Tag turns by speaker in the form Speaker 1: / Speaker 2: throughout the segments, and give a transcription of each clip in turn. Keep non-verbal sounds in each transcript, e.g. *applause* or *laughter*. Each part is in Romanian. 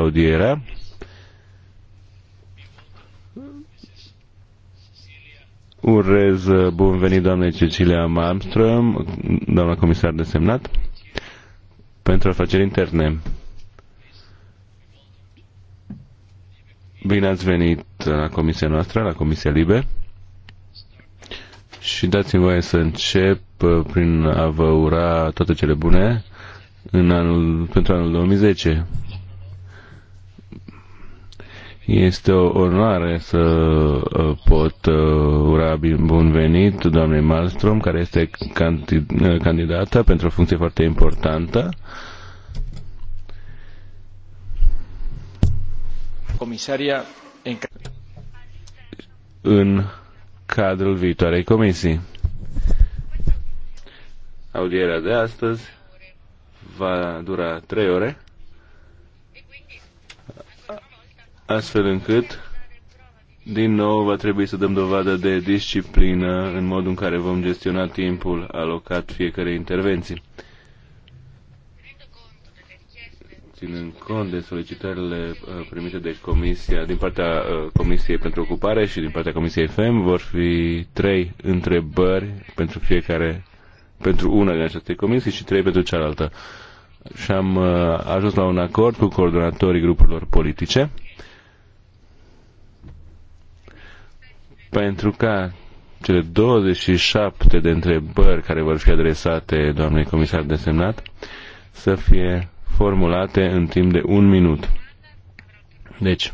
Speaker 1: audierea. Urez bun venit doamne Cecilia Malmström, doamna comisar desemnat, pentru afaceri interne. Bine ați venit la comisia noastră, la Comisia Libe. Și dați-mi voie să încep prin a vă ura toate cele bune în anul, pentru anul 2010. Este o onoare să uh, pot uh, ura bun venit doamnei Malmström, care este uh, candidată pentru o funcție foarte importantă. Comisaria în, în cadrul viitoarei comisii. Audierea de astăzi va dura trei ore. astfel încât din nou va trebui să dăm dovadă de disciplină în modul în care vom gestiona timpul alocat fiecare intervenții. ținând cont de solicitările uh, primite de comisia, din partea uh, Comisiei pentru Ocupare și din partea Comisiei FEM, vor fi trei întrebări pentru fiecare, pentru una din aceste comisii și trei pentru cealaltă. Și am uh, ajuns la un acord cu coordonatorii grupurilor politice pentru ca cele 27 de întrebări care vor fi adresate doamnei comisar desemnat să fie formulate în timp de un minut. Deci,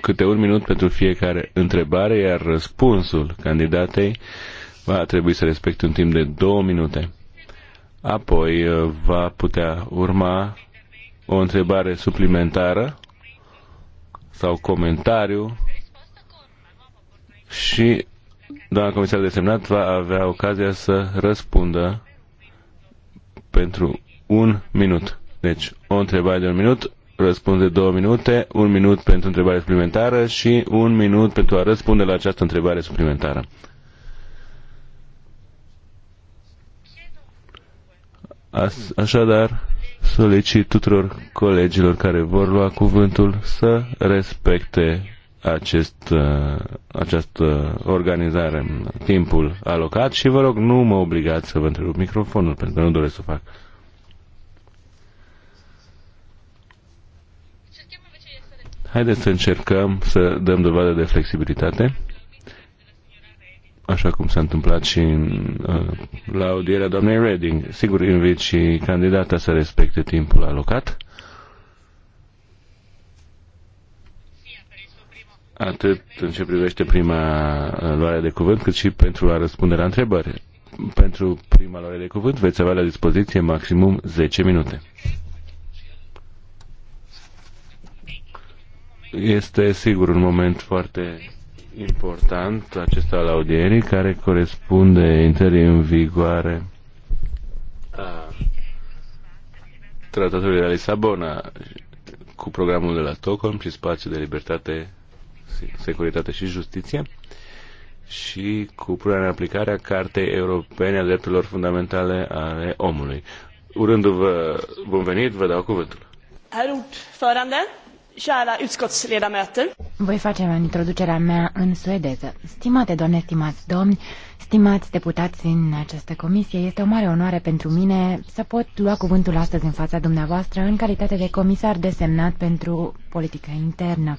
Speaker 1: câte un minut pentru fiecare întrebare, iar răspunsul candidatei va trebui să respecte un timp de două minute. Apoi uh, va putea urma o întrebare suplimentară sau comentariu și doamna comisar desemnat va avea ocazia să răspundă pentru un minut. Deci, o întrebare de un minut, răspunde de două minute, un minut pentru întrebare suplimentară și un minut pentru a răspunde la această întrebare suplimentară. Așadar, solicit tuturor colegilor care vor lua cuvântul să respecte acest, uh, această organizare în timpul alocat și vă rog, nu mă obligați să vă întrerup microfonul, pentru că nu doresc să fac. Haideți să încercăm să dăm dovadă de flexibilitate, așa cum s-a întâmplat și în, uh, la audierea doamnei Reding. Sigur, invit și candidata să respecte timpul alocat. atât în ce privește prima uh, luare de cuvânt, cât și pentru a răspunde la întrebări. Pentru prima luare de cuvânt veți avea la dispoziție maximum 10 minute. Este sigur un moment foarte important acesta al audierii care corespunde interii în vigoare a tratatului de la Lisabona cu programul de la Stockholm și spațiul de libertate, Securitate și Justiție și cu punerea în aplicare a Cartei Europene a Drepturilor Fundamentale ale Omului. Urându-vă bun venit, vă dau cuvântul.
Speaker 2: kära utskottsledamöter.
Speaker 3: Voi face în introducerea mea în suedeză. Stimate doamne, stimați domni, stimați deputați în această comisie, este o mare onoare pentru mine să pot lua cuvântul astăzi în fața dumneavoastră în calitate de comisar desemnat pentru politică internă.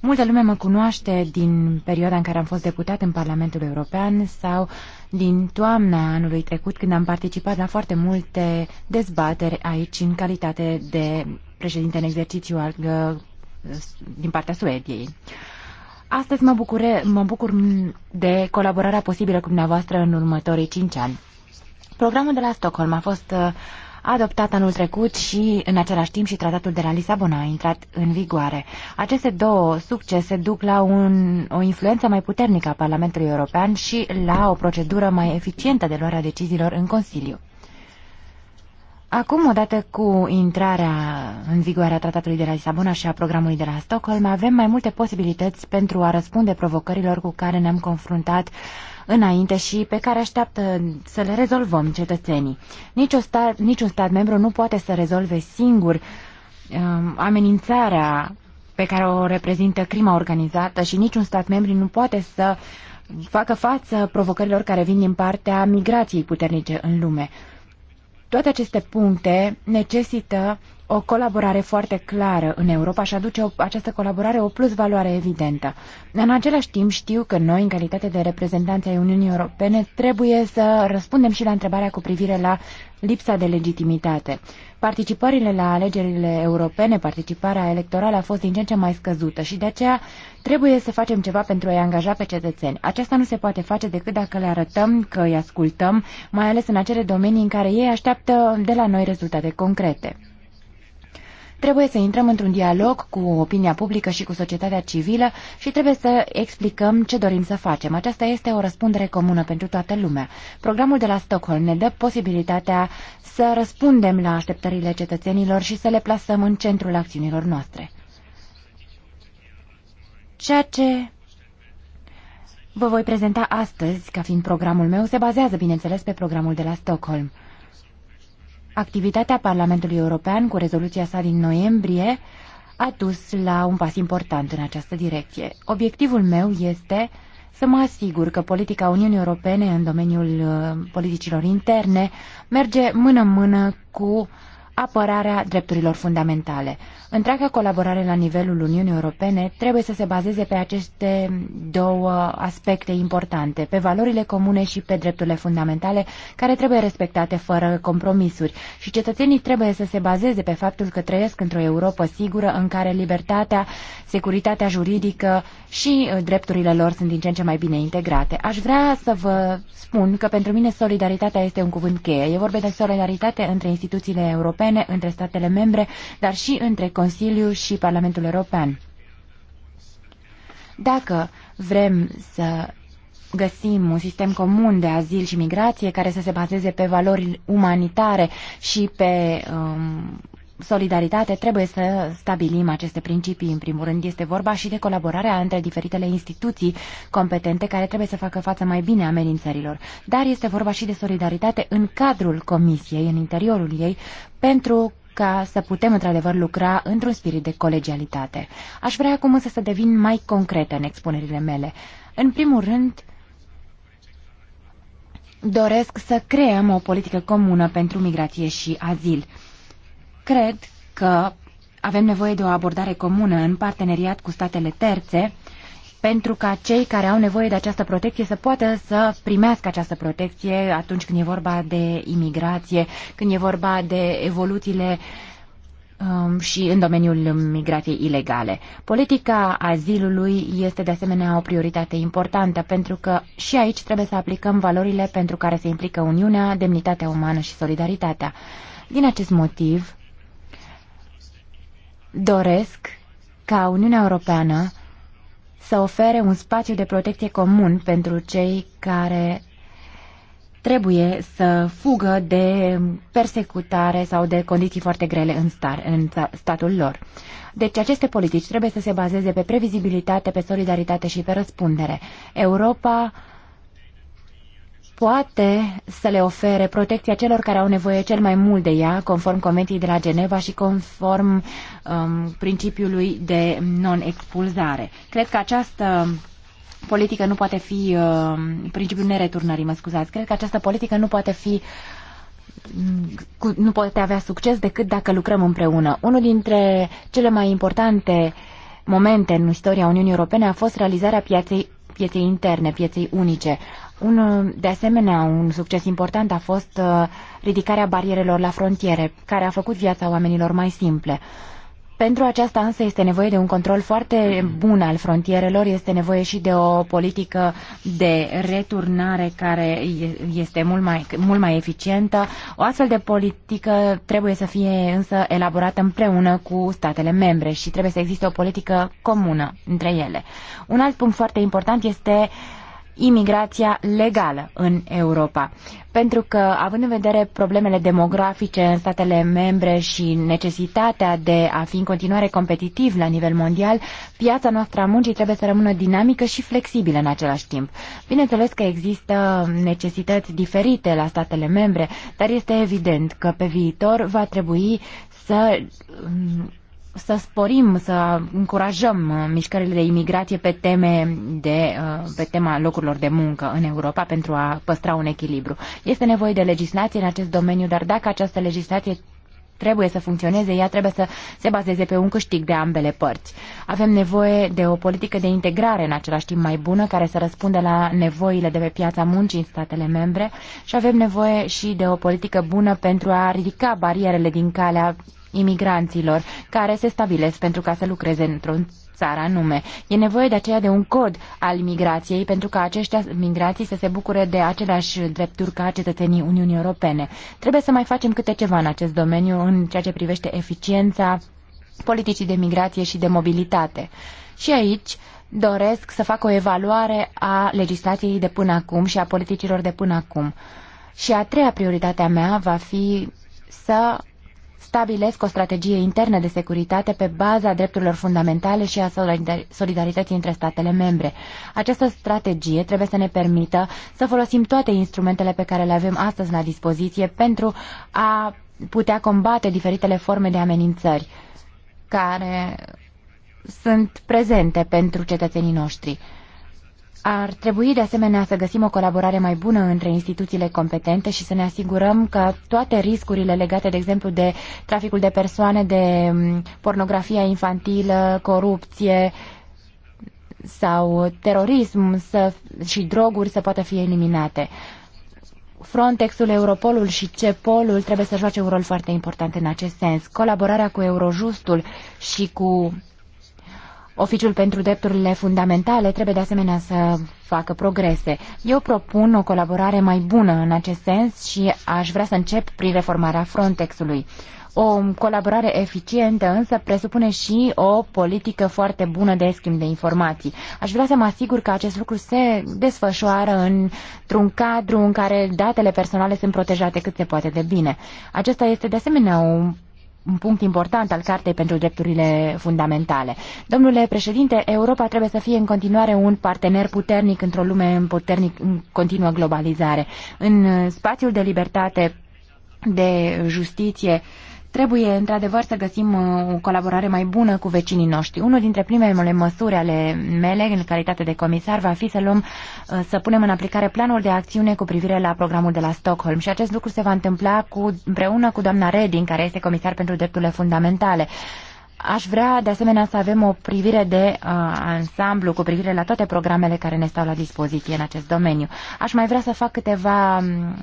Speaker 3: Multă lume mă cunoaște din perioada în care am fost deputat în Parlamentul European sau din toamna anului trecut când am participat la foarte multe dezbateri aici în calitate de președinte în exercițiu al, uh, din partea Suediei. Astăzi mă, bucure, mă bucur de colaborarea posibilă cu dumneavoastră în următorii cinci ani. Programul de la Stockholm a fost uh, adoptat anul trecut și, în același timp, și tratatul de la Lisabona a intrat în vigoare. Aceste două succese duc la un, o influență mai puternică a Parlamentului European și la o procedură mai eficientă de luarea deciziilor în Consiliu. Acum, odată cu intrarea în vigoare a Tratatului de la Lisabona și a programului de la Stockholm, avem mai multe posibilități pentru a răspunde provocărilor cu care ne-am confruntat uh, înainte și pe care așteaptă să le rezolvăm cetățenii. Niciun stat, niciun stat membru nu poate să rezolve singur um, amenințarea pe care o reprezintă crima organizată și niciun stat membru nu poate să facă față provocărilor care vin din partea migrației puternice în lume. Toate aceste puncte necesită o colaborare foarte clară în Europa și aduce o, această colaborare o plus valoare evidentă. În același timp știu că noi, în calitate de reprezentanți ai Uniunii Europene, trebuie să răspundem și la întrebarea cu privire la lipsa de legitimitate. Participările la alegerile europene, participarea electorală a fost din ce în ce mai scăzută și de aceea trebuie să facem ceva pentru a-i angaja pe cetățeni. Aceasta nu se poate face decât dacă le arătăm că îi ascultăm, mai ales în acele domenii în care ei așteaptă de la noi rezultate concrete. Trebuie să intrăm într-un dialog cu opinia publică și cu societatea civilă și trebuie să explicăm ce dorim să facem. Aceasta este o răspundere comună pentru toată lumea. Programul de la Stockholm ne dă posibilitatea să răspundem la așteptările cetățenilor și să le plasăm în centrul acțiunilor noastre. Ceea ce vă voi prezenta astăzi, ca fiind programul meu, se bazează, bineînțeles, pe programul de la Stockholm. Activitatea Parlamentului European cu rezoluția sa din noiembrie a dus la un pas important în această direcție. Obiectivul meu este să mă asigur că politica Uniunii Europene în domeniul uh, politicilor interne merge mână-mână cu apărarea drepturilor fundamentale. Întreaga colaborare la nivelul Uniunii Europene trebuie să se bazeze pe aceste două aspecte importante, pe valorile comune și pe drepturile fundamentale, care trebuie respectate fără compromisuri. Și cetățenii trebuie să se bazeze pe faptul că trăiesc într-o Europa sigură în care libertatea, securitatea juridică și uh, drepturile lor sunt din ce în ce mai bine integrate. Aș vrea să vă spun că pentru mine solidaritatea este un cuvânt cheie. E vorba de solidaritate între instituțiile europene, între statele membre, dar și între Consiliu și Parlamentul European. Dacă vrem să găsim un sistem comun de azil și migrație care să se bazeze pe valori umanitare și pe um, solidaritate, trebuie să stabilim aceste principii. În primul rând, este vorba și de colaborarea între diferitele instituții competente care trebuie să facă față mai bine amenințărilor. Dar este vorba și de solidaritate în cadrul Comisiei, în interiorul ei, pentru ca să putem într-adevăr lucra într-un spirit de colegialitate. Aș vrea acum însă să devin mai concretă în expunerile mele. În primul rând, doresc să creăm o politică comună pentru migrație și azil. Cred că avem nevoie de o abordare comună în parteneriat cu statele terțe pentru ca cei care au nevoie de această protecție să poată să primească această protecție atunci când e vorba de imigrație, când e vorba de evoluțiile um, și în domeniul migrației ilegale. Politica azilului este de asemenea o prioritate importantă pentru că și aici trebuie să aplicăm valorile pentru care se implică Uniunea, demnitatea umană și solidaritatea. Din acest motiv doresc ca Uniunea Europeană să ofere un spațiu de protecție comun pentru cei care trebuie să fugă de persecutare sau de condiții foarte grele în, star, în statul lor. Deci aceste politici trebuie să se bazeze pe previzibilitate, pe solidaritate și pe răspundere. Europa poate să le ofere protecția celor care au nevoie cel mai mult de ea, conform Convenției de la Geneva și conform um, principiului de non-expulzare. Cred că această politică nu poate fi, um, principiul nereturnării, mă scuzați, cred că această politică nu poate fi nu poate avea succes decât dacă lucrăm împreună. Unul dintre cele mai importante momente în istoria Uniunii Europene a fost realizarea pieței, pieței interne, pieței unice. Un, de asemenea, un succes important a fost uh, ridicarea barierelor la frontiere, care a făcut viața oamenilor mai simple. Pentru aceasta însă este nevoie de un control foarte bun al frontierelor, este nevoie și de o politică de returnare care este mult mai, mult mai eficientă. O astfel de politică trebuie să fie însă elaborată împreună cu statele membre și trebuie să existe o politică comună între ele. Un alt punct foarte important este uh, imigrația legală în Europa. Pentru că, având în vedere problemele demografice în statele membre și necesitatea de a fi în continuare competitiv la nivel mondial, piața noastră a muncii trebuie să rămână dinamică și flexibilă în același timp. Bineînțeles că există necesități diferite la statele membre, dar este evident că pe viitor va trebui să să sporim, să încurajăm mișcările de imigrație pe, teme de, uh, pe tema locurilor de muncă în Europa pentru a păstra un echilibru. Este nevoie de legislație în acest domeniu, dar dacă această legislație trebuie să funcționeze, ea trebuie să se bazeze pe un câștig de ambele părți. Avem nevoie de o politică de integrare în același timp mai bună, care să răspundă la nevoile de pe piața muncii în statele membre și avem nevoie și de o politică bună pentru a ridica barierele din calea imigranților care se stabilesc pentru ca să lucreze într-o țară anume. E nevoie de aceea de un cod al migrației pentru ca aceștia migrații să se bucure de aceleași drepturi ca cetățenii Uniunii Europene. Trebuie să mai facem câte ceva în acest domeniu în ceea ce privește eficiența politicii de migrație și de mobilitate. Și aici doresc să fac o evaluare a legislației de până acum și a politicilor de până acum. Și a treia prioritate a mea va fi să stabilesc o strategie internă de securitate pe baza drepturilor fundamentale și a solidarității între statele membre. Această strategie trebuie să ne permită să folosim toate instrumentele pe care le avem astăzi la dispoziție pentru a putea combate diferitele forme de amenințări care sunt prezente pentru cetățenii noștri. Ar trebui de asemenea să găsim o colaborare mai bună între instituțiile competente și să ne asigurăm că toate riscurile legate, de exemplu, de traficul de persoane, de mm, pornografia infantilă, corupție sau terorism să, și droguri să poată fi eliminate. Frontexul, Europolul și CEPOLul trebuie să joace un rol foarte important în acest sens. Colaborarea cu Eurojustul și cu Oficiul pentru Drepturile Fundamentale trebuie de asemenea să facă progrese. Eu propun o colaborare mai bună în acest sens și aș vrea să încep prin reformarea Frontexului. O colaborare eficientă însă presupune și o politică foarte bună de schimb de informații. Aș vrea să mă asigur că acest lucru se desfășoară într-un cadru în care datele personale sunt protejate cât se poate de bine. Acesta este de asemenea un un punct important al Cartei pentru Drepturile Fundamentale. Domnule președinte, Europa trebuie să fie în continuare un partener puternic într-o lume în puternic, în continuă globalizare. În spațiul de libertate, de justiție, Trebuie, într-adevăr, să găsim uh, o colaborare mai bună cu vecinii noștri. Unul dintre primele măsuri ale mele, în calitate de comisar, va fi să luăm, uh, să punem în aplicare planul de acțiune cu privire la programul de la Stockholm. Și acest lucru se va întâmpla cu, împreună cu doamna Reding, care este comisar pentru drepturile fundamentale. Aș vrea, de asemenea, să avem o privire de uh, ansamblu cu privire la toate programele care ne stau la dispoziție în acest domeniu. Aș mai vrea să fac câteva... Um,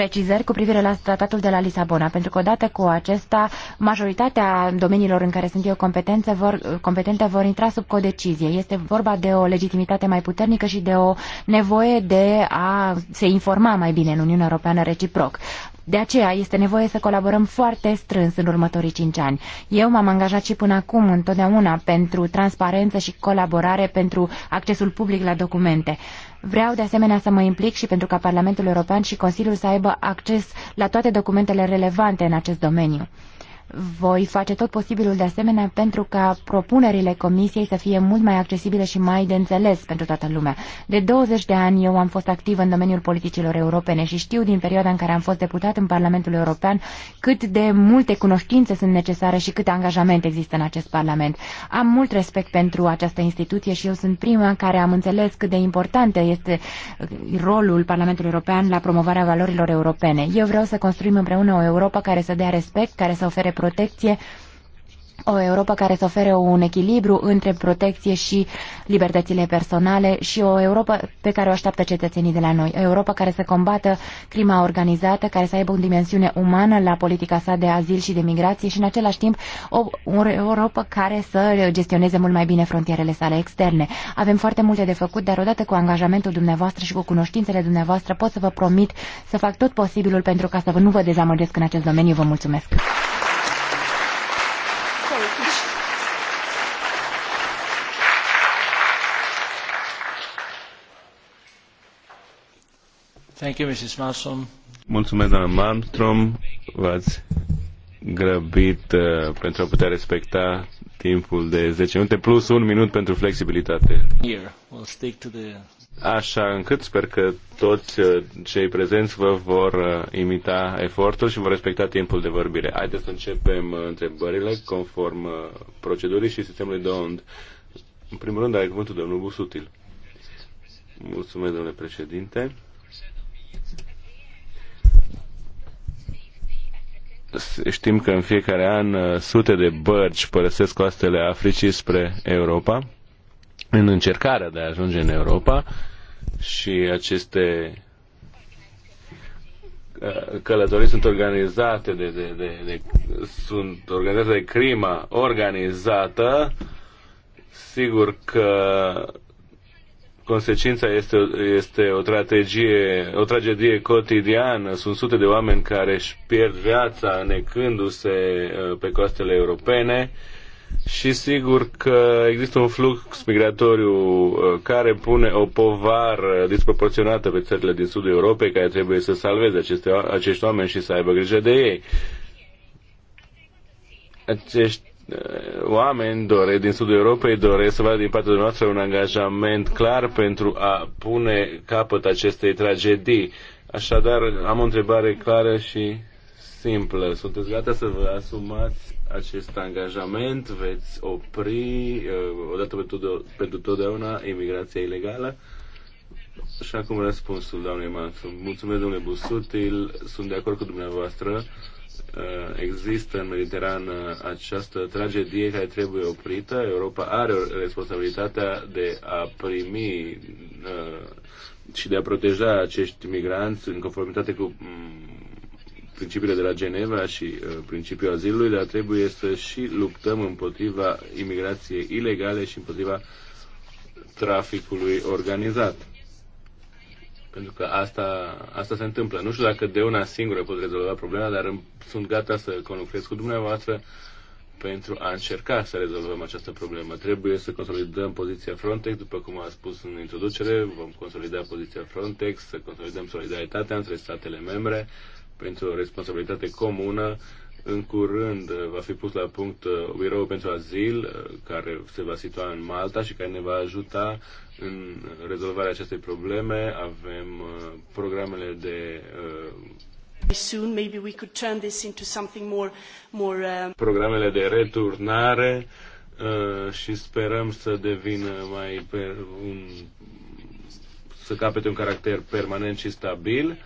Speaker 3: precizări cu privire la tratatul de la Lisabona, pentru că odată cu acesta, majoritatea domeniilor în care sunt eu competență vor, competente vor intra sub codecizie. Este vorba de o legitimitate mai puternică și de o nevoie de a se informa mai bine în Uniunea Europeană reciproc. De aceea este nevoie să colaborăm foarte strâns în următorii cinci ani. Eu m-am angajat și până acum întotdeauna pentru transparență și colaborare pentru accesul public la documente. Vreau de asemenea să mă implic și pentru ca Parlamentul European și Consiliul să aibă acces la toate documentele relevante în acest domeniu. Voi face tot posibilul de asemenea pentru ca propunerile comisiei să fie mult mai accesibile și mai de înțeles pentru toată lumea. De 20 de ani eu am fost activ în domeniul politicilor europene și știu din perioada în care am fost deputat în Parlamentul European cât de multe cunoștințe sunt necesare și câte angajament există în acest Parlament. Am mult respect pentru această instituție și eu sunt prima care am înțeles cât de important este rolul Parlamentului European la promovarea valorilor europene. Eu vreau să construim împreună o Europa care să dea respect, care să ofere protecție, o Europa care să ofere un echilibru între protecție și libertățile personale și o Europa pe care o așteaptă cetățenii de la noi. O Europa care să combată crima organizată, care să aibă o dimensiune umană la politica sa de azil și de migrație și în același timp o, o Europa care să gestioneze mult mai bine frontierele sale externe. Avem foarte multe de făcut, dar odată cu angajamentul dumneavoastră și cu cunoștințele dumneavoastră pot să vă promit să fac tot posibilul pentru ca să vă nu vă dezamăgesc în acest domeniu. Vă mulțumesc!
Speaker 1: Thank you, Mrs. Malmström. Mulțumesc, doamna Malmström. V-ați grăbit uh, pentru a putea respecta timpul de 10 minute plus un minut pentru flexibilitate. Here, we'll stick to the... Așa încât sper că toți uh, cei prezenți vă vor uh, imita efortul și vor respecta timpul de vorbire. Haideți să începem uh, întrebările conform procedurii și sistemului de ond. În primul rând, ai cuvântul domnul Busutil. Mulțumesc, domnule președinte. știm că în fiecare an uh, sute de bărci părăsesc coastele Africii spre Europa, în încercarea de a ajunge în Europa și aceste uh, călătorii sunt organizate de, de, de, de sunt organizate de crima organizată sigur că Consecința este, este o, strategie, o tragedie cotidiană. Sunt sute de oameni care își pierd viața necându-se uh, pe coastele europene. Și sigur că există un flux migratoriu uh, care pune o povară disproporționată pe țările din sudul Europei care trebuie să salveze aceste, acești oameni și să aibă grijă de ei. Acești Eh, oameni dore, din sudul Europei doresc să vadă din partea noastră un angajament clar pentru a pune capăt acestei tragedii. Așadar, am o întrebare clară și simplă. Sunteți gata să vă asumați acest angajament? Veți opri, eh, odată pentru, pentru totdeauna, imigrația ilegală? Și acum răspunsul, doamnei Mansu. Mulțumesc, domnule Busutil. Sunt de acord cu dumneavoastră Uh, există în Mediterană uh, această tragedie care trebuie oprită. Europa are responsabilitatea de a primi uh, și de a proteja acești migranți în conformitate cu mm, principiile de la Geneva și principiul azilului, dar trebuie să și luptăm împotriva imigrației ilegale și împotriva traficului organizat pentru că asta, asta se întâmplă. Nu știu dacă de una singură pot rezolva problema, dar sunt gata să conlucrez cu dumneavoastră pentru a încerca să rezolvăm această problemă. Trebuie să consolidăm poziția Frontex, după cum a spus în introducere, vom consolida poziția Frontex, să consolidăm solidaritatea între statele membre pentru o responsabilitate comună în curând uh, va fi pus la punct uh, birou pentru azil, uh, care se va situa în Malta și care ne va ajuta în rezolvarea acestei probleme. Avem programele de soon maybe we could
Speaker 2: turn this into something more more
Speaker 1: programele de returnare uh, și sperăm să devină mai per, un, să capete un caracter permanent și stabil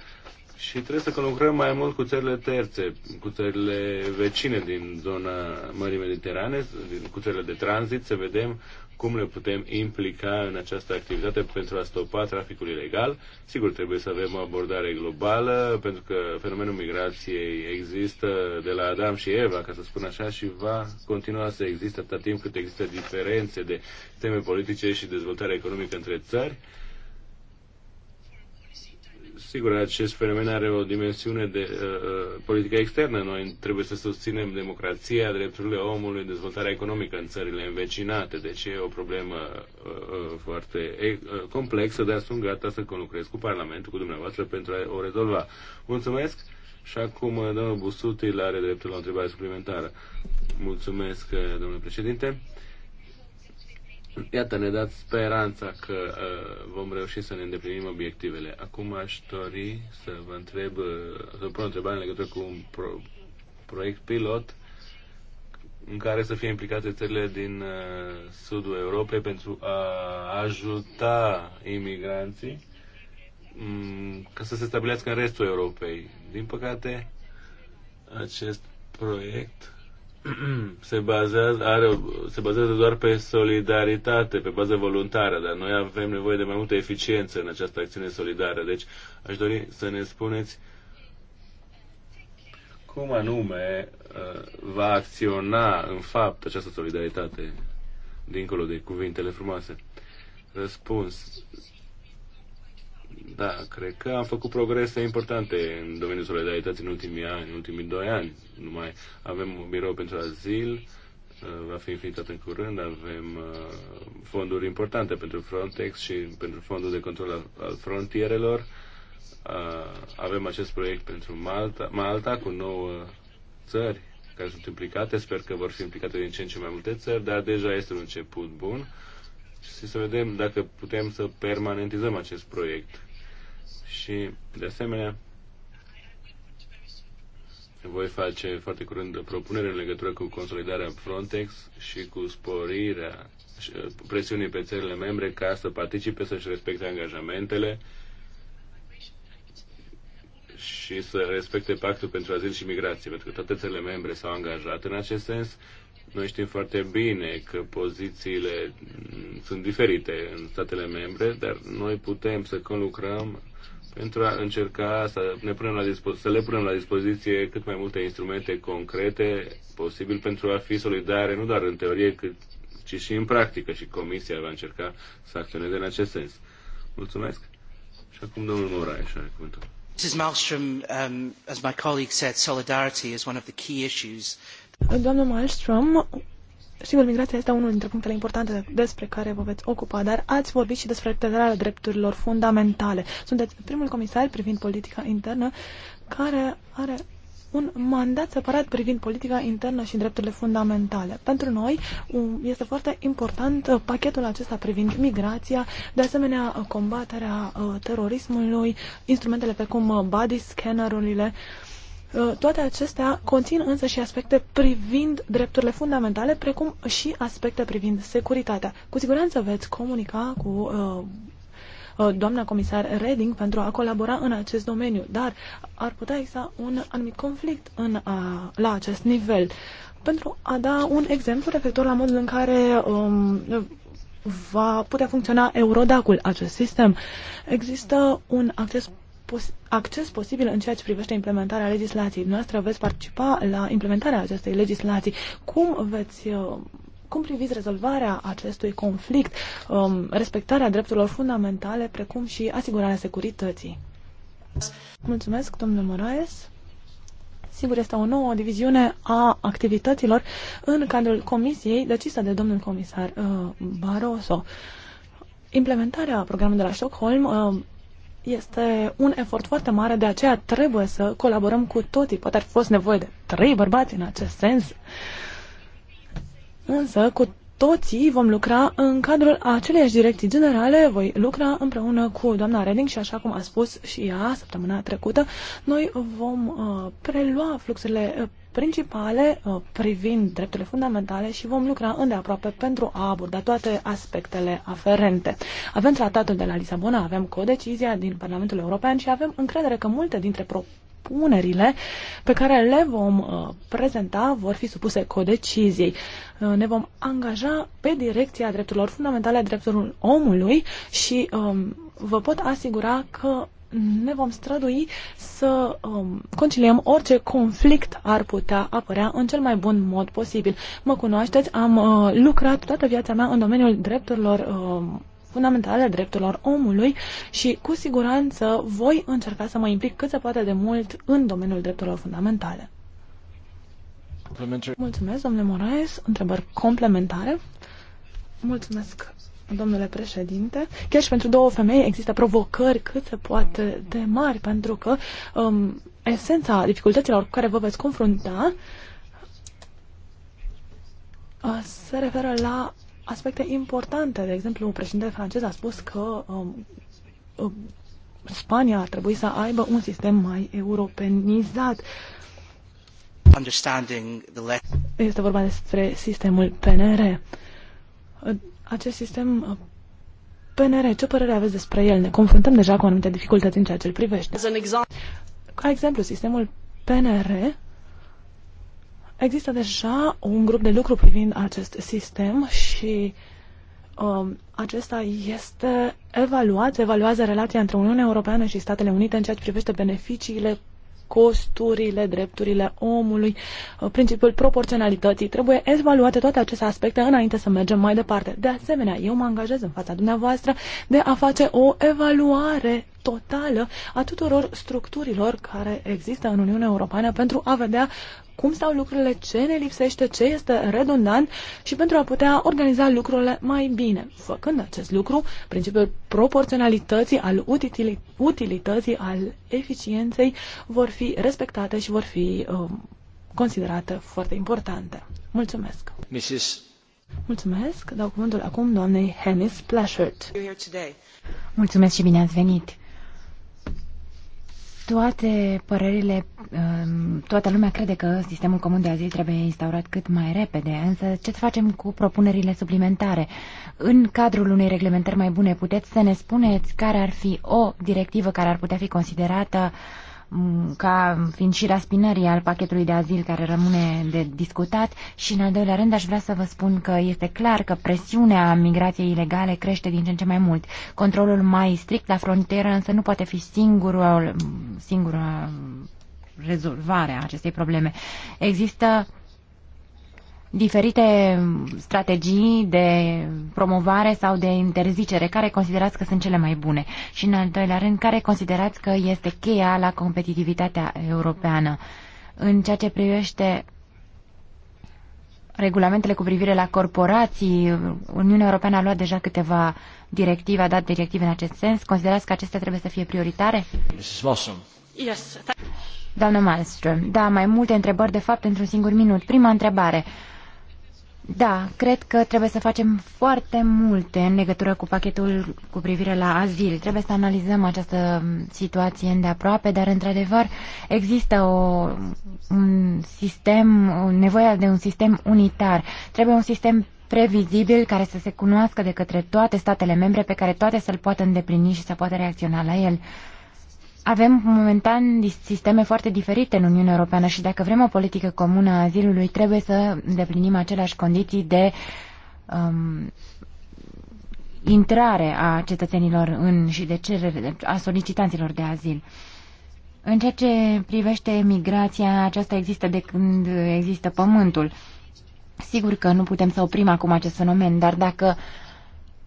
Speaker 1: și trebuie să lucrăm mai mult cu țările terțe, cu țările vecine din zona Mării Mediterane, cu țările de tranzit, să vedem cum le putem implica în această activitate pentru a stopa traficul ilegal. Sigur, trebuie să avem o abordare globală, pentru că fenomenul migrației există de la Adam și Eva, ca să spun așa, și va continua să existe atâta timp cât există diferențe de teme politice și dezvoltare economică între țări Sigur, acest fenomen are o dimensiune de uh, uh, politică externă. Noi trebuie să susținem democrația, drepturile omului, dezvoltarea economică în țările învecinate. Deci e o problemă uh, uh foarte uh, complexă, dar sunt gata să conlucrez cu Parlamentul, cu dumneavoastră, pentru a o rezolva. Mulțumesc! Și acum uh, domnul Busutil are dreptul la o întrebare suplimentară. Mulțumesc, domnule președinte. Iată, ne dați speranța că uh, vom reuși să ne îndeplinim obiectivele. Acum aș dori să vă întreb, uh, să vă pun o întrebare în legătură cu un pro, proiect pilot în care să fie implicate țările din uh, sudul Europei pentru a ajuta imigranții um, ca să se stabilească în restul Europei. Din păcate, acest proiect *clears throat* se bazează, are, se bazează doar pe solidaritate, pe bază voluntară, dar noi avem nevoie de mai multă eficiență în această acțiune solidară. Deci aș dori să ne spuneți cum anume uh, va acționa în fapt această solidaritate, dincolo de cuvintele frumoase. Răspuns. Da, cred că am făcut progrese importante în domeniul solidarității în ultimii ani, în ultimii doi ani. Nu mai avem un birou pentru azil, uh, va fi înființat în curând, avem uh, fonduri importante pentru Frontex și pentru fondul de control al frontierelor. Uh, avem acest proiect pentru Malta, Malta cu nouă țări care sunt implicate. Sper că vor fi implicate din ce în ce mai multe țări, dar deja este un început bun și să vedem dacă putem să permanentizăm acest proiect și, de asemenea, voi face foarte curând propunere în legătură cu consolidarea Frontex și cu sporirea uh, presiunii pe țările membre ca să participe, să-și respecte angajamentele și să respecte pactul pentru azil și migrație, pentru că toate țările membre s-au angajat în acest sens. Noi știm foarte bine că pozițiile sunt diferite în statele membre, dar noi putem să conlucrăm pentru a încerca să, ne punem la dispo- să le punem la dispoziție cât mai multe instrumente concrete posibil pentru a fi solidare, nu doar în teorie, cât, ci și în practică și Comisia va încerca să acționeze în acest sens. Mulțumesc. Și acum domnul Moraes are cuvântul.
Speaker 2: Mrs. Malmström, um, as my colleague said, solidarity is one of the key issues. Domnul Malmström, Sigur, migrația este unul dintre punctele importante despre care vă veți ocupa, dar ați vorbit și despre protejarea drepturilor fundamentale. Sunteți primul comisar privind politica internă care are un mandat separat privind politica internă și drepturile fundamentale. Pentru noi um, este foarte important uh, pachetul acesta privind migrația, de asemenea uh, combaterea uh, terorismului, instrumentele precum body scannerurile, urile Uh, toate acestea conțin însă și aspecte privind drepturile fundamentale, precum și aspecte privind securitatea. Cu siguranță veți comunica cu uh, uh, doamna comisar Reding pentru a colabora în acest domeniu, dar ar putea exista un anumit conflict în, la acest nivel. Pentru a da un exemplu referitor la modul în care um, va putea funcționa Eurodacul, acest sistem, există un acces pos- acces posibil în ceea ce privește implementarea legislației. Noastră veți participa la implementarea acestei legislații. Cum veți uh, cum priviți rezolvarea acestui conflict, um, respectarea drepturilor fundamentale, precum și asigurarea securității? Mulțumesc, domnule Moraes. Sigur, este o nouă diviziune a activităților în cadrul comisiei decisă de domnul comisar uh, Barroso. Implementarea programului de la Stockholm uh, este un efort foarte mare, de aceea trebuie să colaborăm cu toții. Poate ar fi fost nevoie de trei bărbați în acest sens. Însă, cu toții vom lucra în cadrul aceleiași direcții generale, voi lucra împreună cu doamna Reding și așa cum a spus și ea săptămâna trecută, noi vom uh, prelua fluxurile uh, principale uh, privind drepturile fundamentale și vom lucra îndeaproape pentru a aborda toate aspectele aferente. Avem tratatul de la Lisabona, avem codecizia din Parlamentul European și avem încredere că multe dintre propunerile propunerile pe care le vom uh, prezenta vor fi supuse codeciziei. Uh, ne vom angaja pe direcția drepturilor fundamentale a drepturilor omului și um, vă pot asigura că ne vom strădui să um, conciliem orice conflict ar putea apărea în cel mai bun mod posibil. Mă cunoașteți, am uh, lucrat toată viața mea în domeniul drepturilor um, fundamentale ale drepturilor omului și cu siguranță voi încerca să mă implic cât se poate de mult în domeniul drepturilor fundamentale. Mulțumesc, domnule Moraes. Întrebări complementare. Mulțumesc, domnule președinte. Chiar și pentru două femei există provocări cât se poate de mari, pentru că um, esența dificultăților cu care vă veți confrunta uh, se referă la aspecte importante. De exemplu, președintele francez a spus că um, um, Spania ar trebui să aibă un sistem mai europenizat. Este vorba despre sistemul PNR. Acest sistem uh, PNR, ce părere aveți despre el? Ne confruntăm deja cu anumite dificultăți în ceea ce îl privește. Ca exemplu, sistemul PNR Există deja un grup de lucru privind acest sistem și um, acesta este evaluat, evaluează relația între Uniunea Europeană și Statele Unite în ceea ce privește beneficiile, costurile, drepturile omului, uh, principiul proporționalității. Trebuie evaluate toate aceste aspecte înainte să mergem mai departe. De asemenea, eu mă angajez în fața dumneavoastră de a face o evaluare totală a tuturor structurilor care există în Uniunea Europeană pentru a vedea cum stau lucrurile, ce ne lipsește, ce este redundant și pentru a putea organiza lucrurile mai bine. Făcând acest lucru, principiul proporționalității, al utilității, al eficienței vor fi respectate și vor fi um, considerate foarte importante. Mulțumesc! Mrs. Mulțumesc! Dau cuvântul acum doamnei Hennis Plashert.
Speaker 3: Mulțumesc și bine ați venit! Toate părerile, um, toată lumea crede că sistemul comun de azil trebuie instaurat cât mai repede, însă ce facem cu propunerile suplimentare? În cadrul unei reglementări mai bune, puteți să ne spuneți care ar fi o directivă care ar putea fi considerată uh, ca fiind și raspinării al pachetului de azil care rămâne de discutat și în al doilea rând aș vrea să vă spun că este clar că presiunea migrației ilegale crește din ce în ce mai mult. Controlul mai strict la frontieră însă nu poate fi singurul, singura rezolvare a acestei probleme. Există diferite strategii de promovare sau de interzicere, care considerați că sunt cele mai bune? Și în al doilea rând, care considerați că este cheia la competitivitatea europeană? În ceea ce privește regulamentele cu privire la corporații, Uniunea Europeană a luat deja câteva directive, a dat directive în acest sens. Considerați că acestea trebuie să fie prioritare? Yes. Doamnă Malmström, da, mai multe întrebări, de fapt, într-un singur minut. Prima întrebare. Da, cred că trebuie să facem foarte multe în legătură cu pachetul cu privire la azil. Trebuie să analizăm această situație îndeaproape, dar într-adevăr există o, un sistem, o de un sistem unitar. Trebuie un sistem previzibil care să se cunoască de către toate statele membre pe care toate să-l poată îndeplini și să poată reacționa la el. Avem momentan sisteme foarte diferite în Uniunea Europeană și dacă vrem o politică comună a azilului, trebuie să îndeplinim aceleași condiții de um, intrare a cetățenilor în și de cerere, a solicitanților de azil. În ceea ce privește migrația, aceasta există de când există pământul. Sigur că nu putem să oprim acum acest fenomen, dar dacă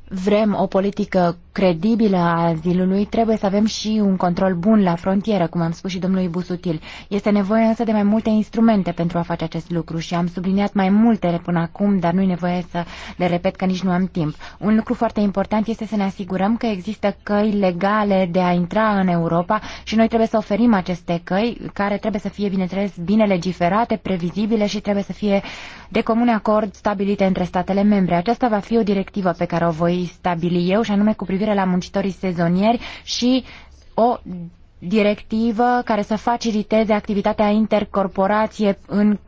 Speaker 3: vrem o politică credibilă a azilului, trebuie să avem și un control bun la frontieră, cum am spus și domnului Busutil. Este nevoie însă de mai multe instrumente pentru a face acest lucru și am subliniat mai multe până acum, dar nu-i nevoie să le repet că nici nu am timp. Un lucru foarte important este să ne asigurăm că există căi legale de a intra în Europa și noi trebuie să oferim aceste căi care trebuie să fie, bineînțeles, bine legiferate, previzibile și trebuie să fie de comun acord stabilite între statele membre. Aceasta va fi o directivă pe care o voi stabili eu și anume cu privire privire la muncitorii sezonieri și o directivă care să faciliteze activitatea intercorporație în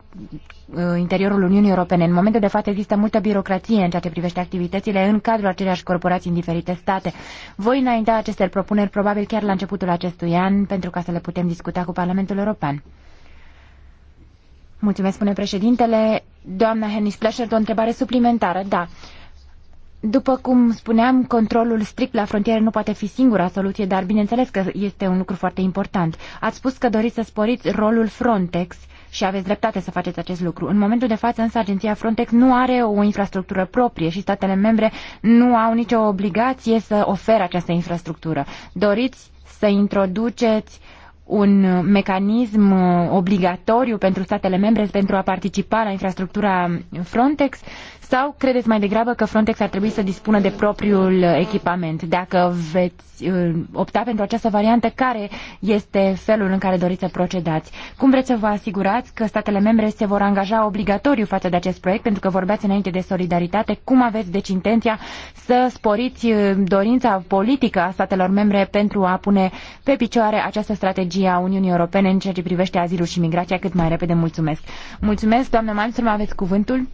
Speaker 3: uh, interiorul Uniunii Europene. În momentul de față există multă birocrație în ceea ce privește activitățile în cadrul aceleași corporații în diferite state. Voi înaintea aceste propuneri probabil chiar la începutul acestui an pentru ca să le putem discuta cu Parlamentul European. Mulțumesc, spune președintele. Doamna Hennis Plescher, o întrebare suplimentară. Da. După cum spuneam, controlul strict la frontiere nu poate fi singura soluție, dar bineînțeles că este un lucru foarte important. Ați spus că doriți să sporiți rolul Frontex și aveți dreptate să faceți acest lucru. În momentul de față, însă, agenția Frontex nu are o infrastructură proprie și statele membre nu au nicio obligație să ofere această infrastructură. Doriți să introduceți un mecanism obligatoriu pentru statele membre pentru a participa la infrastructura Frontex sau credeți mai degrabă că Frontex ar trebui să dispună de propriul echipament? Dacă veți uh, opta pentru această variantă, care este felul în care doriți să procedați? Cum vreți să vă asigurați că statele membre se vor angaja obligatoriu față de acest proiect? Pentru că vorbeați înainte de solidaritate. Cum aveți deci intenția să sporiți uh, dorința politică a statelor membre pentru a pune pe picioare această strategie a Uniunii Europene în ceea ce privește azilul și migrația cât mai repede? Mulțumesc! Mulțumesc, doamnă Malmström, aveți cuvântul.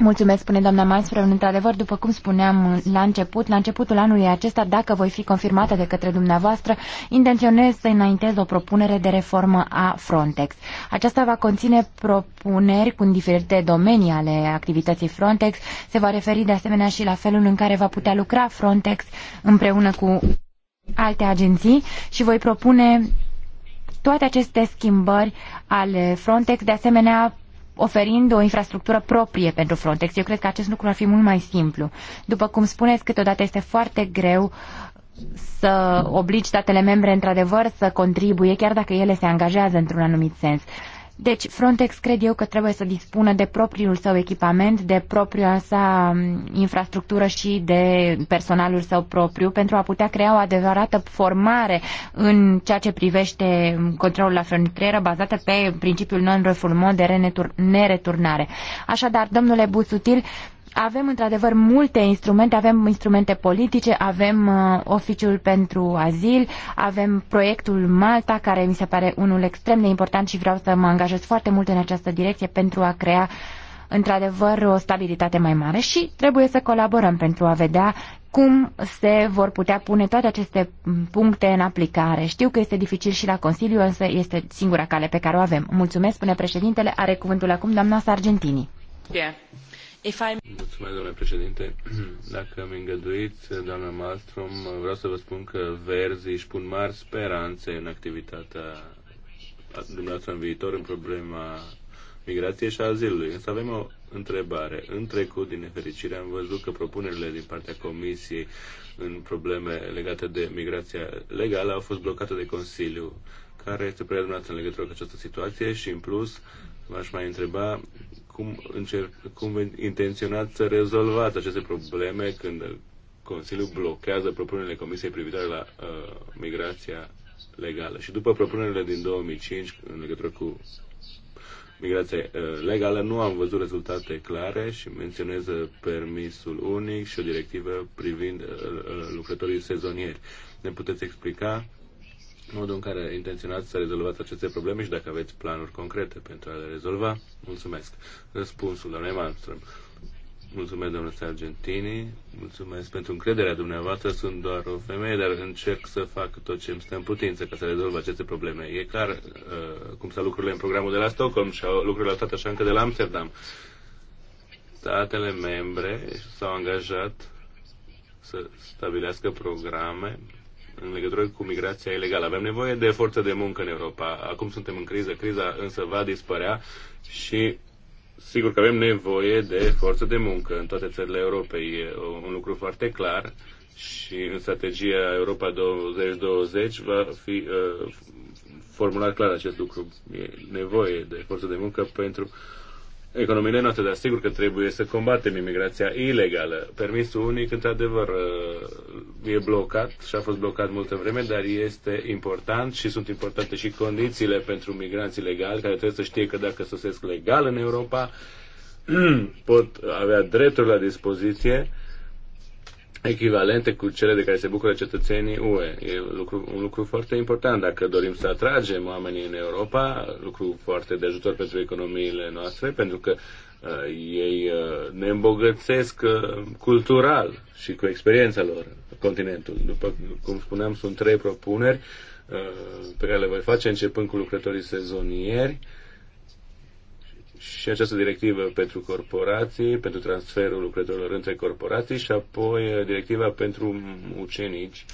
Speaker 3: Mulțumesc, spune doamna Maisfreu. Într-adevăr, după cum spuneam la început, la începutul anului acesta, dacă voi fi confirmată de către dumneavoastră, intenționez să înaintez o propunere de reformă a Frontex. Aceasta va conține propuneri cu diferite domenii ale activității Frontex. Se va referi de asemenea și la felul în care va putea lucra Frontex împreună cu alte agenții și voi propune toate aceste schimbări ale Frontex, de asemenea oferind o infrastructură proprie pentru Frontex. Eu cred că acest lucru ar fi mult mai simplu. După cum spuneți, câteodată este foarte greu să obligi statele membre într-adevăr să contribuie, chiar dacă ele se angajează într-un anumit sens. Deci Frontex cred eu că trebuie să dispună de propriul său echipament, de propria sa infrastructură și de personalul său propriu pentru a putea crea o adevărată formare în ceea ce privește controlul la frontieră bazată pe principiul non refulmon de nereturnare. Așadar, domnule Busutil, avem într-adevăr multe instrumente, avem instrumente politice, avem uh, oficiul pentru azil, avem proiectul Malta, care mi se pare unul extrem de important și vreau să mă angajez foarte mult în această direcție pentru a crea într-adevăr o stabilitate mai mare și trebuie să colaborăm pentru a vedea cum se vor putea pune toate aceste mm, puncte în aplicare. Știu că este dificil și la Consiliu, însă este singura cale pe care o avem. Mulțumesc, spune președintele. Are cuvântul acum doamna Sargentini.
Speaker 1: Yeah domnule președinte. *clears throat* Dacă mi îngăduiți, doamna Malmström, vreau să vă spun că verzii își pun mari speranțe în activitatea dumneavoastră în viitor în problema migrației și azilului. Însă avem o întrebare. În trecut, din nefericire, am văzut că propunerile din partea Comisiei în probleme legate de migrația legală au fost blocate de Consiliu. Care este părerea dumneavoastră în legătură cu această situație? Și, în plus, v-aș mai întreba cum, încerc, cum intenționați să rezolvați aceste probleme când Consiliul blochează propunerile Comisiei privitoare la uh, migrația legală. Și după propunerile din 2005 în legătură cu migrația uh, legală nu am văzut rezultate clare și menționez uh, permisul unic și o directivă privind uh, uh lucrătorii sezonieri. Ne puteți explica modul în care intenționați să rezolvați aceste probleme și dacă aveți planuri concrete pentru a le rezolva. Mulțumesc. Răspunsul, doamne Malmström. Mulțumesc, domnule Sargentini. Mulțumesc pentru încrederea dumneavoastră. Sunt doar o femeie, dar încerc să fac tot ce îmi stă în putință ca să rezolv aceste probleme. E clar uh, cum s-au lucrurile în programul de la Stockholm și lucrurile au stat așa încă de la Amsterdam. Statele membre s-au angajat să stabilească programe în legătură cu migrația ilegală. Avem nevoie de forță de muncă în Europa. Acum suntem în criză, criza însă va dispărea și sigur că avem nevoie de forță de muncă în toate țările Europei. E un lucru foarte clar și în strategia Europa 2020 va fi uh, formulat clar acest lucru. E nevoie de forță de muncă pentru economiile noastre, dar sigur că trebuie să combatem imigrația ilegală. Permisul unic, într-adevăr, uh, e blocat și a fost blocat multă vreme, dar este important și sunt importante și condițiile pentru migranți ilegali, care trebuie să știe că dacă sosesc legal în Europa, *clears throat* pot avea drepturi la dispoziție echivalente cu cele de care se bucură cetățenii UE. E lucru, un lucru foarte important. Dacă dorim să atragem oamenii în Europa, lucru foarte de ajutor pentru economiile noastre, pentru că uh, ei uh, ne îmbogățesc uh, cultural și cu experiența lor continentul. După cum spuneam, sunt trei propuneri uh, pe care le voi face începând cu lucrătorii sezonieri, uh, și această directivă pentru corporații, pentru transferul lucrătorilor între corporații și apoi eh, directiva pentru ucenici,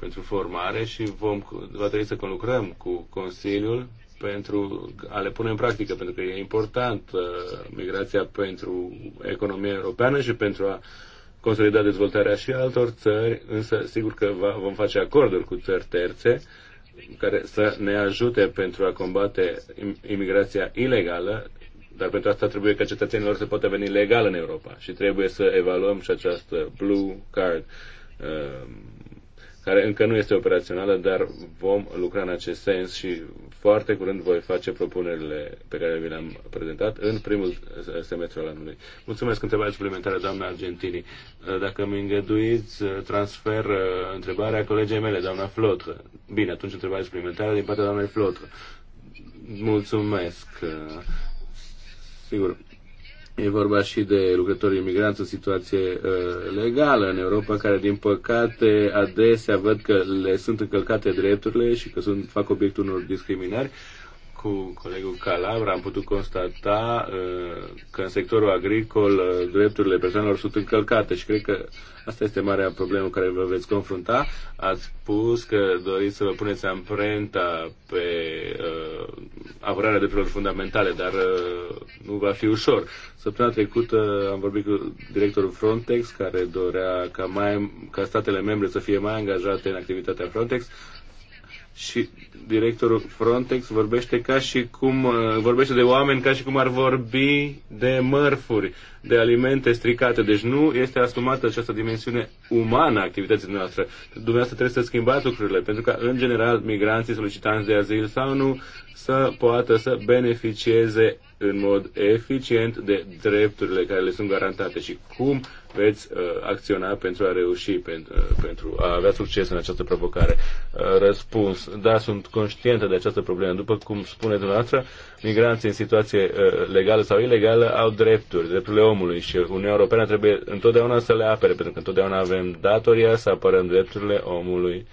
Speaker 1: pentru formare și vom, va trebui să conlucrăm cu Consiliul pentru a le pune în practică, pentru că e important uh, migrația pentru economia europeană și pentru a consolida dezvoltarea și altor țări, însă sigur că va, vom face acorduri cu țări terțe care să ne ajute pentru a combate imigrația ilegală dar pentru asta trebuie ca cetățenilor să poată veni legal în Europa și trebuie să evaluăm și această blue card um, care încă nu este operațională, dar vom lucra în acest sens și foarte curând voi face propunerile pe care vi le-am prezentat în primul semestru al anului. Mulțumesc întrebarea suplimentară, doamna Argentini. Dacă mi îngăduiți, transfer uh, întrebarea colegei mele, doamna Flotră. Bine, atunci întrebarea suplimentară din partea doamnei Flotră. Mulțumesc. Sigur, e vorba și de lucrătorii imigranți, o situație uh, legală în Europa, care din păcate adesea văd că le sunt încălcate drepturile și că sunt, fac obiectul unor discriminări. Cu colegul Calabra am putut constata uh, că în sectorul agricol uh, drepturile persoanelor sunt încălcate și cred că Asta este marea problemă cu care vă veți confrunta. Ați spus că doriți să vă puneți amprenta pe uh, apărarea drepturilor fundamentale, dar uh, nu va fi ușor. Săptămâna trecută am vorbit cu directorul Frontex, care dorea ca, mai, ca statele membre să fie mai angajate în activitatea Frontex și directorul Frontex vorbește ca și cum uh, vorbește de oameni ca și cum ar vorbi de mărfuri, de alimente stricate. Deci nu este asumată această dimensiune umană a activității noastre. Dumneavoastră trebuie să schimbați lucrurile, pentru că, în general, migranții solicitanți de azil sau nu să poată să beneficieze în mod eficient de drepturile care le sunt garantate și cum veți uh, acționa pentru a reuși, pentru, uh, pentru a avea succes în această provocare? Uh, răspuns, da, sunt conștientă de această problemă. După cum spune dumneavoastră, migranții în situație uh, legală sau ilegală au drepturi, drepturile omului și Uniunea Europeană trebuie întotdeauna să le apere, pentru că întotdeauna avem datoria să apărăm drepturile omului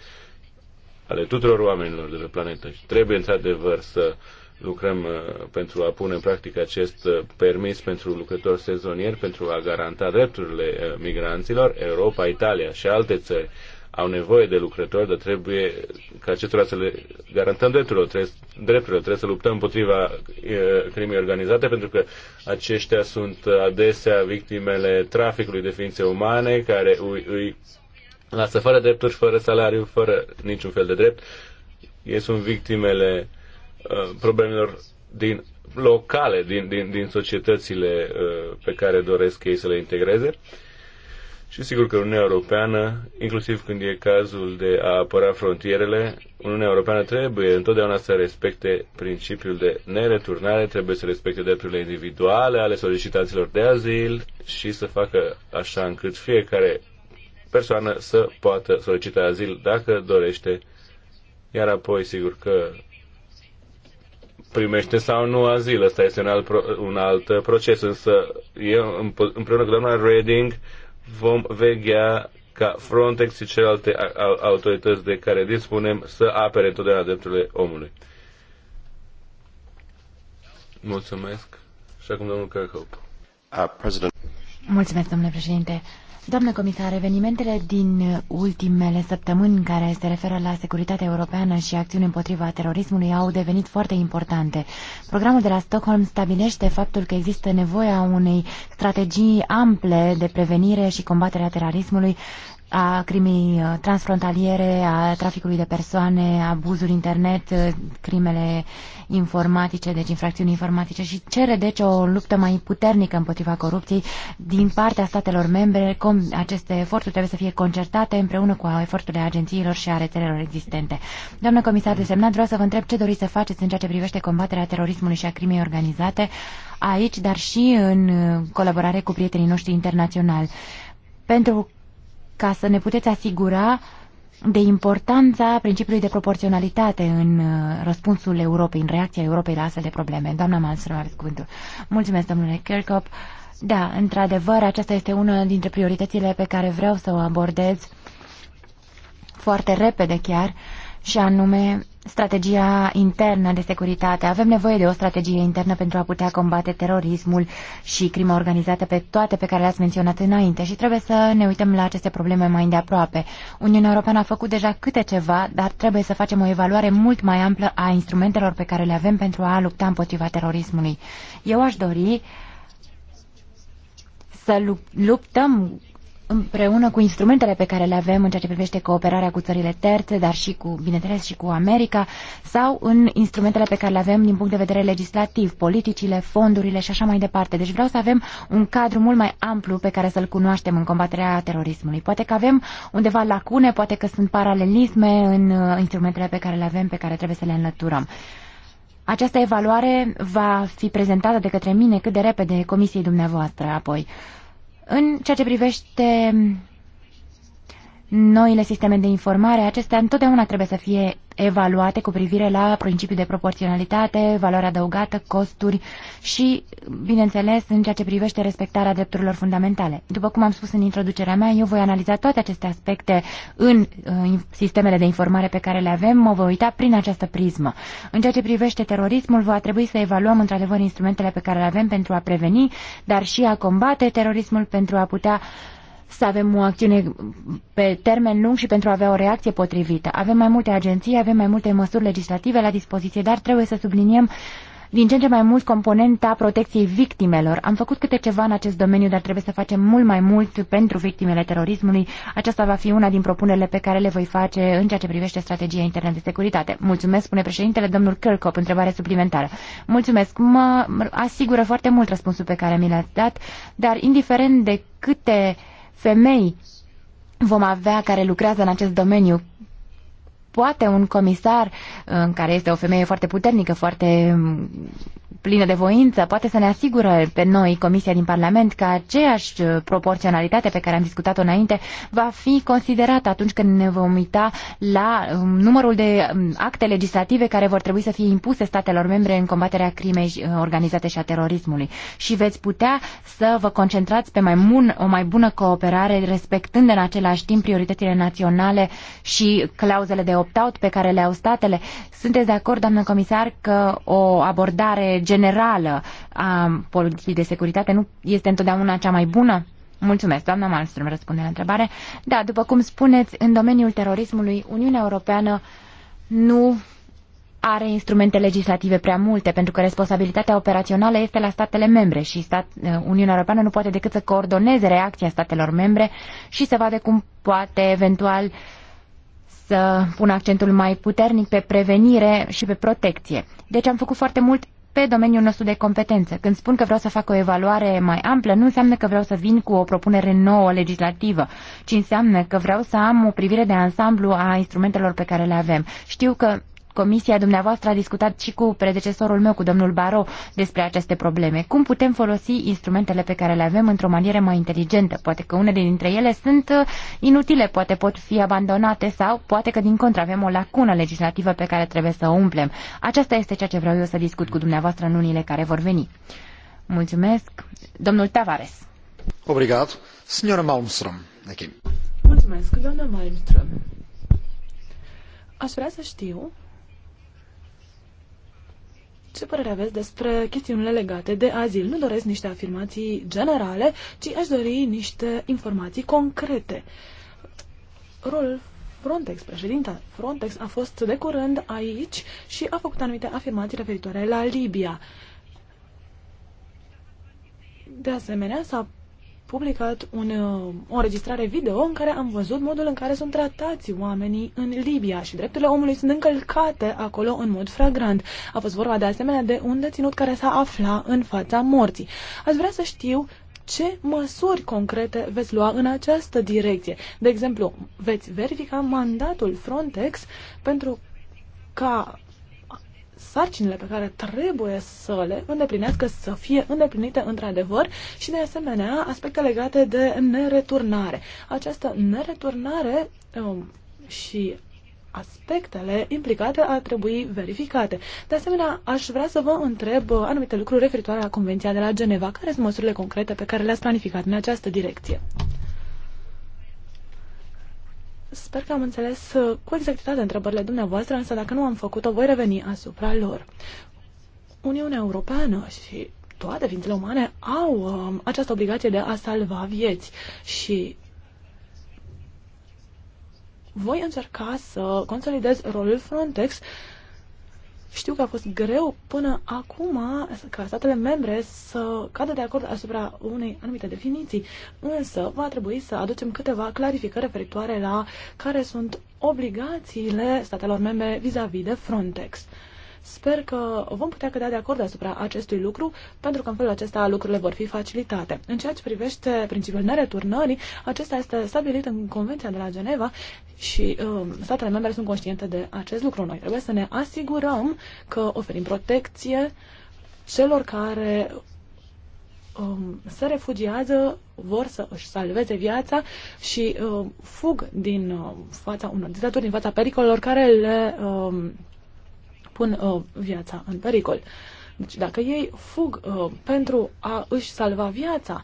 Speaker 1: ale tuturor oamenilor de pe planetă și trebuie într-adevăr să uh, lucrăm uh, pentru a pune în practică acest uh, permis pentru lucrători sezonieri, pentru a garanta drepturile uh, migranților. Europa, Italia și alte țări au nevoie de lucrători, dar trebuie ca acestora să le garantăm drepturile, trebuie, drepturile, trebuie să luptăm împotriva crimei organizate, pentru că aceștia sunt adesea victimele traficului de ființe umane, care îi, îi lasă fără drepturi, fără salariu, fără niciun fel de drept. Ei sunt victimele uh, Uh, problemelor din locale, din, din, din societățile uh, pe care doresc ei să le integreze. Și sigur că Uniunea Europeană, inclusiv când e cazul de a apăra frontierele, Uniunea Europeană trebuie întotdeauna să respecte principiul de nereturnare, trebuie să respecte drepturile individuale ale solicitanților de azil și să facă așa încât fiecare persoană să poată solicita azil dacă dorește. Iar apoi, sigur că primește sau nu azil. Asta este un alt, pro, un alt proces, însă eu împreună cu doamna Reding vom vegea ca Frontex și celelalte autorități de care dispunem să apere întotdeauna drepturile omului. Mulțumesc. Și acum domnul Kirkhope. Uh,
Speaker 3: Mulțumesc, domnule președinte. Doamnă comisar, evenimentele din ultimele săptămâni care se referă la securitatea europeană și acțiuni împotriva terorismului au devenit foarte importante. Programul de la Stockholm stabilește faptul că există nevoia unei strategii ample de prevenire și combaterea terorismului a crimei uh, transfrontaliere, a traficului de persoane, abuzul internet, uh, crimele informatice, deci infracțiuni informatice și cere deci o luptă mai puternică împotriva corupției din partea statelor membre. cum aceste eforturi trebuie să fie concertate împreună cu eforturile agențiilor și a rețelelor existente. Doamnă comisar semnat, vreau să vă întreb ce doriți să faceți în ceea ce privește combaterea terorismului și a crimei organizate aici, dar și în uh, colaborare cu prietenii noștri internaționali. Pentru ca să ne puteți asigura de importanța principiului de proporționalitate în uh, răspunsul Europei, în reacția Europei la astfel de probleme. Doamna Malmström, aveți cuvântul. Mulțumesc, domnule Kirchhoff. Da, într-adevăr, aceasta este una dintre prioritățile pe care vreau să o abordez foarte repede chiar, și anume strategia internă de securitate. Avem nevoie de o strategie internă pentru a putea combate terorismul și crima organizată pe toate pe care le-ați menționat înainte și trebuie să ne uităm la aceste probleme mai de aproape. Uniunea Europeană a făcut deja câte ceva, dar trebuie să facem o evaluare mult mai amplă a instrumentelor pe care le avem pentru a lupta împotriva terorismului. Eu aș dori să luptăm împreună cu instrumentele pe care le avem în ceea ce privește cooperarea cu țările terțe, dar și cu, bineînțeles, și cu America, sau în instrumentele pe care le avem din punct de vedere legislativ, politicile, fondurile și așa mai departe. Deci vreau să avem un cadru mult mai amplu pe care să-l cunoaștem în combaterea terorismului. Poate că avem undeva lacune, poate că sunt paralelisme în uh, instrumentele pe care le avem, pe care trebuie să le înlăturăm. Această evaluare va fi prezentată de către mine cât de repede Comisiei dumneavoastră apoi. Uh, în ceea ce privește noile sisteme de informare, acestea întotdeauna trebuie să fie evaluate cu privire la principiul de proporționalitate, valoare adăugată, costuri și, bineînțeles, în ceea ce privește respectarea drepturilor fundamentale. După cum am spus în introducerea mea, eu voi analiza toate aceste aspecte în uh, sistemele de informare pe care le avem, mă voi uita prin această prismă. În ceea ce privește terorismul, va trebui să evaluăm într-adevăr instrumentele pe care le avem pentru a preveni, dar și a combate terorismul pentru a putea uh, să avem o acțiune pe termen lung și pentru a avea o reacție potrivită. Avem mai multe agenții, avem mai multe măsuri legislative la dispoziție, dar trebuie să subliniem din ce în ce mai mult componenta protecției victimelor. Am făcut câte ceva în acest domeniu, dar trebuie să facem mult mai mult pentru victimele terorismului. Aceasta va fi una din propunerile pe care le voi face în ceea ce privește strategia internă de securitate. Mulțumesc, spune președintele, domnul Kirkhope, întrebare suplimentară. Mulțumesc, mă asigură foarte mult răspunsul pe care mi l-ați dat, dar indiferent de câte uh, femei vom avea care lucrează în acest domeniu poate un comisar uh, care este o femeie foarte puternică, foarte um, plină de voință, poate să ne asigură pe noi, Comisia din Parlament, că aceeași uh, proporționalitate pe care am discutat-o înainte va fi considerată atunci când ne vom uita la um, numărul de um, acte legislative care vor trebui să fie impuse statelor membre în combaterea crimei uh, organizate și a terorismului. Și veți putea să vă concentrați pe mai bun, o mai bună cooperare, respectând în același timp prioritățile naționale și clauzele de opt-out pe care le au statele. Sunteți de acord, doamnă comisar, că o abordare generală a politicii de securitate nu este întotdeauna cea mai bună? Mulțumesc, doamna Malmström răspunde la întrebare. Da, după cum spuneți, în domeniul terorismului, Uniunea Europeană nu are instrumente legislative prea multe, pentru că responsabilitatea operațională este la statele membre și stat, eh, Uniunea Europeană nu poate decât să coordoneze reacția statelor membre și să vadă cum poate eventual să pun accentul mai puternic pe prevenire și pe protecție. Deci am făcut foarte mult pe domeniul nostru de competență. Când spun că vreau să fac o evaluare mai amplă, nu înseamnă că vreau să vin cu o propunere nouă legislativă, ci înseamnă că vreau să am o privire de ansamblu a instrumentelor pe care le avem. Știu că comisia dumneavoastră a discutat și cu predecesorul meu, cu domnul Baro, despre aceste probleme. Cum putem folosi instrumentele pe care le avem într-o manieră mai inteligentă? Poate că unele dintre ele sunt uh, inutile, poate pot fi abandonate sau poate că din contră avem o lacună legislativă pe care trebuie să o umplem. Aceasta este ceea ce vreau eu să discut cu dumneavoastră în unile care vor veni. Mulțumesc. Domnul Tavares. Obrigat. Signora Malmström. Okay. Mulțumesc, doamna Malmström. Aș vrea să
Speaker 2: știu ce părere aveți despre chestiunile legate de azil? Nu doresc niște afirmații generale, ci aș dori niște informații concrete. Rol Frontex, președinta Frontex, a fost de curând aici și a făcut anumite afirmații referitoare la Libia. De asemenea, s-a publicat un, uh, o înregistrare video în care am văzut modul în care sunt tratați oamenii în Libia și drepturile omului sunt încălcate acolo în mod fragrant. A fost vorba de asemenea de un deținut care s-a afla în fața morții. Aș vrea să știu ce măsuri concrete veți lua în această direcție. De exemplu, veți verifica mandatul Frontex pentru ca sarcinile pe care trebuie să le îndeplinească să fie îndeplinite într-adevăr și de asemenea aspecte legate de nereturnare. Această nereturnare um, și aspectele implicate ar trebui verificate. De asemenea, aș vrea să vă întreb uh, anumite lucruri referitoare la Convenția de la Geneva. Care sunt măsurile concrete pe care le-ați planificat în această direcție? Sper că am înțeles uh, cu exactitate întrebările dumneavoastră, însă dacă nu am făcut-o, voi reveni asupra lor. Uniunea Europeană și toate ființele umane au um, această obligație de a salva vieți și voi încerca să consolidez rolul Frontex știu că a fost greu până acum ca statele membre să cadă de acord asupra unei anumite definiții, însă va trebui să aducem câteva clarificări referitoare la care sunt obligațiile statelor membre vis-a-vis -vis de Frontex. Sper că vom putea cădea de acord asupra acestui lucru, pentru că în felul acesta lucrurile vor fi facilitate. În ceea ce privește principiul nereturnării, acesta este stabilit în Convenția de la Geneva și uh, statele membre sunt conștiente de acest lucru. Noi trebuie să ne asigurăm că oferim protecție celor care um, se refugiază, vor să își salveze viața și uh, fug din uh, fața unor dictaturi, din fața pericolelor care le uh, pun uh, viața în pericol. Deci dacă ei fug uh, pentru a își salva viața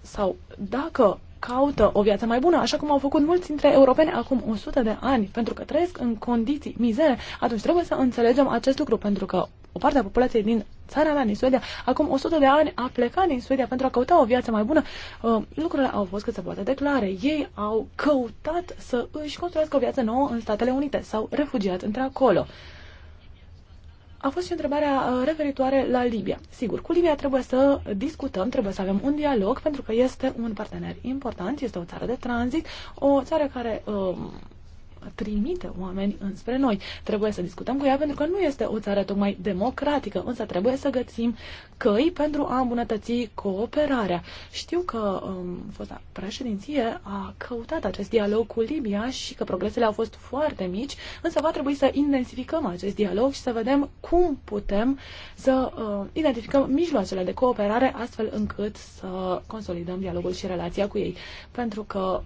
Speaker 2: sau dacă caută o viață mai bună, așa cum au făcut mulți dintre europeni acum 100 de ani, pentru că trăiesc în condiții mizere, atunci trebuie să înțelegem acest lucru, pentru că o parte a populației din țara mea, din Suedia, acum 100 de ani a plecat din Suedia pentru a căuta o viață mai bună. Uh, lucrurile au fost cât se poate declare. Ei au căutat să își construiască o viață nouă în Statele Unite, s-au refugiat între acolo. A fost și întrebarea uh, referitoare la Libia. Sigur, cu Libia trebuie să discutăm, trebuie să avem un dialog, pentru că este un partener important, este o țară de tranzit, o țară care um, trimite oameni înspre noi. Trebuie să discutăm cu ea pentru că nu este o țară tocmai democratică, însă trebuie să găsim căi pentru a îmbunătăți cooperarea. Știu că um, fosta președinție a căutat acest dialog cu Libia și că progresele au fost foarte mici, însă va trebui să intensificăm acest dialog și să vedem cum putem să uh, identificăm mijloacele de cooperare astfel încât să consolidăm dialogul și relația cu ei. Pentru că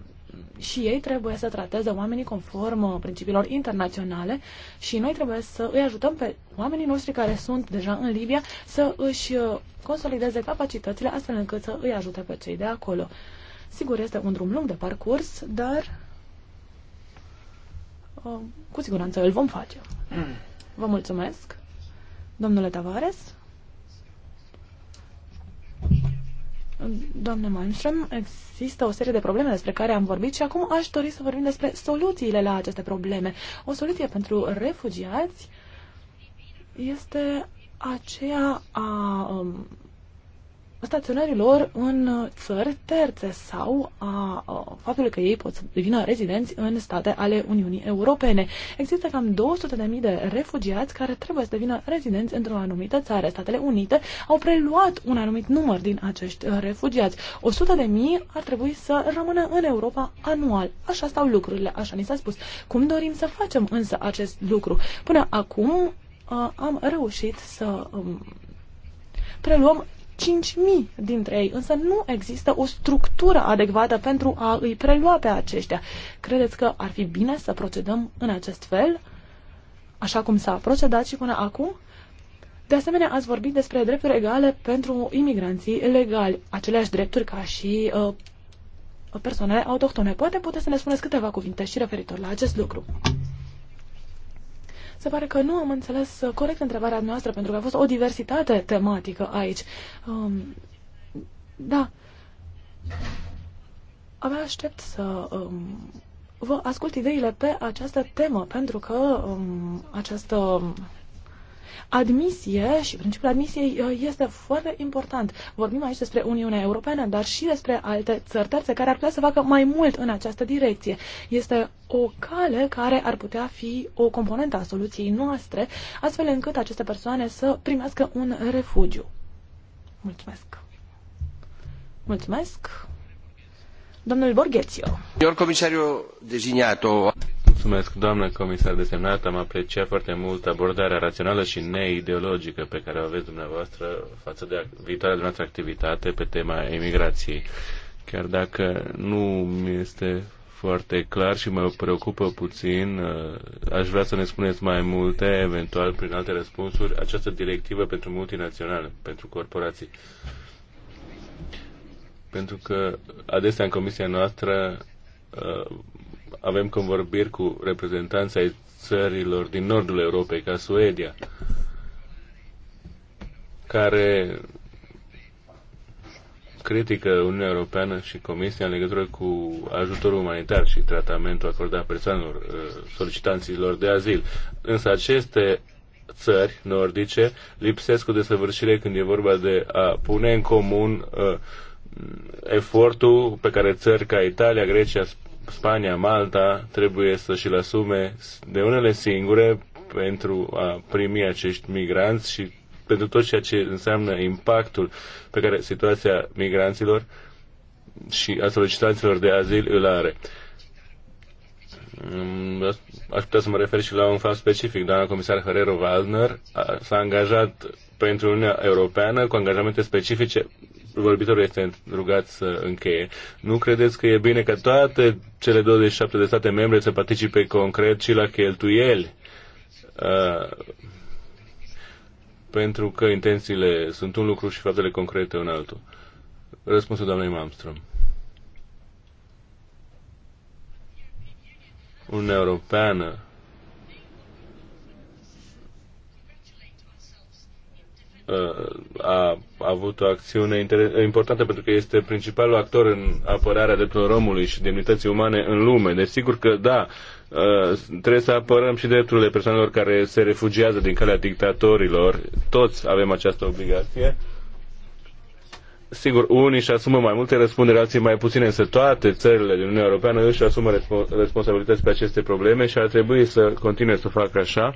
Speaker 2: și ei trebuie să trateze oamenii conform uh, principiilor internaționale și noi trebuie să îi ajutăm pe oamenii noștri care sunt deja în Libia să își uh, consolideze capacitățile astfel încât să îi ajute pe cei de acolo. Sigur, este un drum lung de parcurs, dar uh, cu siguranță îl vom face. Vă mulțumesc, domnule Tavares. Doamne Malmström, există o serie de probleme despre care am vorbit și acum aș dori să vorbim despre soluțiile la aceste probleme. O soluție pentru refugiați este aceea a um, staționărilor în uh, țări terțe sau a, a uh, faptului că ei pot să devină rezidenți în state ale Uniunii Europene. Există cam 200.000 de refugiați care trebuie să devină rezidenți într-o anumită țară. Statele Unite au preluat un anumit număr din acești uh, refugiați. 100.000 ar trebui să rămână în Europa anual. Așa stau lucrurile, așa ni s-a spus. Cum dorim să facem însă acest lucru? Până acum a, am reușit să a, um, preluăm 5.000 dintre ei, însă nu există o structură adecvată pentru a îi prelua pe aceștia. Credeți că ar fi bine să procedăm în acest fel, așa cum s-a procedat și până acum? De asemenea, ați vorbit despre drepturi egale pentru imigranții legali, aceleași drepturi ca și uh, persoanele autohtone. Poate puteți să ne spuneți câteva cuvinte și referitor la acest lucru. Se pare că nu am înțeles corect întrebarea noastră, pentru că a fost o diversitate tematică aici. Um, da. Abia aștept să um, vă ascult ideile pe această temă, pentru că um, această Admisie și principiul admisiei uh, este foarte important. Vorbim aici despre Uniunea Europeană, dar și despre alte țări terțe care ar putea să facă mai mult în această direcție. Este o cale care ar putea fi o componentă a soluției noastre, astfel încât aceste persoane să primească un refugiu. Mulțumesc! Mulțumesc! Domnul Borghețiu.
Speaker 1: Domnul comisariu designat Mulțumesc, doamnă comisar desemnat. Am apreciat foarte mult abordarea rațională și neideologică pe care o aveți dumneavoastră față de viitoarea dumneavoastră activitate pe tema emigrației. Chiar dacă nu mi este foarte clar și mă preocupă puțin, uh, aș vrea să ne spuneți mai multe, eventual prin alte răspunsuri, această directivă pentru multinaționale, pentru corporații pentru că adesea în comisia noastră uh, avem convorbiri cu reprezentanții ai țărilor din nordul Europei, ca Suedia, care critică Uniunea Europeană și Comisia în legătură cu ajutorul umanitar și tratamentul acordat persoanelor uh, solicitanților de azil. Însă aceste țări nordice lipsesc cu desăvârșire când e vorba de a pune în comun uh, efortul pe care țări ca Italia, Grecia, Spania, Malta trebuie să și-l asume de unele singure pentru a primi acești migranți și pentru tot ceea ce înseamnă impactul pe care situația migranților și a solicitanților de azil îl are. Mm, aș putea să mă refer și la un fapt specific. Doamna comisar Herrero Waldner s-a angajat pentru Uniunea Europeană cu angajamente specifice vorbitorul este rugat să încheie. Nu credeți că e bine că toate cele 27 de state membre să participe concret și la cheltuieli? Uh, pentru că intențiile sunt un lucru și faptele concrete un altul. Răspunsul doamnei Malmström. Uniunea Europeană a avut o acțiune importantă pentru că este principalul actor în apărarea drepturilor omului și demnității umane în lume. Deci sigur că da, trebuie să apărăm și drepturile persoanelor care se refugiază din calea dictatorilor. Toți avem această obligație. Sigur, unii își asumă mai multe răspunderi, alții mai puține, însă toate țările din Uniunea Europeană își asumă respo- responsabilități pe aceste probleme și ar trebui să continue să facă așa.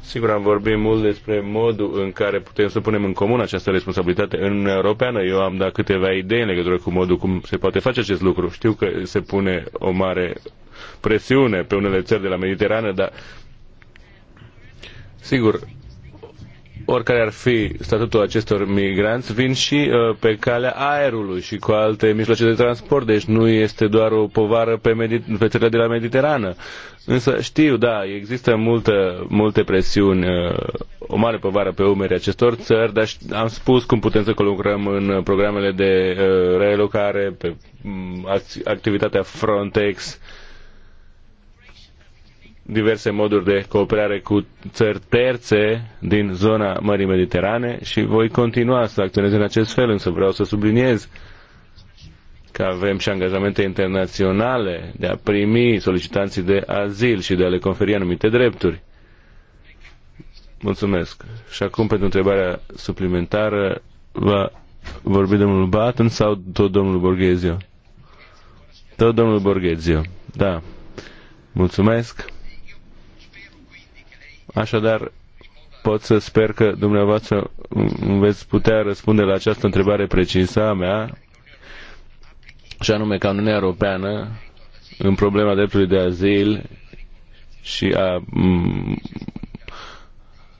Speaker 1: Sigur, am vorbit mult despre modul în care putem să punem în comun această responsabilitate în Uniunea Europeană. Eu am dat câteva idei în legătură cu modul cum se poate face acest lucru. Știu că se pune o mare presiune pe unele țări de la Mediterană, dar Sigur, oricare ar fi statutul acestor migranți, vin și uh, pe calea aerului și cu alte mijloace de transport, deci nu este doar o povară pe, pe țările de la Mediterană. Însă știu, da, există multă, multe presiuni, uh, o mare povară pe umeri acestor țări, dar am spus cum putem să lucrăm în programele de uh, relocare, pe um, activitatea Frontex, uh, diverse moduri de cooperare cu țări terțe din zona Mării Mediterane și voi continua să acționez în acest fel, însă vreau să subliniez că avem și angajamente internaționale de a primi solicitanții de azil și de a le conferi anumite drepturi. Mulțumesc. Și acum pentru întrebarea suplimentară va vorbi domnul Batten sau tot domnul Borghezio? Tot domnul Borghezio. Da. Mulțumesc. Așadar, pot să sper că dumneavoastră veți putea răspunde la această întrebare precisă a mea, și anume ca Uniunea Europeană, în problema dreptului de azil și a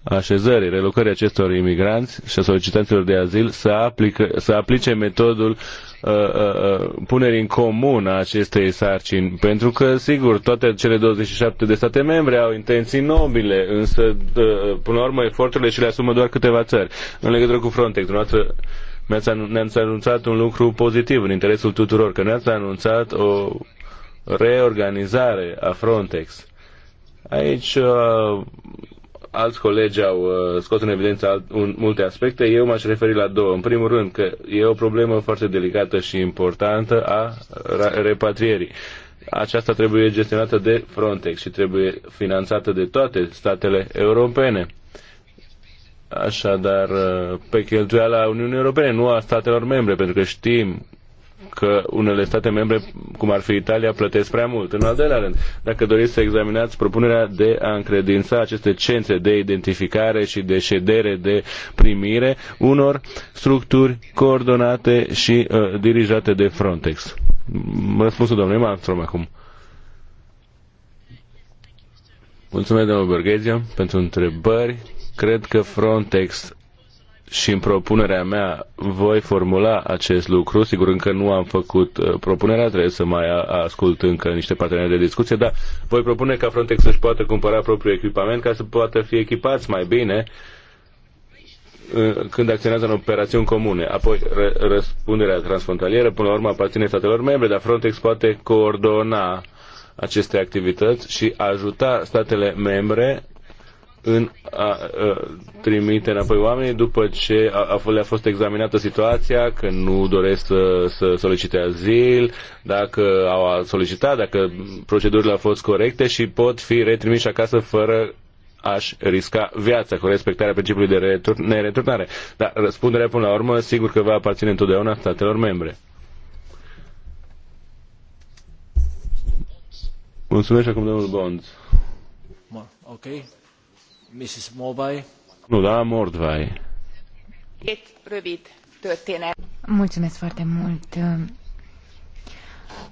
Speaker 1: așezării, relocării acestor imigranți și a solicitanților de azil să, aplică, să aplice metodul uh, uh, uh punerii în comun a acestei sarcini. Pentru că, sigur, toate cele 27 de state membre au intenții nobile, însă, uh, până la urmă, eforturile și le asumă doar câteva țări. În legătură cu Frontex, dumneavoastră, ne-ați anunțat un lucru pozitiv în interesul tuturor, că ne-ați anunțat o reorganizare a Frontex. Aici uh, alți colegi au uh, scos în evidență multe aspecte, eu m-aș referi la două. În primul rând că e o problemă foarte delicată și importantă a repatrierii. Aceasta trebuie gestionată de Frontex și trebuie finanțată de toate statele europene. Așadar, uh, pe cheltuiala Uniunii Europene, nu a statelor membre, pentru că știm că unele state membre, cum ar fi Italia, plătesc prea mult. În al doilea rând, dacă doriți să examinați propunerea de a încredința aceste cențe de identificare și de ședere de primire unor structuri coordonate și uh, dirijate de Frontex. Răspunsul domnului Manstrom acum. Mulțumesc, domnul Borghezio, pentru întrebări. Cred că Frontex și în propunerea mea voi formula acest lucru. Sigur, încă nu am făcut uh, propunerea, trebuie să mai ascult încă niște parteneri de discuție, dar voi propune ca Frontex să-și poată cumpăra propriul echipament ca să poată fi echipați mai bine uh, când acționează în operațiuni comune. Apoi, răspunderea transfrontalieră, până la urmă, aparține statelor membre, dar Frontex poate coordona aceste activități și ajuta statele membre în a, a trimite înapoi oamenii după ce a, a, le-a fost examinată situația, că nu doresc să, să solicite azil, dacă au solicitat, dacă procedurile au fost corecte și pot fi retrimiși acasă fără aș risca viața cu respectarea principiului de retur- nereturnare. Dar răspunderea până la urmă sigur că va aparține întotdeauna statelor membre. Mulțumesc acum domnul Bond.
Speaker 3: Ok. Mrs. Morvai. da,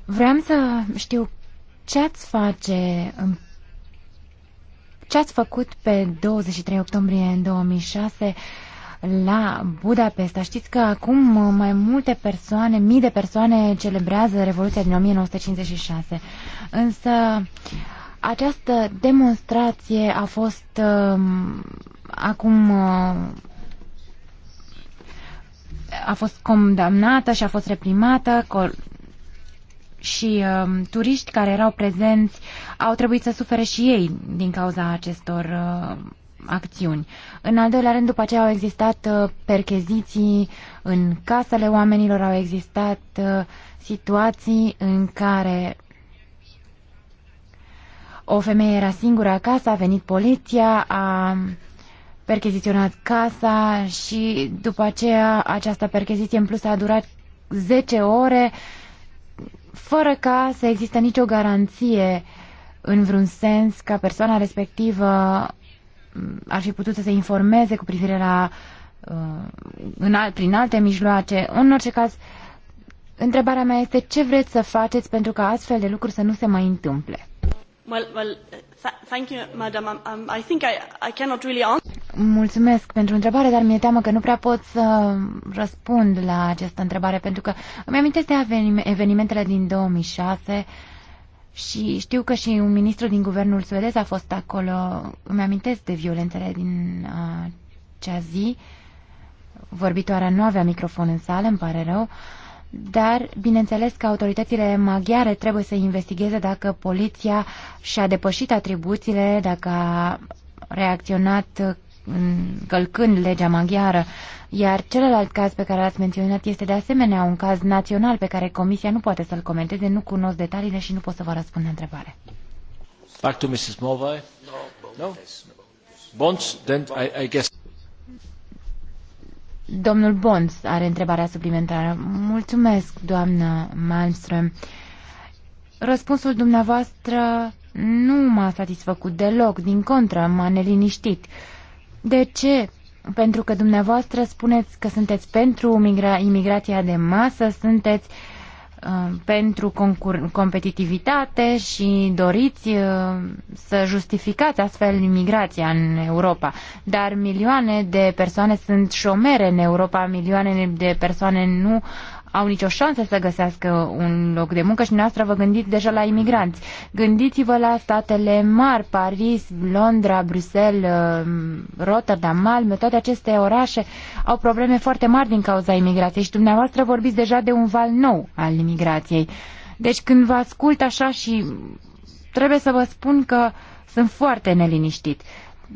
Speaker 3: Vreau să știu ce ați face ce ați făcut pe 23 octombrie în 2006 la Budapesta. Știți că acum mai multe persoane, mii de persoane celebrează Revoluția din 1956. Însă această demonstrație a fost uh, acum uh, a fost condamnată și a fost reprimată și uh, turiști care erau prezenți au trebuit să sufere și ei din cauza acestor uh, acțiuni. În al doilea rând, după aceea au existat uh, percheziții în casele oamenilor, au existat uh, situații în care o femeie era singură acasă, a venit poliția, a percheziționat casa și după aceea această percheziție în plus a durat 10 ore fără ca să există nicio garanție în vreun sens ca persoana respectivă ar fi putut să se informeze cu privire la uh, în alt, prin alte mijloace. În orice caz, întrebarea mea este ce vreți să faceți pentru ca astfel de lucruri să nu se mai întâmple? Mulțumesc pentru întrebare, dar mi-e teamă că nu prea pot să răspund la această întrebare, pentru că îmi amintesc de evenimentele din 2006 și știu că și un ministru din guvernul suedez a fost acolo. Îmi amintesc de violențele din acea zi. Vorbitoarea nu avea microfon în sală, îmi pare rău. Uh, dar bineînțeles că autoritățile maghiare trebuie să investigheze dacă poliția și-a depășit atribuțiile, dacă a reacționat călcând legea maghiară. Iar celălalt caz pe care l-ați menționat este de asemenea un caz național pe care Comisia nu poate să-l comenteze, nu cunosc detaliile și nu pot să vă răspund la întrebare.
Speaker 1: Back to Mrs. Morvai. No? Bonds, then I, I guess...
Speaker 3: Domnul Bonds are întrebarea suplimentară. Mulțumesc, doamnă Malmström. Răspunsul dumneavoastră nu m-a satisfăcut deloc, din contră, m-a neliniștit. De ce? Pentru că dumneavoastră spuneți că sunteți pentru imigra- imigrația de masă, sunteți uh, Uh, pentru competitivitate și doriți uh, să justificați astfel migrația în Europa. Dar milioane de persoane sunt șomere în Europa, milioane de persoane nu au nicio șansă să găsească un loc de muncă și noastră vă gândiți deja la imigranți. Gândiți-vă la statele mari, Paris, Londra, Bruxelles, um, Rotterdam, Malmö, toate aceste orașe au probleme foarte mari din cauza imigrației și dumneavoastră vorbiți deja de un val nou al imigrației. Deci când vă ascult așa și trebuie să vă spun că sunt foarte neliniștit.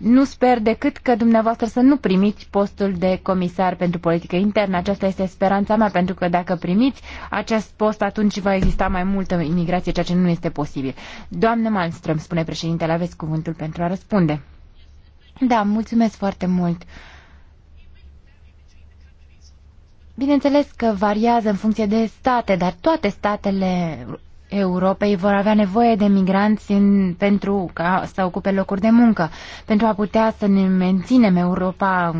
Speaker 3: Nu sper decât că dumneavoastră să nu primiți postul de comisar pentru politică internă. Aceasta este speranța mea, pentru că dacă primiți acest post, atunci va exista mai multă imigrație, ceea ce nu este posibil. Doamnă Malmström, spune președintele, aveți cuvântul pentru a răspunde. Da, mulțumesc foarte mult. Bineînțeles că variază în funcție de state, dar toate statele Europei vor avea nevoie de migranți în, pentru ca să ocupe locuri de muncă, pentru a putea să ne menținem Europa,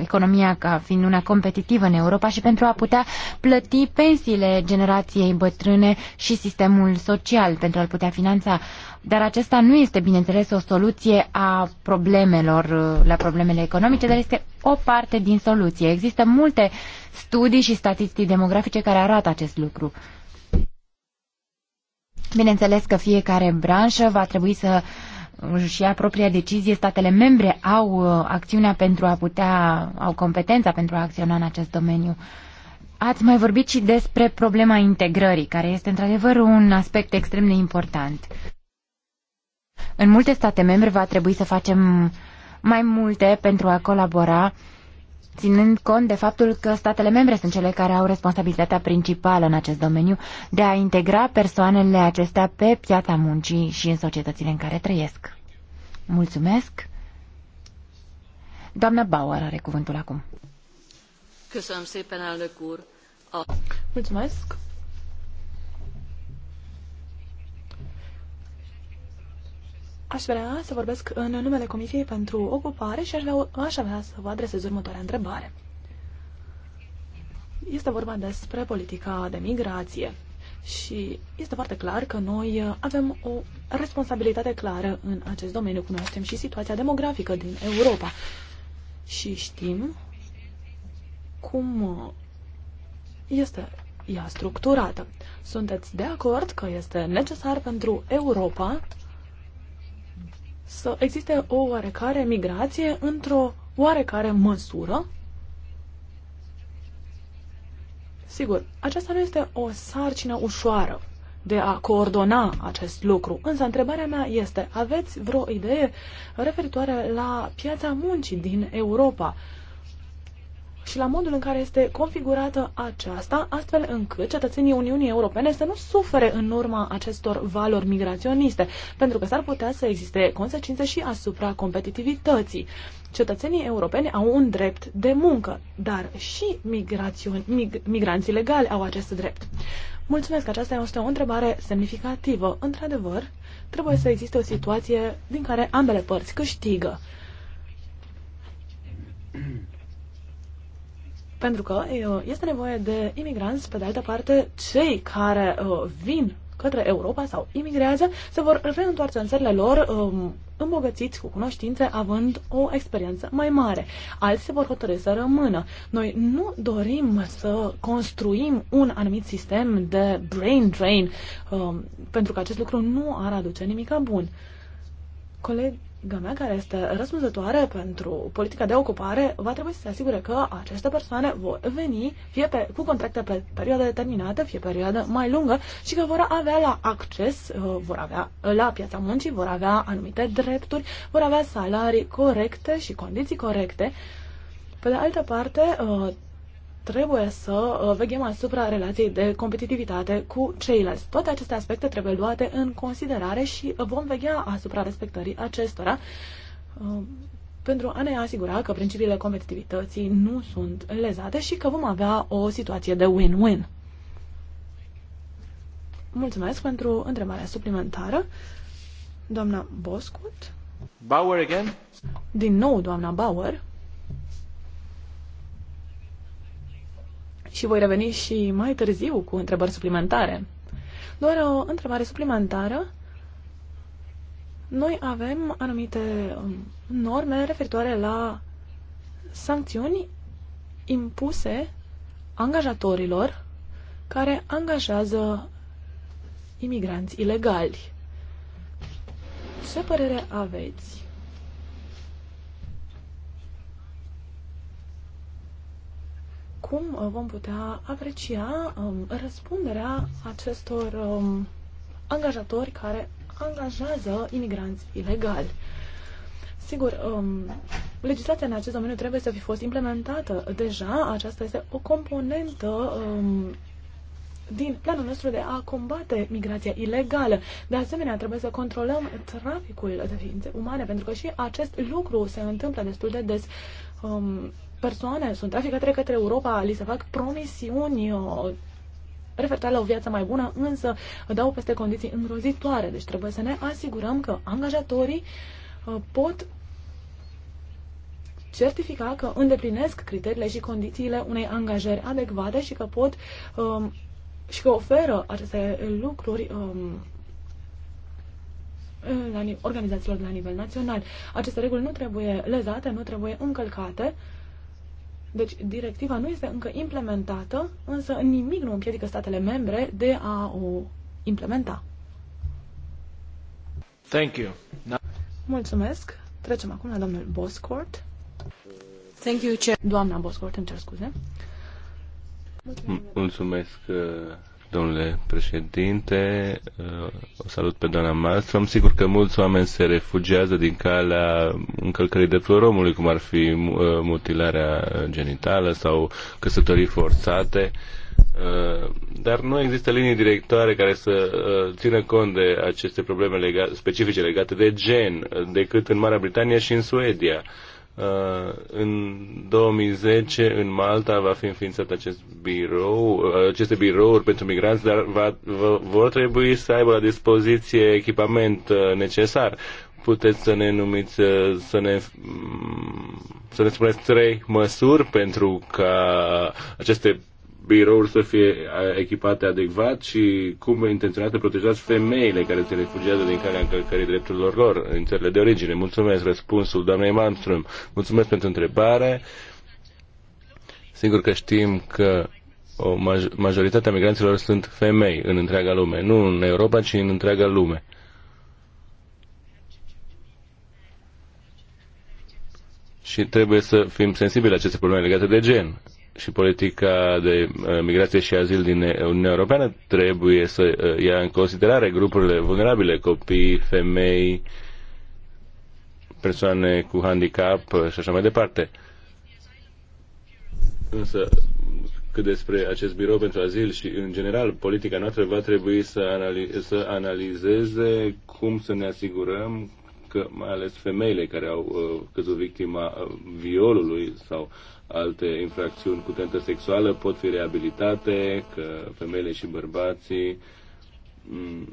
Speaker 3: economia ca fiind una competitivă în Europa și pentru a putea plăti pensiile generației bătrâne și sistemul social pentru a-l putea finanța. Dar acesta nu este, bineînțeles, o soluție a problemelor, la problemele economice, dar este o parte din soluție. Există multe studii și statistici demografice care arată acest lucru. Bineînțeles că fiecare branșă va trebui să își ia propria decizie. Statele membre au uh, acțiunea pentru a putea, au competența pentru a acționa în acest domeniu. Ați mai vorbit și despre problema integrării, care este într-adevăr un aspect extrem de important. În multe state membre va trebui să facem mai multe pentru a colabora uh, ținând cont de faptul că statele membre sunt cele care au responsabilitatea principală în acest domeniu de a integra persoanele acestea pe piața muncii și în societățile în care trăiesc. Mulțumesc! Doamna Bauer are cuvântul acum.
Speaker 2: Mulțumesc! Aș vrea să vorbesc în numele Comisiei pentru Ocupare și aș, vrea, aș avea să vă adresez următoarea întrebare. Este vorba despre politica de migrație și este foarte clar că noi avem o responsabilitate clară în acest domeniu. Cunoaștem și situația demografică din Europa și știm cum este ea structurată. Sunteți de acord că este necesar pentru Europa să existe o oarecare migrație într-o oarecare măsură. Sigur, aceasta nu este o sarcină ușoară de a coordona acest lucru, însă întrebarea mea este, aveți vreo idee referitoare la piața muncii din Europa? și la modul în care este configurată aceasta, astfel încât cetățenii Uniunii Europene să nu sufere în urma acestor valori migraționiste, pentru că s-ar putea să existe consecințe și asupra competitivității. Cetățenii europeni au un drept de muncă, dar și mig, migranții legali au acest drept. Mulțumesc, aceasta este o întrebare semnificativă. Într-adevăr, trebuie să existe o situație din care ambele părți câștigă. Pentru că este nevoie de imigranți, pe de altă parte, cei care vin către Europa sau imigrează, se vor reîntoarce în țările lor îmbogățiți cu cunoștințe, având o experiență mai mare. Alții se vor hotărâ să rămână. Noi nu dorim să construim un anumit sistem de brain drain, pentru că acest lucru nu ar aduce nimic bun. Coleg, Gamea care este răspunzătoare pentru politica de ocupare, va trebui să se asigure că aceste persoane vor veni fie pe, cu contracte pe perioadă determinată, fie perioadă mai lungă și că vor avea la acces, uh, vor avea la piața muncii, vor avea anumite drepturi, vor avea salarii corecte și condiții corecte. Pe de altă parte, uh, trebuie să uh, veghem asupra relației de competitivitate cu ceilalți. Toate aceste aspecte trebuie luate în considerare și uh, vom veghea asupra respectării acestora uh, pentru a ne asigura că principiile competitivității nu sunt lezate și că vom avea o situație de win-win. Mulțumesc pentru întrebarea suplimentară. Doamna Boscut.
Speaker 1: Bauer again?
Speaker 2: Din nou, doamna Bauer. și voi reveni și mai târziu cu întrebări suplimentare. Doar o întrebare suplimentară. Noi avem anumite um, norme referitoare la sancțiuni impuse angajatorilor care angajează imigranți ilegali. Ce părere aveți cum uh, vom putea aprecia um, răspunderea acestor um, angajatori care angajează imigranți ilegali. Sigur, um, legislația în acest domeniu trebuie să fi fost implementată deja. Aceasta este o componentă um, din planul nostru de a combate migrația ilegală. De asemenea, trebuie să controlăm traficul de ființe umane, pentru că și acest lucru se întâmplă destul de des. Um, persoane sunt traficate către Europa, li se fac promisiuni uh, referitoare la o viață mai bună, însă dau peste condiții îngrozitoare. Deci trebuie să ne asigurăm că angajatorii uh, pot certifica că îndeplinesc criteriile și condițiile unei angajări adecvate și că pot um, și că oferă aceste lucruri um, la organizațiilor de la nivel național. Aceste reguli nu trebuie lezate, nu trebuie încălcate deci, directiva nu este încă implementată, însă nimic nu împiedică statele membre de a o implementa.
Speaker 1: Thank you. Now...
Speaker 2: Mulțumesc. Trecem acum la domnul Boscourt. Thank you, Chair. Doamna Boscourt, îmi cer scuze.
Speaker 1: Mulțumesc, Mulțumesc uh, domnule președinte. Uh, o salut pe doamna Malmström. Sigur că mulți oameni se refugiază din calea încălcării de omului, cum ar fi uh, mutilarea genitală sau căsătorii forțate. Uh, dar nu există linii directoare care să țină cont de aceste probleme legate, specifice legate de gen, decât în Marea Britanie și în Suedia. Uh, în 2010, în Malta, va fi înființat acest birou, uh, aceste birouri pentru migranți, dar va, va, vor trebui să aibă la dispoziție echipament uh, necesar. Puteți să ne numiți, să ne, mm, să ne spuneți trei măsuri pentru ca aceste birouri să fie echipate adecvat și cum intenționați să protejați femeile care se refugiază din calea încălcării drepturilor lor în țările de origine. Mulțumesc răspunsul doamnei Malmström. Mulțumesc pentru întrebare. Sigur că știm că o maj- majoritatea migranților sunt femei în întreaga lume, nu în Europa, ci în întreaga lume. Și trebuie să fim sensibili la aceste probleme legate de gen și politica de uh, migrație și azil din Uniunea Europeană trebuie să uh, ia în considerare grupurile vulnerabile, copii, femei, persoane cu handicap uh, și așa mai departe. Însă, cât despre acest birou pentru azil și, în general, politica noastră va trebui să, analize, să analizeze cum să ne asigurăm că mai ales femeile care au uh, căzut victima uh, violului sau alte infracțiuni cu tentă sexuală pot fi reabilitate, că femeile și bărbații mm,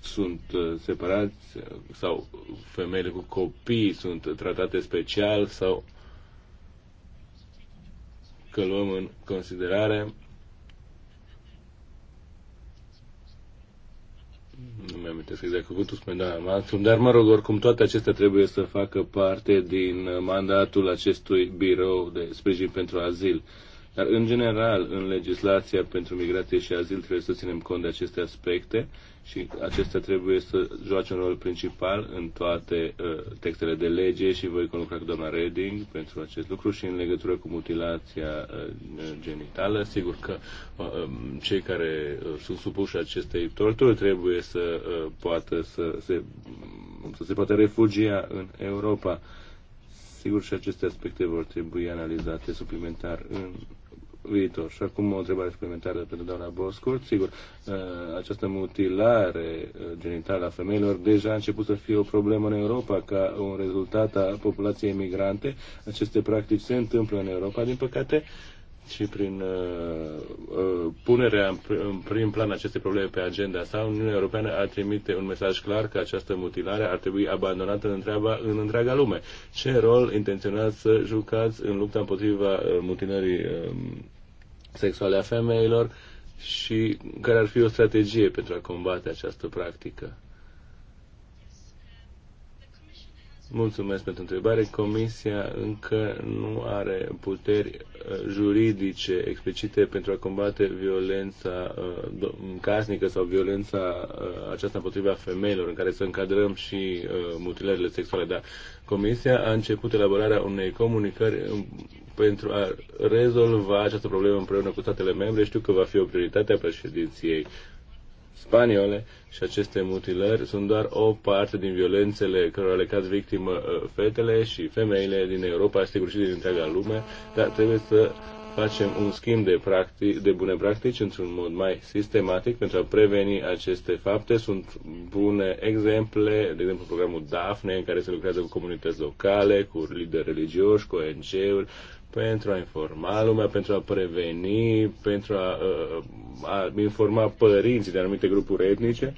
Speaker 1: sunt uh, separați sau femeile cu copii sunt tratate special sau că luăm în considerare nu mi-am exact cuvântul, spune da, Malmström, dar mă rog, oricum toate acestea trebuie să facă parte din mandatul acestui birou de sprijin pentru azil. Dar, în general, în legislația pentru migrație și azil trebuie să ținem cont de aceste aspecte și acestea trebuie să joace un rol principal în toate uh, textele de lege și voi conlucra cu doamna Reding pentru acest lucru și în legătură cu mutilația uh, genitală. Sigur că uh, um, cei care uh, sunt supuși acestei torturi trebuie să uh, poată să se, să se poată refugia în Europa. Sigur și aceste aspecte vor trebui analizate suplimentar în viitor. Și acum o întrebare suplimentară pentru doamna Boscurt. Sigur, uh, această mutilare uh, genitală a femeilor deja a început să fie o problemă în Europa ca un rezultat a populației migrante. Aceste practici se întâmplă în Europa, din păcate, și prin uh, uh, punerea în, în prim plan aceste probleme pe agenda sa, Uniunea Europeană ar trimite un mesaj clar că această mutilare ar trebui abandonată în, întreaba, în întreaga lume. Ce rol intenționați să jucați în lupta împotriva uh, mutilării uh, sexuale a femeilor și care ar fi o strategie pentru a combate această practică. Mulțumesc pentru întrebare. Comisia încă nu are puteri uh, juridice explicite pentru a combate violența uh, casnică sau violența uh, aceasta împotriva femeilor, în care să încadrăm și mutilările sexuale, dar Comisia a început elaborarea unei comunicări pentru a rezolva această problemă împreună cu statele membre. Știu că va fi o prioritate a președinției spaniole și aceste mutilări sunt doar o parte din violențele cărora le caz victimă uh, fetele și femeile din Europa, sigur și din întreaga lume, dar trebuie să facem un schimb de, practic, de bune practici într-un mod mai sistematic pentru a preveni aceste fapte. Sunt bune exemple, de exemplu programul DAFNE, în care se lucrează cu comunități locale, cu lideri religioși, cu ONG-uri, pentru a informa lumea, pentru a preveni, pentru a, a informa părinții de anumite grupuri etnice.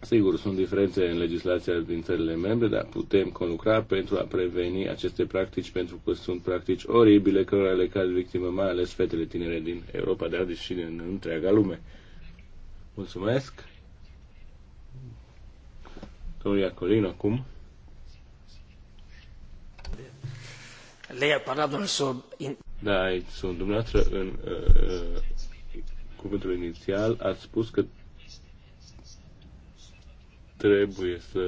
Speaker 1: Sigur, sunt diferențe în legislația din țările membre, dar putem conlucra pentru a preveni aceste practici, pentru că sunt practici oribile, cărora le cad victime, mai ales fetele tinere din Europa, dar și din întreaga lume. Mulțumesc! Domnul Colin acum.
Speaker 2: Lei a doar sub...
Speaker 1: Da, aici sunt dumneavoastră în uh, uh, cuvântul inițial. Ați spus că trebuie să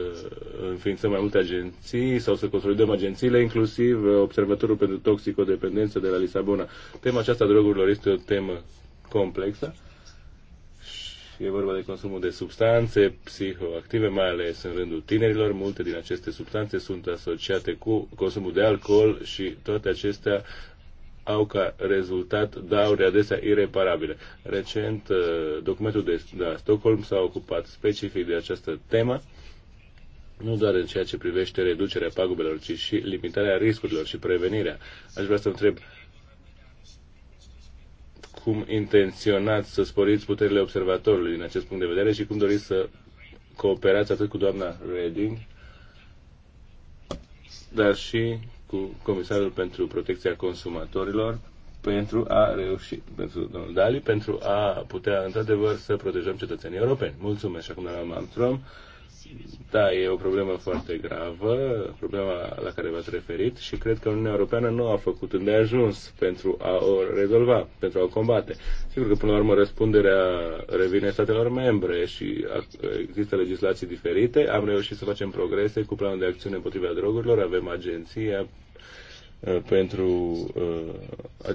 Speaker 1: înființăm mai multe agenții sau să consolidăm agențiile, inclusiv uh, Observatorul pentru Toxicodependență de la Lisabona. Tema aceasta a drogurilor este o temă complexă E vorba de consumul de substanțe psihoactive, mai ales în rândul tinerilor. Multe din aceste substanțe sunt asociate cu consumul de alcool și toate acestea au ca rezultat dauri adesea ireparabile. Recent, uh, documentul de la Stockholm s-a ocupat specific de această temă, nu doar în ceea ce privește reducerea pagubelor, ci și limitarea riscurilor și prevenirea. Aș vrea să întreb, cum intenționați să sporiți puterile observatorului din acest punct de vedere și cum doriți să cooperați atât cu doamna Reding, dar și cu Comisarul pentru Protecția Consumatorilor pentru a reuși, pentru domnul Dali, pentru a putea într-adevăr să protejăm cetățenii europeni. Mulțumesc acum doamna Mantrom. Da, e o problemă foarte gravă, problema la care v-ați referit și cred că Uniunea Europeană nu a făcut îndeajuns pentru a o rezolva, pentru a o combate. Sigur că, până la urmă, răspunderea revine statelor membre și există legislații diferite. Am reușit să facem progrese cu planul de acțiune împotriva drogurilor, avem agenția uh, pentru uh,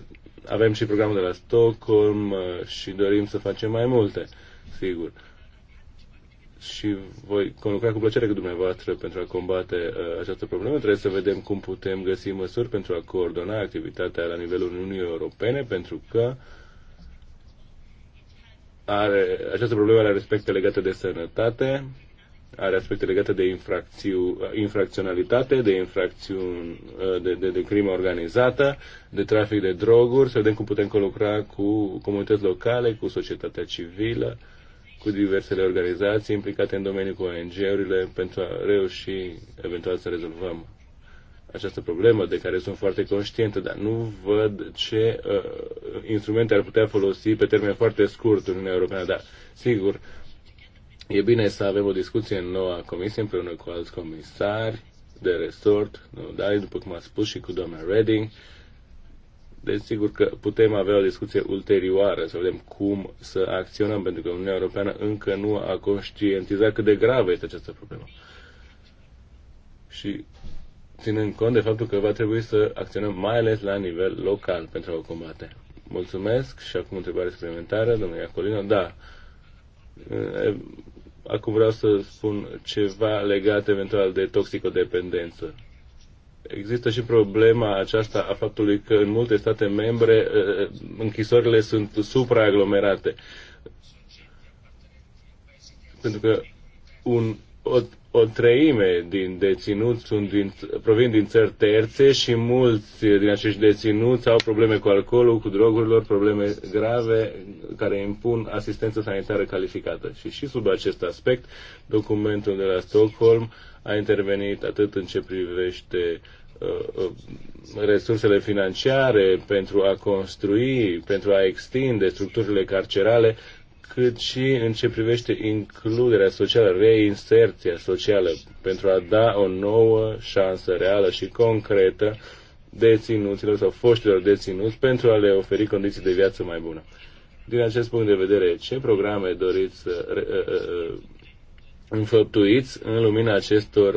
Speaker 1: avem și programul de la Stockholm uh, și dorim să facem mai multe, sigur și voi conlucra cu plăcere cu dumneavoastră pentru a combate uh, această problemă. Trebuie să vedem cum putem găsi măsuri pentru a coordona activitatea la nivelul Uniunii Europene, pentru că are, această problemă are aspecte legate de sănătate, are aspecte legate de infracțiu, uh, infracționalitate, de infracțiuni, uh, de, de, de crimă organizată, de trafic de droguri, să vedem cum putem colucra cu comunități locale, cu societatea civilă, cu diversele organizații implicate în domeniu, cu ONG-urile, pentru a reuși eventual să rezolvăm această problemă de care sunt foarte conștientă, dar nu văd ce uh, instrumente ar putea folosi pe termen foarte scurt Uniunea Europeană, dar sigur, e bine să avem o discuție în noua comisie împreună cu alți comisari de resort, nu? dar după cum a spus și cu doamna Redding, uh, Desigur că putem avea o discuție ulterioară, să vedem cum să acționăm, pentru că Uniunea Europeană încă nu a conștientizat cât de gravă este această problemă. Și ținând cont de faptul că va trebui să acționăm mai ales la nivel local pentru a o combate. Mulțumesc și acum întrebare suplimentară, domnule Iacolino. Da, acum vreau să spun ceva legat eventual de toxicodependență. Există și problema aceasta a faptului că în multe state membre uh, închisorile sunt supraaglomerate. Pentru că un, o, o treime din deținuți sunt din, provin din țări terțe și mulți din acești deținuți au probleme cu alcoolul, cu drogurilor, probleme grave care impun asistență sanitară calificată. Și și sub acest aspect, documentul de la Stockholm a intervenit atât în ce privește uh, uh, resursele financiare pentru a construi, pentru a extinde structurile carcerale, cât și în ce privește includerea socială, reinserția socială, pentru a da o nouă șansă reală și concretă deținuților sau foștilor deținuți pentru a le oferi condiții de viață mai bună. Din acest punct de vedere, ce programe doriți să uh, uh, uh, înfăptuiți în lumina acestor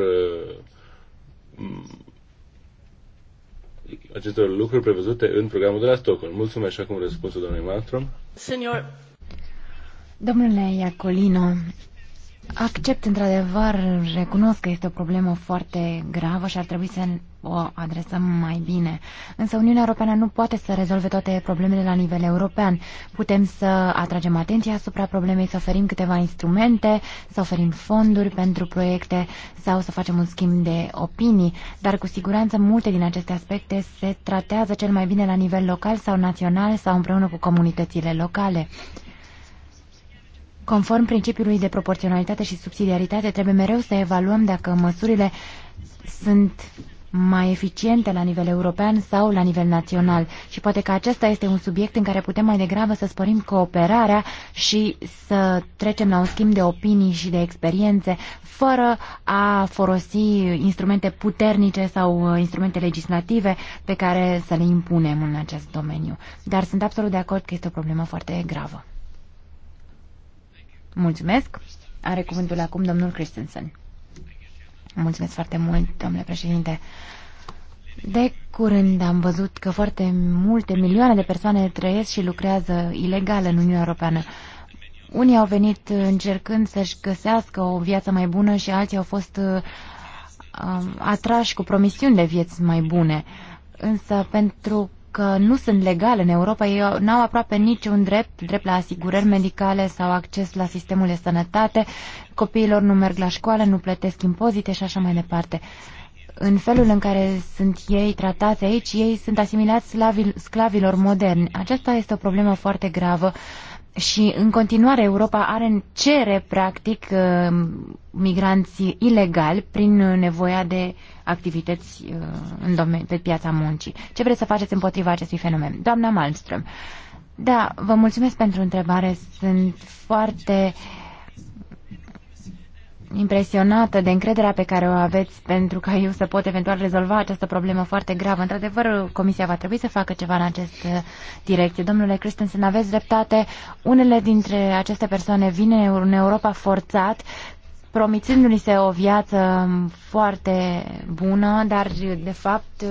Speaker 1: acestor lucruri prevăzute în programul de la Stockholm. Mulțumesc așa cum răspunsul domnului Malmström. Senior
Speaker 3: Domnule Iacolino, accept într-adevăr, recunosc că este o problemă foarte gravă și ar trebui să o adresăm mai bine. Însă Uniunea Europeană nu poate să rezolve toate problemele la nivel european. Putem să atragem atenția asupra problemei, să oferim câteva instrumente, să oferim fonduri pentru proiecte sau să facem un schimb de opinii, dar cu siguranță multe din aceste aspecte se tratează cel mai bine la nivel local sau național sau împreună cu comunitățile locale. Conform principiului de proporționalitate și subsidiaritate, trebuie mereu să evaluăm dacă măsurile sunt mai eficiente la nivel european sau la nivel național. Și poate că acesta este un subiect în care putem mai degrabă să sporim cooperarea și să trecem la un schimb de opinii și de experiențe fără a folosi instrumente puternice sau uh, instrumente legislative pe care să le impunem în acest domeniu. Dar sunt absolut de acord că este o problemă foarte gravă. Mulțumesc. Are cuvântul acum domnul Christensen. Mulțumesc foarte mult, domnule președinte. De curând am văzut că foarte multe milioane de persoane trăiesc și lucrează ilegal în Uniunea Europeană. Unii au venit încercând să-și găsească o viață mai bună și alții au fost uh, uh atrași cu promisiuni de vieți mai bune. Însă pentru că nu sunt legale în Europa, ei n-au aproape niciun drept, drept la asigurări medicale sau acces la sistemul de sănătate, copiilor nu merg la școală, nu plătesc impozite și așa mai departe. În felul în care sunt ei tratați aici, ei sunt asimilați sclavilor moderni. Aceasta este o problemă foarte gravă și în continuare Europa are cere practic uh, migranți ilegali prin nevoia de activități uh, în pe piața muncii. Ce vreți să faceți împotriva acestui fenomen? Doamna Malmström, da, vă mulțumesc pentru întrebare. Sunt foarte uh, impresionată de încrederea pe care o aveți pentru ca eu să pot eventual rezolva această problemă foarte gravă. Într-adevăr, Comisia va trebui să facă ceva în acest direcție. Domnule Christensen, aveți dreptate. Unele dintre aceste persoane vin în Europa forțat, promițându-li se o viață foarte bună, dar de fapt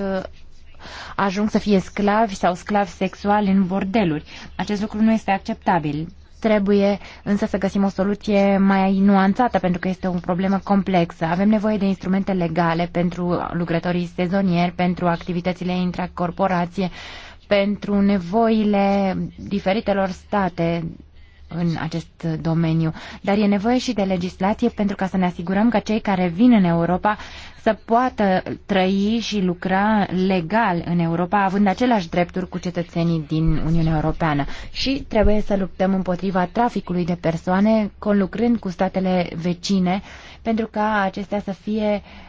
Speaker 3: ajung să fie sclavi sau sclavi sexuali în bordeluri. Acest lucru nu este acceptabil. Trebuie însă să găsim o soluție mai nuanțată pentru că este o problemă complexă. Avem nevoie de instrumente legale pentru lucrătorii sezonieri, pentru activitățile intracorporație, pentru nevoile diferitelor state în acest domeniu. Dar e nevoie și de legislație pentru ca să ne asigurăm că cei care vin în Europa să poată trăi și lucra legal în Europa, având aceleași drepturi cu cetățenii din Uniunea Europeană. Și trebuie să luptăm împotriva traficului de persoane, conlucrând cu statele vecine, pentru ca acestea să fie uh,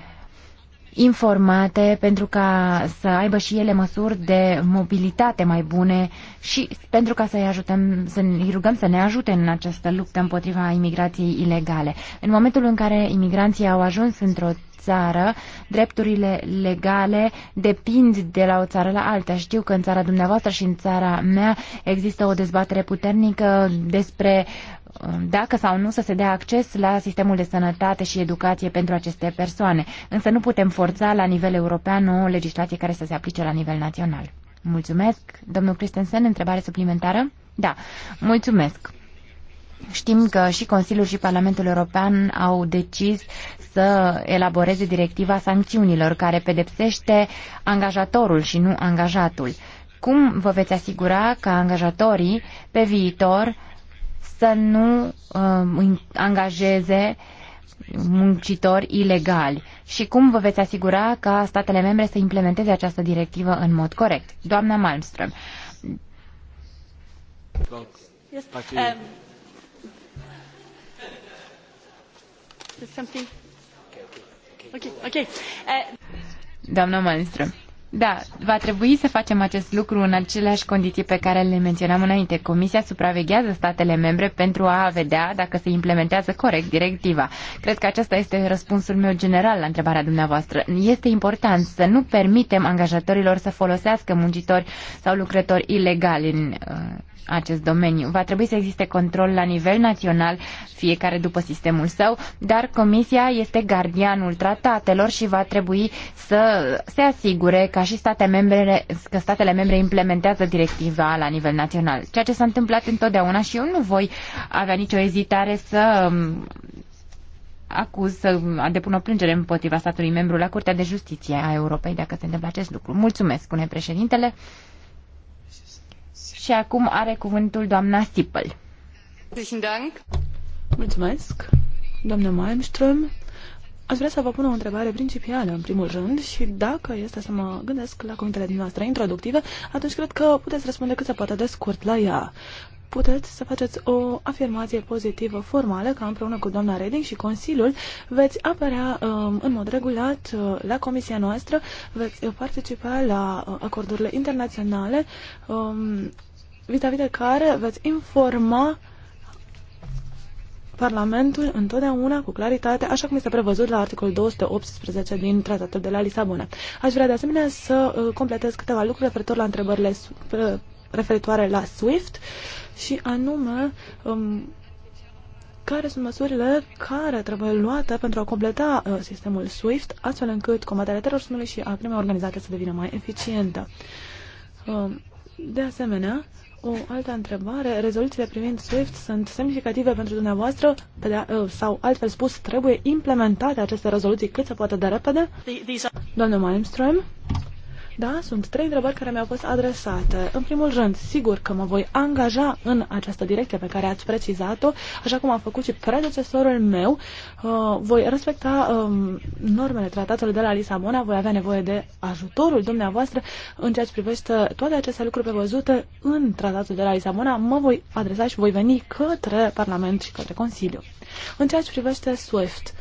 Speaker 3: informate pentru ca să aibă și ele măsuri de mobilitate mai bune și pentru ca să-i ajutăm, să îi rugăm să ne ajute în această luptă împotriva imigrației ilegale. În momentul în care imigranții au ajuns într-o țară, drepturile legale depind de la o țară la alta. Știu că în țara dumneavoastră și în țara mea există o dezbatere puternică despre dacă sau nu să se dea acces la sistemul de sănătate și educație pentru aceste persoane. Însă nu putem forța la nivel european o legislație care să se aplice la nivel național. Mulțumesc. Domnul Christensen, întrebare suplimentară? Da. Mulțumesc. Știm că și Consiliul și Parlamentul European au decis să elaboreze directiva sancțiunilor care pedepsește angajatorul și nu angajatul. Cum vă veți asigura că angajatorii pe viitor să nu uh, angajeze muncitori ilegali și cum vă veți asigura ca statele membre să implementeze această directivă în mod corect. Doamna Malmström. Um, uh, Doamna Malmström. Da, va trebui să facem acest lucru în aceleași condiții pe care le menționam înainte. Comisia supraveghează statele membre pentru a vedea dacă se implementează corect directiva. Cred că acesta este răspunsul meu general la întrebarea dumneavoastră. Este important să nu permitem angajatorilor să folosească muncitori sau lucrători ilegali în uh, acest domeniu. Va trebui să existe control la nivel național, fiecare după sistemul său, dar Comisia este gardianul tratatelor și va trebui să se asigure că ca și state membre, că statele membre implementează directiva la nivel național. Ceea ce s-a întâmplat întotdeauna și eu nu voi avea nicio ezitare să um, acuz, să depun o plângere împotriva statului membru la Curtea de Justiție a Europei dacă se întâmplă acest lucru. Mulțumesc, spune președintele. Și acum are cuvântul doamna Sipăl. Mulțumesc, doamna Malmström. Aș vrea să vă pun o întrebare principială, în primul
Speaker 2: rând, și dacă este să mă gândesc la cuvintele dumneavoastră introductive, atunci cred că puteți răspunde cât se poate de scurt la ea. Puteți să faceți o afirmație pozitivă formală că împreună cu doamna Reding și Consiliul veți apărea um, în mod regulat uh, la comisia noastră, veți participa la uh, acordurile internaționale um, vis-a-vis -vis de care veți informa Parlamentul întotdeauna cu claritate, așa cum este prevăzut la articolul 218 din Tratatul de la Lisabona. Aș vrea de asemenea să uh, completez câteva lucruri referitor la întrebările referitoare la SWIFT și anume um, care sunt măsurile care trebuie luate pentru a completa uh, sistemul SWIFT, astfel încât combaterea terorismului și a crimei organizate să devină mai eficientă. Um, de asemenea, o altă întrebare. Rezoluțiile privind SWIFT sunt semnificative pentru dumneavoastră pe de, ă, sau, altfel spus, trebuie implementate aceste rezoluții cât se poate de repede? Doamne Malmström, da, sunt trei întrebări care mi-au fost adresate. În primul rând, sigur că mă voi angaja în această direcție pe care ați precizat-o, așa cum a făcut și predecesorul meu. Uh, voi respecta um, normele tratatului de la Lisabona, voi avea nevoie de ajutorul dumneavoastră în ceea ce privește toate aceste lucruri prevăzute în tratatul de la Lisabona. Mă voi adresa și voi veni către Parlament și către Consiliu. În ceea ce privește SWIFT,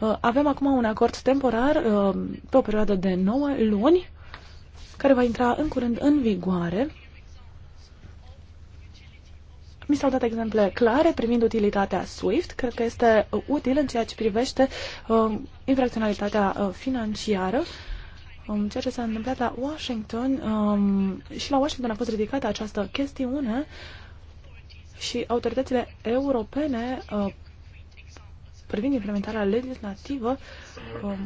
Speaker 2: uh, avem acum un acord temporar uh, pe o perioadă de 9 luni care va intra în curând în vigoare. Mi s-au dat exemple clare privind utilitatea SWIFT. Cred că este uh, util în ceea ce privește uh, infracționalitatea uh, financiară. Um, ceea ce s-a întâmplat la Washington um, și la Washington a fost ridicată această chestiune și autoritățile europene uh, privind implementarea legislativă um,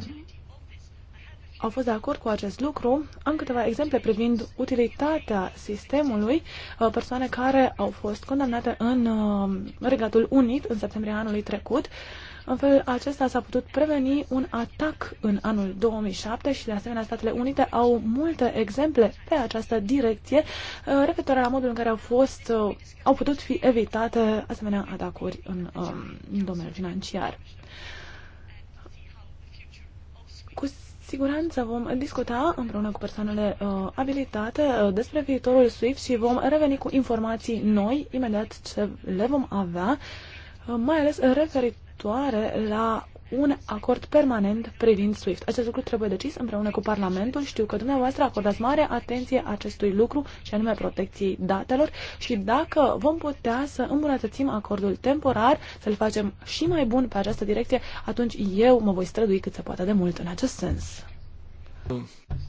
Speaker 2: au fost de acord cu acest lucru. Am câteva exemple privind utilitatea sistemului. Uh, persoane care au fost condamnate în uh, Regatul Unit în septembrie anului trecut. În felul acesta s-a putut preveni un atac în anul 2007 și de asemenea Statele Unite au multe exemple pe această direcție uh, referitoare la modul în care au fost, au putut fi evitate asemenea atacuri în, um, în domeniul financiar. siguranță vom discuta împreună cu persoanele uh, abilitate uh, despre viitorul SWIFT și vom reveni cu informații noi imediat ce le vom avea, uh, mai ales referitoare la un acord permanent privind SWIFT. Acest lucru trebuie decis împreună cu Parlamentul. Știu că dumneavoastră acordați mare atenție acestui lucru și anume protecției datelor și dacă vom putea să îmbunătățim acordul temporar, să-l facem și mai bun pe această direcție, atunci eu mă voi strădui cât se poate de mult în acest sens. Mm.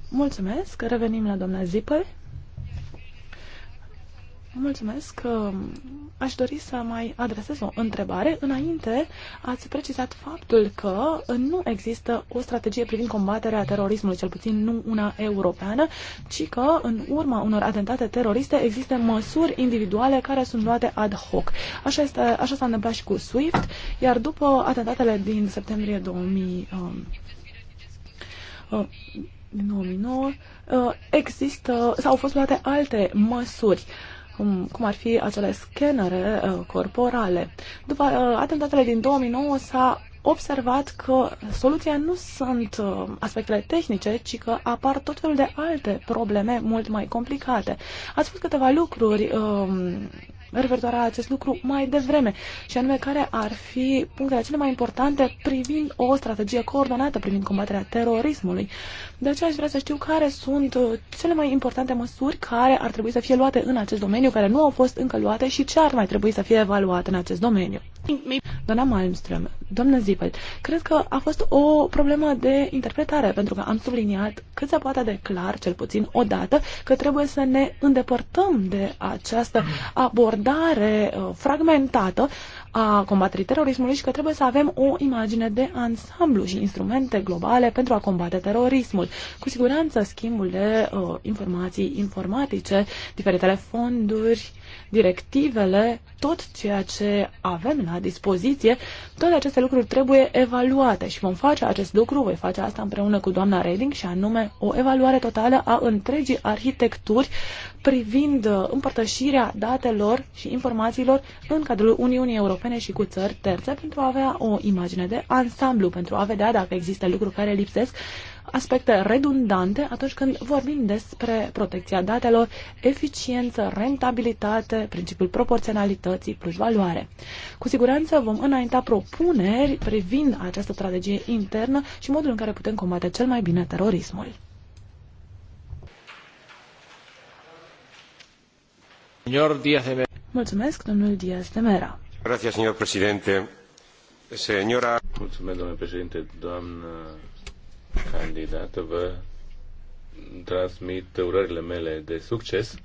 Speaker 2: Mulțumesc. Revenim la doamna Zipăl. Mulțumesc. Aș dori să mai adresez o întrebare. Înainte ați precizat faptul că nu există o strategie privind combaterea terorismului, cel puțin nu una europeană, ci că în urma unor atentate teroriste există măsuri individuale care sunt luate ad hoc. Așa, este, așa s-a întâmplat și cu SWIFT, iar după atentatele din septembrie 2000, um, um, 2009 există sau au fost luate alte măsuri. Uh, cum, cum ar fi acele scanere uh, corporale. După uh, atentatele din 2009 s-a observat că soluția nu sunt uh, aspectele tehnice, ci că apar tot felul de alte probleme mult mai complicate. Ați spus câteva lucruri uh, Merver la acest lucru mai devreme, și anume care ar fi punctele cele mai importante privind o strategie coordonată privind combaterea terorismului. De aceea aș vrea să știu care sunt uh, cele mai importante măsuri care ar trebui să fie luate în acest domeniu, care nu au fost încă luate și ce ar mai trebui să fie evaluate în acest domeniu. Doamna Malmström, doamna Zipel, cred că a fost o problemă de interpretare, pentru că am subliniat cât se poate de clar, cel puțin o dată, că trebuie să ne îndepărtăm de această abordare abordare uh, fragmentată a combaterii terorismului și că trebuie să avem o imagine de ansamblu și instrumente globale pentru a combate terorismul. Cu siguranță schimbul de uh, informații informatice, diferitele fonduri directivele, tot ceea ce avem la dispoziție, toate aceste lucruri trebuie evaluate și vom face acest lucru, voi face asta împreună cu doamna Reding și anume o evaluare totală a întregii arhitecturi privind împărtășirea datelor și informațiilor în cadrul Uniunii Europene și cu țări terțe pentru a avea o imagine de ansamblu, pentru a vedea dacă există lucruri care lipsesc aspecte redundante atunci când vorbim despre protecția datelor, eficiență, rentabilitate, principiul proporționalității plus valoare. Cu siguranță vom înainta propuneri privind această strategie internă și modul în care putem combate cel mai bine terorismul. Mulțumesc, domnul Diaz de Mera.
Speaker 1: Gracias, señor presidente. Señora... Mulțumesc, domnule președinte. Doamnă candidată, vă transmit urările mele de succes.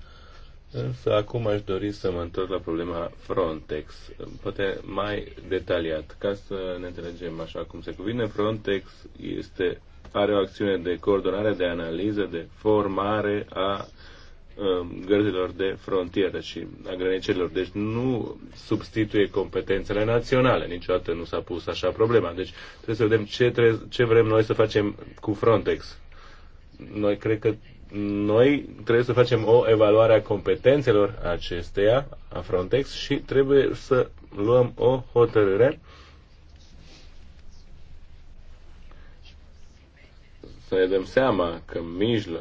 Speaker 1: Însă acum aș dori să mă întorc la problema Frontex, poate mai detaliat, ca să ne înțelegem așa cum se cuvine. Frontex este, are o acțiune de coordonare, de analiză, de formare a Um, gărzilor de frontieră și a granicelor. Deci nu substituie competențele naționale. Niciodată nu s-a pus așa problema. Deci trebuie să vedem ce, trebuie, ce vrem noi să facem cu Frontex. Noi cred că noi trebuie să facem o evaluare a competențelor acesteia, a Frontex, și trebuie să luăm o hotărâre să ne dăm seama că mijlo-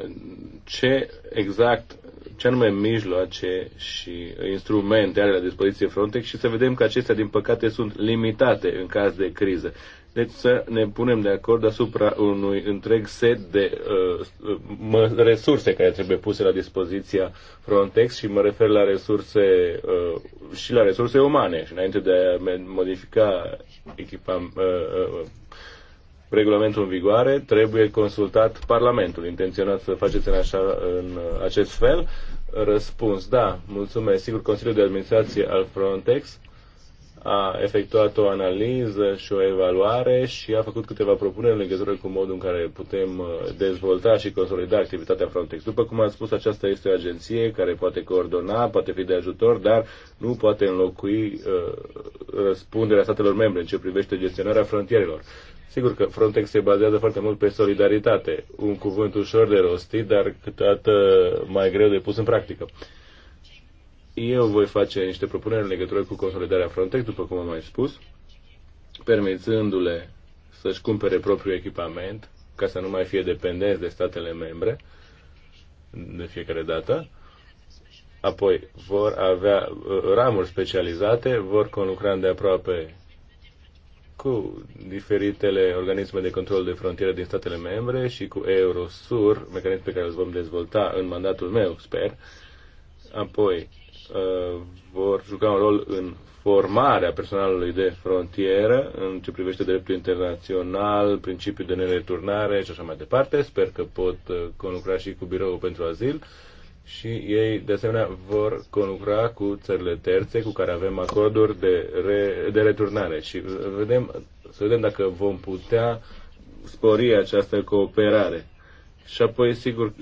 Speaker 1: ce exact ce anume mijloace și instrumente are la dispoziție Frontex și să vedem că acestea, din păcate, sunt limitate în caz de criză. Deci să ne punem de acord asupra unui întreg set de uh, mă, resurse care trebuie puse la dispoziția Frontex și mă refer la resurse uh, și la resurse umane. Și înainte de a modifica echipa, uh, uh, regulamentul în vigoare, trebuie consultat Parlamentul. Intenționat să faceți în, așa, în acest fel? Răspuns, da, mulțumesc. Sigur, Consiliul de Administrație al Frontex a efectuat o analiză și o evaluare și a făcut câteva propuneri în legătură cu modul în care putem uh, dezvolta și consolida activitatea Frontex. După cum am spus, aceasta este o agenție care poate coordona, poate fi de ajutor, dar nu poate înlocui uh, răspunderea statelor membre în ce privește gestionarea frontierelor. Sigur că Frontex se bazează foarte mult pe solidaritate, un cuvânt ușor de rostit, dar câteodată mai greu de pus în practică. Eu voi face niște propuneri în legătură cu consolidarea Frontex, după cum am mai spus, permițându-le să-și cumpere propriul echipament, ca să nu mai fie dependenți de statele membre de fiecare dată. Apoi vor avea uh, ramuri specializate, vor conlucra de aproape cu diferitele organisme de control de frontieră din statele membre și cu Eurosur, mecanism pe care îl vom dezvolta în mandatul meu, sper. Apoi, uh, vor juca un rol în formarea personalului de frontieră în ce privește dreptul internațional, principiul de nereturnare și așa mai departe. Sper că pot uh, conlucra și cu biroul pentru azil și ei de asemenea vor conlucra cu țările terțe cu care avem acorduri de, re, de returnare și vedem, să vedem dacă vom putea spori această cooperare. Și apoi, sigur,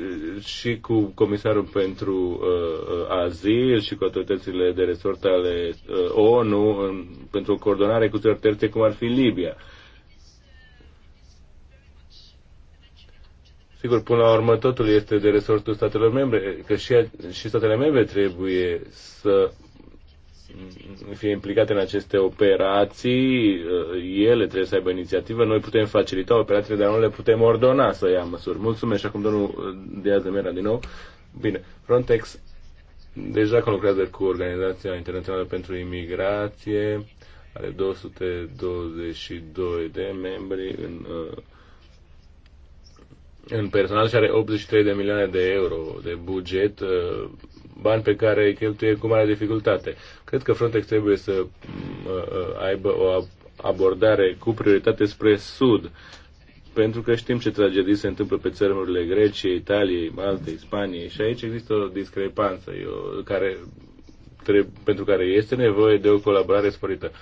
Speaker 1: și cu Comisarul pentru uh, Azil și cu autoritățile de resort ale uh, ONU în, pentru o coordonare cu țări terțe, cum ar fi Libia. Sigur, până la urmă totul este de resortul statelor membre, că și, și statele membre trebuie să fie implicate în aceste operații, uh, ele trebuie să aibă inițiativă, noi putem facilita operațiile, dar nu le putem ordona să ia măsuri. Mulțumesc și acum domnul uh, Diaz de Mera din nou. Bine, Frontex deja lucrează cu Organizația Internațională pentru Imigrație, are 222 de membri în uh, în personal și are 83 de milioane de euro de buget, uh, bani pe care îi cheltuie cu mare dificultate. Cred că Frontex trebuie să mm, uh, aibă o abordare cu prioritate spre sud, pentru că știm ce tragedii se întâmplă pe țărmurile Greciei, Italiei, Maltei, Spaniei și aici există o discrepanță eu, care, trebuie, pentru care este nevoie de o colaborare sporită. Uh,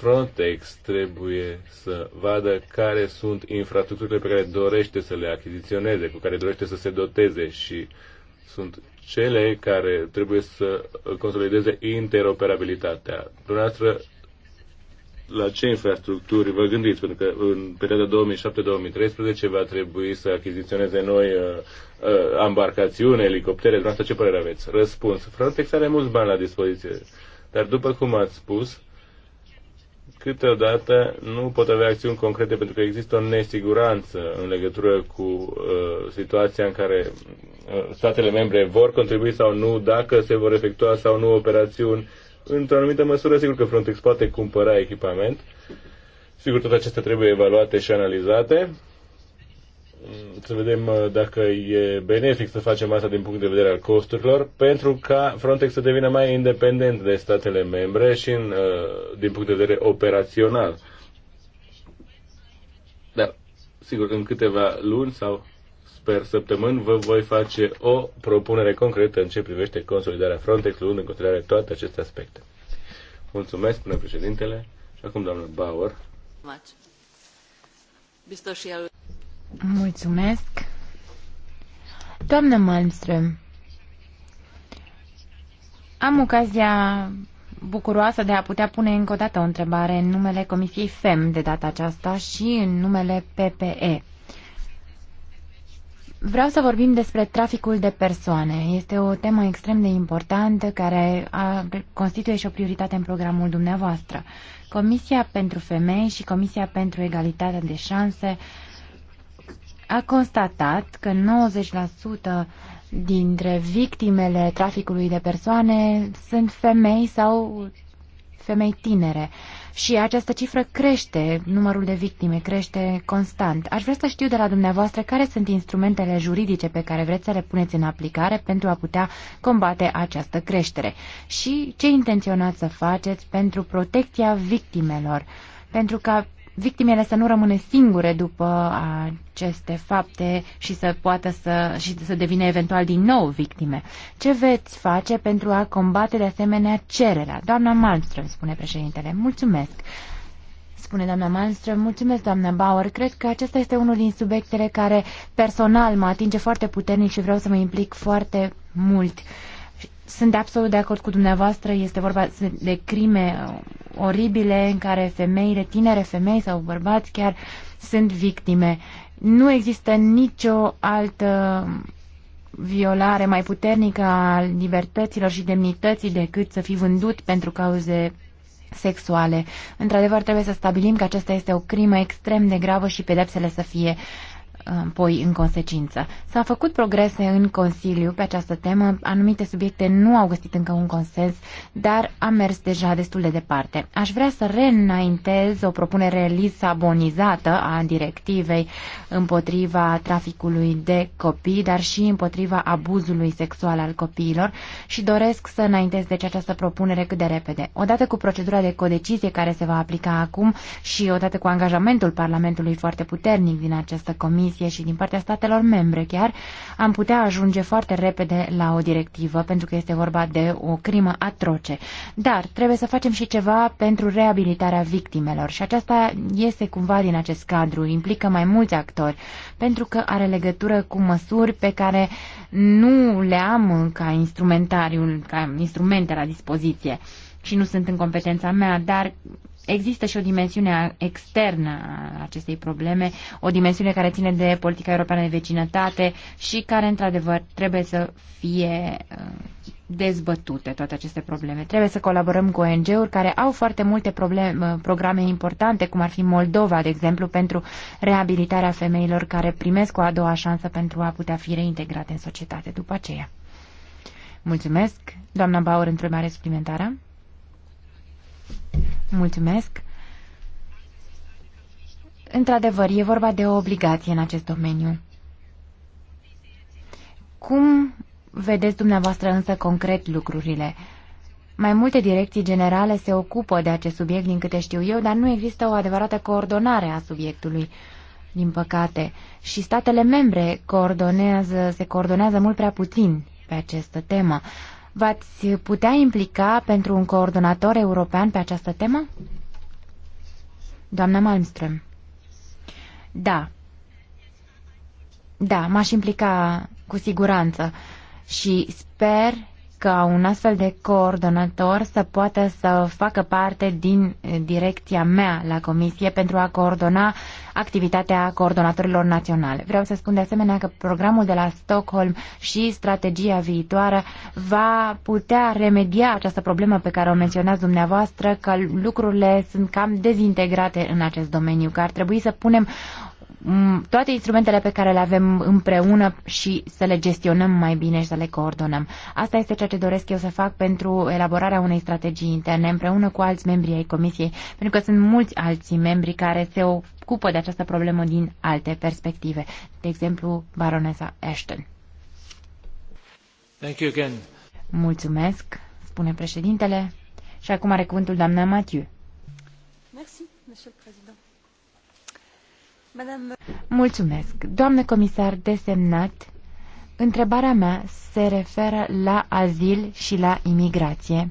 Speaker 1: Frontex trebuie să vadă care sunt infrastructurile pe care dorește să le achiziționeze, cu care dorește să se doteze și sunt cele care trebuie să consolideze interoperabilitatea. Dumneavoastră, la ce infrastructuri vă gândiți? Pentru că în perioada 2007-2013 va trebui să achiziționeze noi uh, uh, embarcațiuni, elicoptere. Dumneavoastră, ce părere aveți? Răspuns. Frontex are mulți bani la dispoziție. Dar după cum ați spus, câteodată nu pot avea acțiuni concrete pentru că există o nesiguranță în legătură cu uh, situația în care uh, statele membre vor contribui sau nu, dacă se vor efectua sau nu operațiuni. Într-o anumită măsură, sigur că Frontex poate cumpăra echipament. Sigur, toate acestea trebuie evaluate și analizate să vedem uh, dacă e benefic să facem asta din punct de vedere al costurilor, pentru ca Frontex să devină mai independent de statele membre și în, uh, din punct de vedere operațional. Dar, sigur, în câteva luni sau sper săptămâni vă voi face o propunere concretă în ce privește consolidarea Frontex, luând în considerare toate aceste aspecte. Mulțumesc, până președintele. Și acum, doamnă Bauer. Mulțumesc.
Speaker 3: Mulțumesc. Doamnă Malmström, am ocazia bucuroasă de a putea pune încă o dată o întrebare în numele Comisiei FEM de data aceasta și în numele PPE. Vreau să vorbim despre traficul de persoane. Este o temă extrem de importantă care a, constituie și o prioritate în programul dumneavoastră. Comisia pentru Femei și Comisia pentru Egalitatea de Șanse uh, a constatat că 90% dintre victimele traficului de persoane sunt femei sau femei tinere. Și această cifră crește, numărul de victime crește constant. Aș vrea să știu de la dumneavoastră care sunt instrumentele juridice pe care vreți să le puneți în aplicare pentru a putea combate această creștere și ce intenționați să faceți pentru protecția victimelor, pentru ca victimele să nu rămână singure după aceste fapte și să poată să, și să devină eventual din nou victime. Ce veți face pentru a combate de asemenea cererea? Doamna Malmström, spune președintele, mulțumesc. Spune doamna Malmström, mulțumesc doamna Bauer, cred că acesta este unul din subiectele care personal mă atinge foarte puternic și vreau să mă implic foarte mult. Uh, sunt absolut de acord cu dumneavoastră, este vorba de crime uh, oribile în care femeile, tinere femei sau bărbați chiar sunt victime. Nu există nicio altă violare mai puternică a libertăților și demnității decât să fi vândut pentru cauze sexuale. Într-adevăr, trebuie să stabilim că aceasta este o crimă extrem de gravă și pedepsele să fie apoi în consecință. S-au făcut progrese în Consiliu pe această temă, anumite subiecte nu au găsit încă un consens, dar a mers deja destul de departe. Aș vrea să reînaintez o propunere lisabonizată a directivei împotriva traficului de copii, dar și împotriva abuzului sexual al copiilor și doresc să înaintez deci această propunere cât de repede. Odată cu procedura de codecizie care se va aplica acum și odată cu angajamentul Parlamentului foarte puternic din această comisie, Comisie și din partea statelor membre chiar, am putea ajunge foarte repede la o directivă, pentru că este vorba de o crimă atroce. Dar trebuie să facem și ceva pentru reabilitarea victimelor și aceasta este cumva din acest cadru, implică mai mulți actori, pentru că are legătură cu măsuri pe care nu le am ca instrumentariul, ca instrumente la dispoziție și nu sunt în competența mea, dar există și o dimensiune externă a acestei probleme, o dimensiune care ține de politica europeană de vecinătate și care, într-adevăr, trebuie să fie uh, dezbătute toate aceste probleme. Trebuie să colaborăm cu ONG-uri care au foarte multe probleme, uh, programe importante, cum ar fi Moldova, de exemplu, pentru reabilitarea femeilor care primesc o a doua șansă pentru a putea fi reintegrate în societate după aceea. Mulțumesc. Doamna Bauer, întrebare suplimentară? Mulțumesc. Într-adevăr, e vorba de o obligație în acest domeniu. Cum vedeți dumneavoastră însă concret lucrurile? Mai multe direcții generale se ocupă de acest subiect, din câte știu eu, dar nu există o adevărată coordonare a subiectului, din păcate. Și statele membre coordonează, se coordonează mult prea puțin pe această temă. V-ați putea implica pentru un coordonator european pe această temă? Doamna Malmström. Da. Da, m-aș implica cu siguranță și sper ca un astfel de coordonator să poată să facă parte din eh, direcția mea la comisie pentru a coordona activitatea coordonatorilor naționale. Vreau să spun de asemenea că programul de la Stockholm și strategia viitoare va putea remedia această problemă pe care o menționați dumneavoastră, că lucrurile sunt cam dezintegrate în acest domeniu, că ar trebui să punem toate instrumentele pe care le avem împreună și să le gestionăm mai bine și să le coordonăm. Asta este ceea ce doresc eu să fac pentru elaborarea unei strategii interne împreună cu alți membri ai Comisiei, pentru că sunt mulți alții membri care se ocupă de această problemă din alte perspective, de exemplu baronesa Ashton. Thank you again. Mulțumesc, spune președintele. Și acum are cuvântul doamna Mathieu. Merci, monsieur le président. Mulțumesc. Doamne comisar desemnat, întrebarea mea se referă la azil și la imigrație.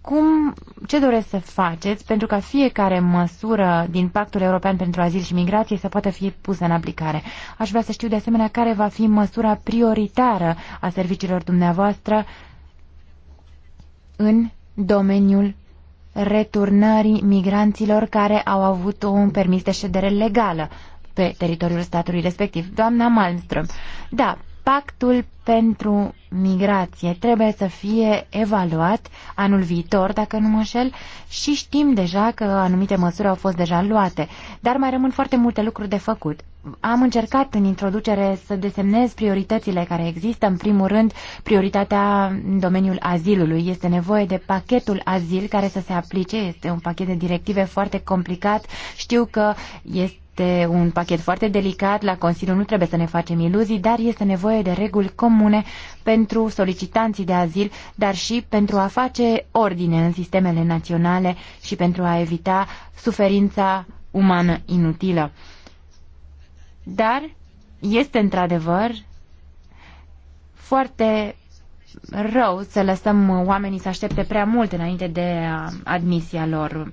Speaker 3: Cum, ce doresc să faceți pentru ca fiecare măsură din Pactul European pentru Azil și Migrație să poată fi pusă în aplicare? Aș vrea să știu de asemenea care va fi măsura prioritară a serviciilor dumneavoastră în domeniul returnării migranților care au avut un permis de ședere legală pe teritoriul statului respectiv. Doamna Malmström, da, Pactul pentru migrație trebuie să fie evaluat anul viitor, dacă nu mă înșel, și știm deja că anumite măsuri au fost deja luate, dar mai rămân foarte multe lucruri de făcut. Am încercat în introducere să desemnez prioritățile care există. În primul rând, prioritatea în domeniul azilului. Este nevoie de pachetul azil care să se aplice. Este un pachet de directive foarte complicat. Știu că este este un pachet foarte delicat, la Consiliu nu trebuie să ne facem iluzii, dar este nevoie de reguli comune pentru solicitanții de azil, dar și pentru a face ordine în sistemele naționale și pentru a evita suferința umană inutilă. Dar este într-adevăr foarte rău să lăsăm oamenii să aștepte prea mult înainte de admisia lor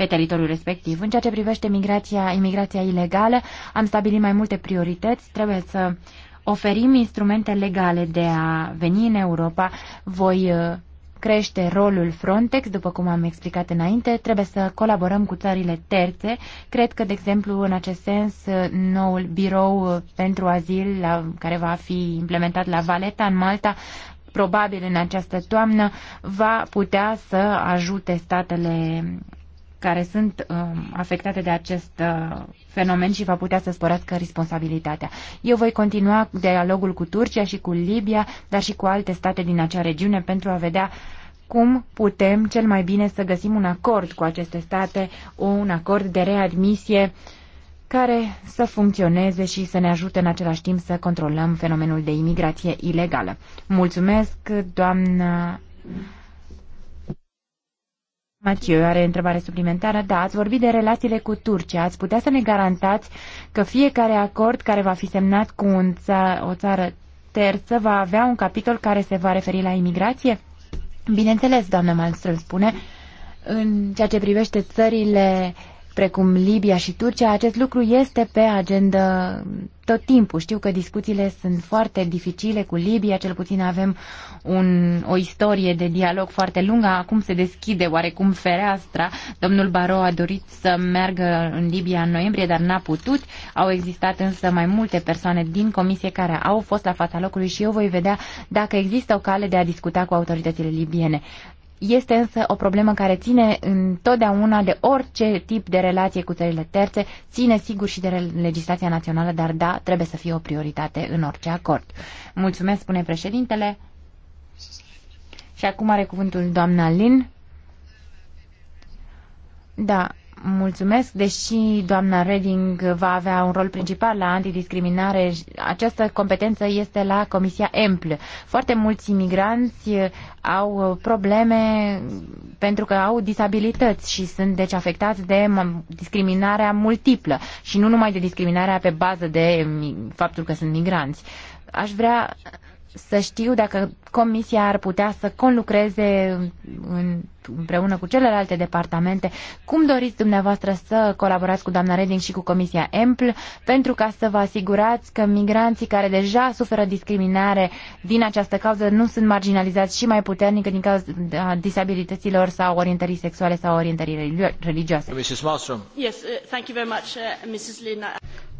Speaker 3: pe teritoriul respectiv. În ceea ce privește migrația, imigrația ilegală, am stabilit mai multe priorități. Trebuie să oferim instrumente legale de a veni în Europa. Voi uh, crește rolul Frontex, după cum am explicat înainte, trebuie să colaborăm cu țările terțe. Cred că, de exemplu, în acest sens, uh, noul birou uh, pentru azil, la, care va fi implementat la Valeta, în Malta, probabil în această toamnă, va putea să ajute statele care sunt uh, afectate de acest uh, fenomen și va putea să sporească responsabilitatea. Eu voi continua dialogul cu Turcia și cu Libia, dar și cu alte state din acea regiune pentru a vedea cum putem cel mai bine să găsim un acord cu aceste state, un acord de readmisie care să funcționeze și să ne ajute în același timp să controlăm fenomenul de imigrație ilegală. Mulțumesc, doamnă Matiu are întrebare suplimentară. Da, ați vorbit de relațiile cu Turcia. Ați putea să ne garantați că fiecare acord care va fi semnat cu un ța- o țară terță va avea un capitol care se va referi la imigrație? Bineînțeles, doamnă Malmström spune, în ceea ce privește țările uh, precum Libia și Turcia, acest lucru este pe agenda tot timpul. Știu că discuțiile sunt foarte dificile cu Libia, cel puțin avem un, o istorie de dialog foarte lungă. Acum se deschide oarecum fereastra. Domnul Baro a dorit să meargă în Libia în noiembrie, dar n-a putut. Au existat însă mai multe persoane din comisie care au fost la fața locului și eu voi vedea dacă există o cale de a discuta cu autoritățile libiene. Este însă o problemă care ține întotdeauna de orice tip de relație cu țările terțe, ține sigur și de legislația națională, dar da, trebuie să fie o prioritate în orice acord. Mulțumesc, spune președintele. Și acum are cuvântul doamna Lin. Da, Mulțumesc, deși doamna Reding va avea un rol principal la antidiscriminare, această competență este la Comisia EMPL. Foarte mulți imigranți eh, au probleme pentru că au disabilități și sunt deci afectați de discriminarea multiplă și nu numai de discriminarea pe bază de mm, faptul că sunt migranți. Aș vrea să știu dacă Comisia ar putea să conlucreze în, împreună cu celelalte departamente. Cum doriți dumneavoastră să colaborați cu doamna Reding și cu Comisia EMPL pentru ca să vă asigurați că migranții care deja suferă discriminare din această cauză nu sunt marginalizați și mai puternic din cauza disabilităților sau orientării sexuale sau orientării religioase?
Speaker 2: Mrs. Malmström. Yes, uh, thank you very much, uh, Mrs. Lina.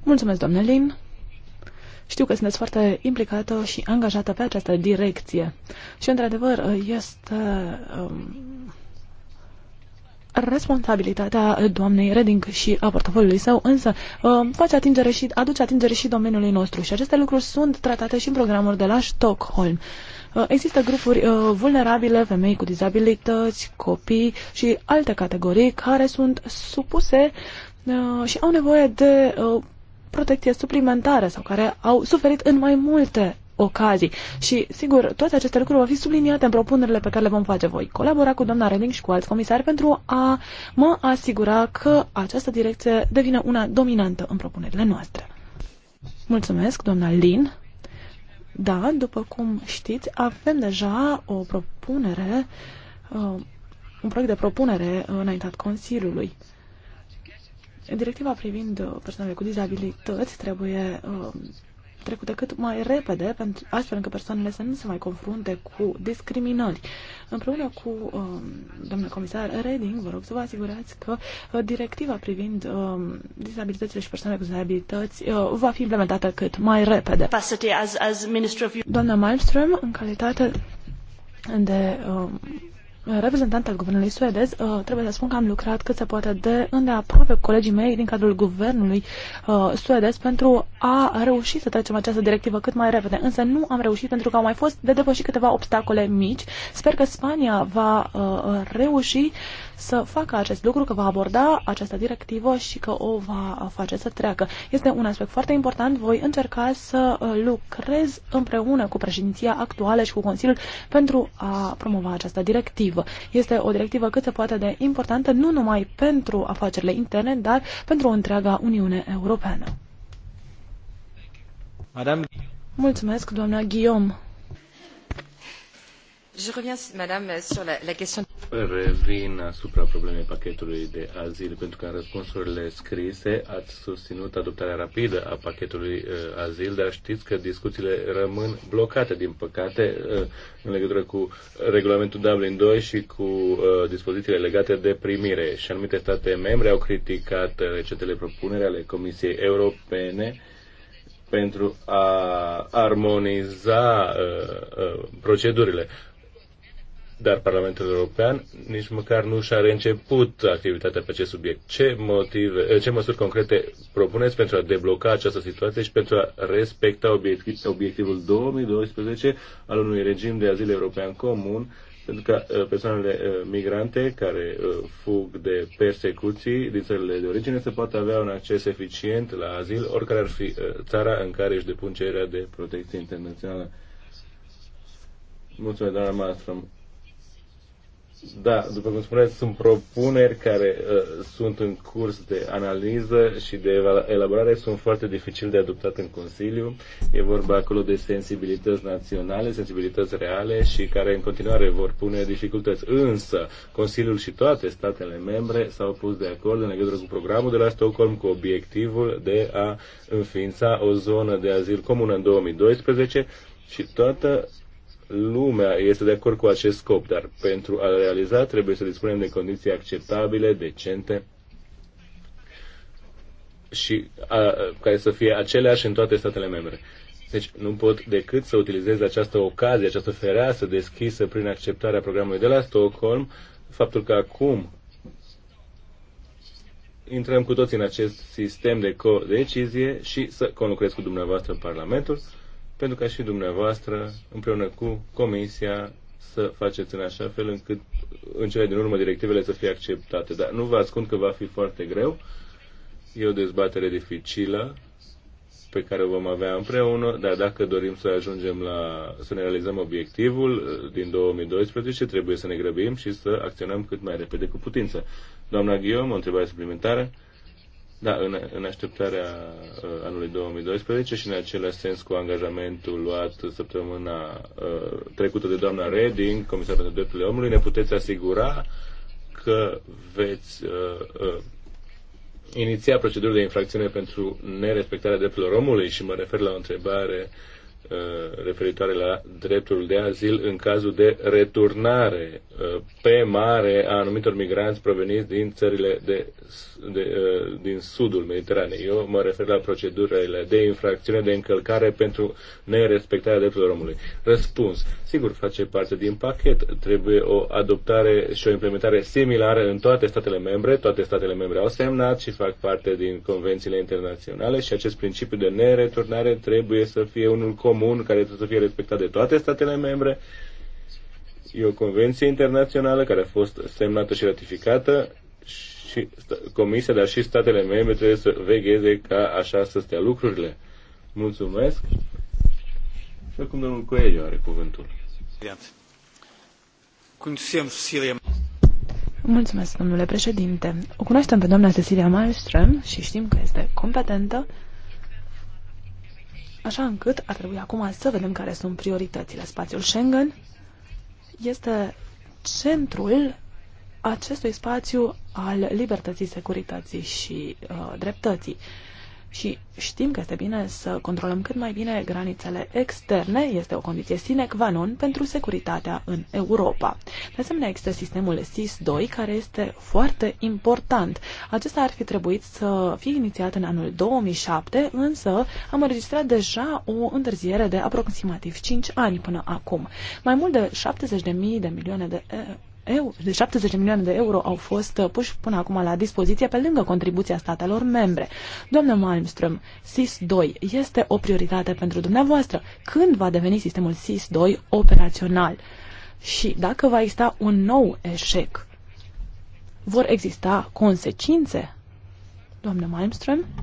Speaker 3: Mulțumesc, doamnă Lin.
Speaker 2: Știu că sunteți foarte implicată și angajată pe această direcție. Și, într-adevăr, este um, responsabilitatea doamnei Reding și a portofoliului său, însă um, face atingere și, aduce atingere și domeniului nostru. Și aceste lucruri sunt tratate și în programul de la Stockholm. Uh, există grupuri uh, vulnerabile, femei cu dizabilități, copii și alte categorii care sunt supuse uh, și au nevoie de protecție suplimentară sau care au suferit în mai multe ocazii. Și, sigur, toate aceste lucruri vor fi subliniate în propunerile pe care le vom face voi. Colabora cu doamna Reding și cu alți comisari pentru a mă asigura că această direcție devine una dominantă în propunerile noastre. Mulțumesc, doamna Lin. Da, după cum știți, avem deja o propunere, uh, un proiect de propunere înaintat Consiliului. Directiva privind uh, persoanele cu dizabilități trebuie uh, trecută cât mai repede, pentru, astfel încât persoanele să nu se mai confrunte cu discriminări. Împreună cu um, domnul comisar Reding, vă rog să vă asigurați că uh, directiva privind um, dizabilitățile și persoanele cu dizabilități uh, va fi implementată cât mai repede. Doamna Malmström, în calitate de um, reprezentant al guvernului suedez, uh, trebuie să spun că am lucrat cât se poate de îndeaproape cu colegii mei din cadrul guvernului uh, suedez pentru a reuși să trecem această directivă cât mai repede. Însă nu am reușit pentru că au mai fost de depășit câteva obstacole mici. Sper că Spania va uh, reuși să facă acest lucru, că va aborda această directivă și că o va face să treacă. Este un aspect foarte important. Voi încerca să uh, lucrez împreună cu președinția actuală și cu Consiliul pentru a promova această directivă. Este o directivă cât se poate de importantă, nu numai pentru afacerile interne, dar pentru o întreaga Uniune Europeană.
Speaker 1: Madame...
Speaker 3: Mulțumesc, doamna Guillaume. Je reviens, madame, sur la, la question...
Speaker 1: Revin asupra problemei pachetului de azil, pentru că în răspunsurile scrise ați susținut adoptarea rapidă a pachetului uh, azil, dar știți că discuțiile rămân blocate, din păcate, uh, în legătură cu regulamentul Dublin 2 și cu uh, dispozițiile legate de primire. Și anumite state membre au criticat uh, recentele propuneri ale Comisiei Europene pentru a armoniza uh, uh, procedurile. Uh, dar Parlamentul European nici măcar nu și-a reînceput activitatea pe acest subiect. Ce, motive, ce măsuri concrete propuneți pentru a debloca această situație și pentru a respecta obiectiv, obiectivul 2012 al unui regim de azil european comun pentru că uh, persoanele uh, migrante care uh, fug de persecuții din țările de origine să poată avea un acces eficient la azil, oricare ar fi țara în care își depun cererea de protecție internațională. Mulțumesc, doamna Mastrom. Da, după cum spuneți, sunt propuneri care uh, sunt în curs de analiză și de elaborare, sunt foarte dificil de adoptat în Consiliu. E vorba acolo de sensibilități naționale, sensibilități reale și care în continuare vor pune dificultăți. Însă, Consiliul și toate statele membre s-au pus de acord în legătură cu programul de la Stockholm cu obiectivul de a înființa o zonă de azil comună în 2012 și toată lumea este de acord cu acest scop, dar pentru a realiza trebuie să dispunem de condiții acceptabile, decente și a, care să fie aceleași în toate statele membre. Deci nu pot decât să utilizez această ocazie, această fereastră deschisă prin acceptarea programului de la Stockholm, faptul că acum intrăm cu toți în acest sistem de co-decizie și să conlucrez cu dumneavoastră Parlamentul pentru ca și dumneavoastră, împreună cu Comisia, să faceți în așa fel încât în cele din urmă directivele să fie acceptate. Dar nu vă ascund că va fi foarte greu. E o dezbatere dificilă pe care o vom avea împreună, dar dacă dorim să ajungem la, să ne realizăm obiectivul uh, din 2012, trebuie să ne grăbim și să acționăm cât mai repede cu putință. Doamna Ghiom, o întrebare suplimentară? Da, în, în așteptarea uh, anului 2012 și în același sens cu angajamentul luat săptămâna uh, trecută de doamna Reding, Comisar pentru Drepturile Omului, ne puteți asigura că veți uh, uh, iniția proceduri de infracțiune pentru nerespectarea drepturilor omului și mă refer la o întrebare uh, Uh, referitoare la dreptul de azil în cazul de returnare uh, pe mare a anumitor migranți proveniți din țările de, de, uh, din sudul Mediteranei. Eu mă refer la procedurile de infracțiune, de încălcare pentru nerespectarea drepturilor omului. Răspuns. Sigur, face parte din pachet. Trebuie o adoptare și o implementare similară în toate statele membre. Toate statele membre au semnat și fac parte din convențiile internaționale și acest principiu de nereturnare trebuie să fie unul comun comun care trebuie să fie respectat de toate statele membre. E o convenție internațională care a fost semnată și ratificată și Comisia, dar și statele membre trebuie să vegheze ca așa să stea lucrurile. Mulțumesc. Și acum domnul Coelho are cuvântul.
Speaker 2: Mulțumesc, domnule președinte. O cunoaștem pe doamna Cecilia Malmström și știm că este competentă Așa încât ar trebui acum să vedem care sunt prioritățile. Spațiul Schengen este centrul acestui spațiu al libertății, securității și uh, dreptății și știm că este bine să controlăm cât mai bine granițele externe, este o condiție sine qua non pentru securitatea în Europa. De asemenea, există sistemul SIS-2, care este foarte important. Acesta ar fi trebuit să fie inițiat în anul 2007, însă am înregistrat deja o întârziere de aproximativ 5 ani până acum. Mai mult de 70.000 de milioane de de 70 milioane de euro au fost uh, puși până acum la dispoziție pe lângă contribuția statelor membre. Doamnă Malmström, SIS-2 este o prioritate pentru dumneavoastră. Când va deveni sistemul SIS-2 operațional? Și dacă va exista un nou eșec, vor exista consecințe? Doamnă Malmström?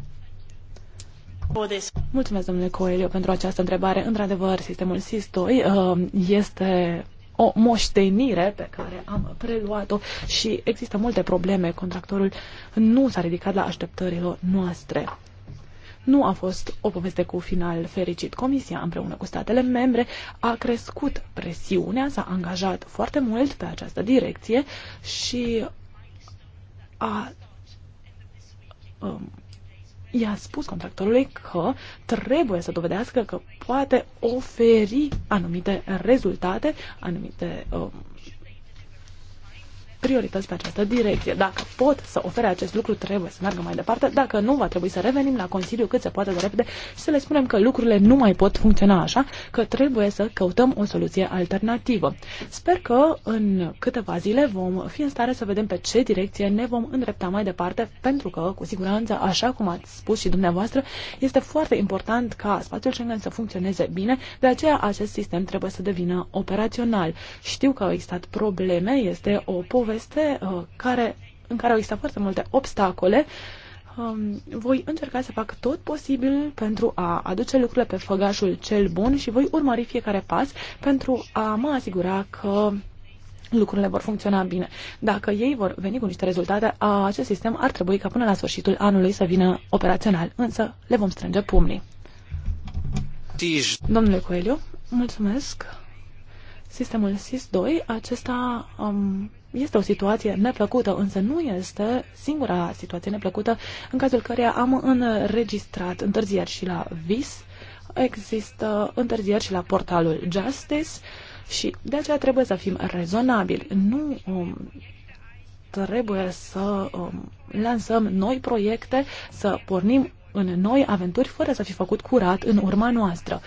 Speaker 2: Mulțumesc, domnule Coelho, pentru această întrebare. Într-adevăr, sistemul SIS-2 uh, este o moștenire pe care am preluat-o și există multe probleme. Contractorul nu s-a ridicat la așteptările noastre. Nu a fost o poveste cu final fericit. Comisia, împreună cu statele membre, a crescut presiunea, s-a angajat foarte mult pe această direcție și a um, i-a spus contractorului că trebuie să dovedească că poate oferi anumite rezultate, anumite uh, priorități pe această direcție. Dacă pot să ofere acest lucru, trebuie să meargă mai departe. Dacă nu, va trebui să revenim la Consiliu cât se poate de repede și să le spunem că lucrurile nu mai pot funcționa așa, că trebuie să căutăm o soluție alternativă. Sper că în câteva zile vom fi în stare să vedem pe ce direcție ne vom îndrepta mai departe, pentru că, cu siguranță, așa cum ați spus și dumneavoastră, este foarte important ca spațiul Schengen să funcționeze bine, de aceea acest sistem trebuie să devină operațional. Știu că au existat probleme, este o poveste poveste uh, care, în care au existat foarte multe obstacole. Um, voi încerca să fac tot posibil pentru a aduce lucrurile pe făgașul cel bun și voi urmări fiecare pas pentru a mă asigura că lucrurile vor funcționa bine. Dacă ei vor veni cu niște rezultate, acest sistem ar trebui ca până la sfârșitul anului să vină operațional, însă le vom strânge pumnii. Domnule Coelho, mulțumesc. Sistemul SIS-2, acesta um, este o situație neplăcută, însă nu este singura situație neplăcută în cazul căreia am înregistrat întârzieri și la VIS, există întârzieri și la portalul Justice și de aceea trebuie să fim rezonabili. Nu um, trebuie să um, lansăm noi proiecte, să pornim în noi aventuri fără să fi făcut curat în urma noastră.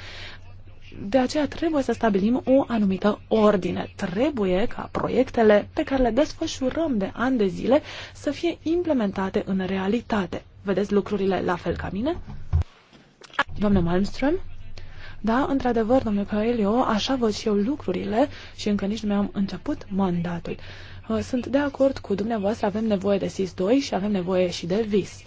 Speaker 2: De aceea trebuie să stabilim o anumită ordine. Trebuie ca proiectele pe care le desfășurăm de ani de zile să fie implementate în realitate. Vedeți lucrurile la fel ca mine? Doamne Malmström? Da, într-adevăr, domnule Coelho, așa văd și eu lucrurile și încă nici nu mi-am început mandatul. Sunt de acord cu dumneavoastră, avem nevoie de SIS-2 și avem nevoie și de VIS.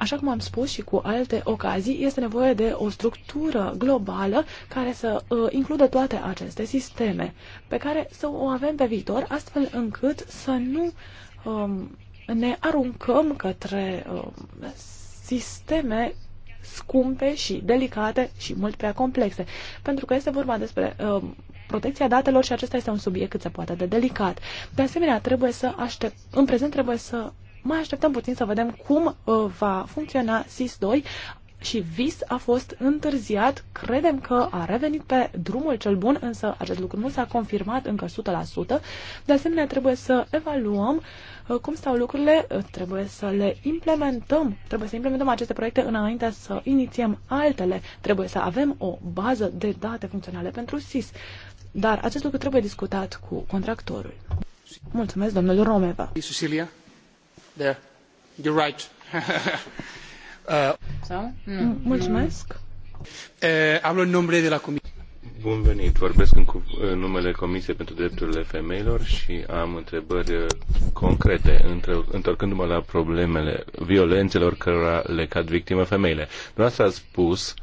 Speaker 2: Așa cum am spus și cu alte ocazii, este nevoie de o structură globală care să uh, includă toate aceste sisteme, pe care să o avem pe viitor, astfel încât să nu um, ne aruncăm către um, sisteme scumpe și delicate și mult prea complexe. Pentru că este vorba despre uh, protecția datelor și acesta este un subiect cât se poate de delicat. De asemenea, trebuie să aștept, în prezent trebuie să mai așteptăm puțin să vedem cum uh, va funcționa SIS-2 și vis a fost întârziat. Credem că a revenit pe drumul cel bun, însă acest lucru nu s-a confirmat încă 100%. De asemenea, trebuie să evaluăm uh, cum stau lucrurile, uh, trebuie să le implementăm, trebuie să implementăm aceste proiecte înainte să inițiem altele, trebuie să avem o bază de date funcționale pentru SIS. Dar acest lucru trebuie discutat cu contractorul. Mulțumesc, domnul Romeva. Cecilia. There. You're right. *laughs* uh, mm. Mm. Mulțumesc.
Speaker 1: Uh, hablo în numele de la Comisie. Bun venit. Vorbesc în, în numele Comisiei pentru Drepturile Femeilor și am întrebări uh, concrete, între, întorcându-mă la problemele violențelor cărora le cad victime femeile. Dumneavoastră a spus uh,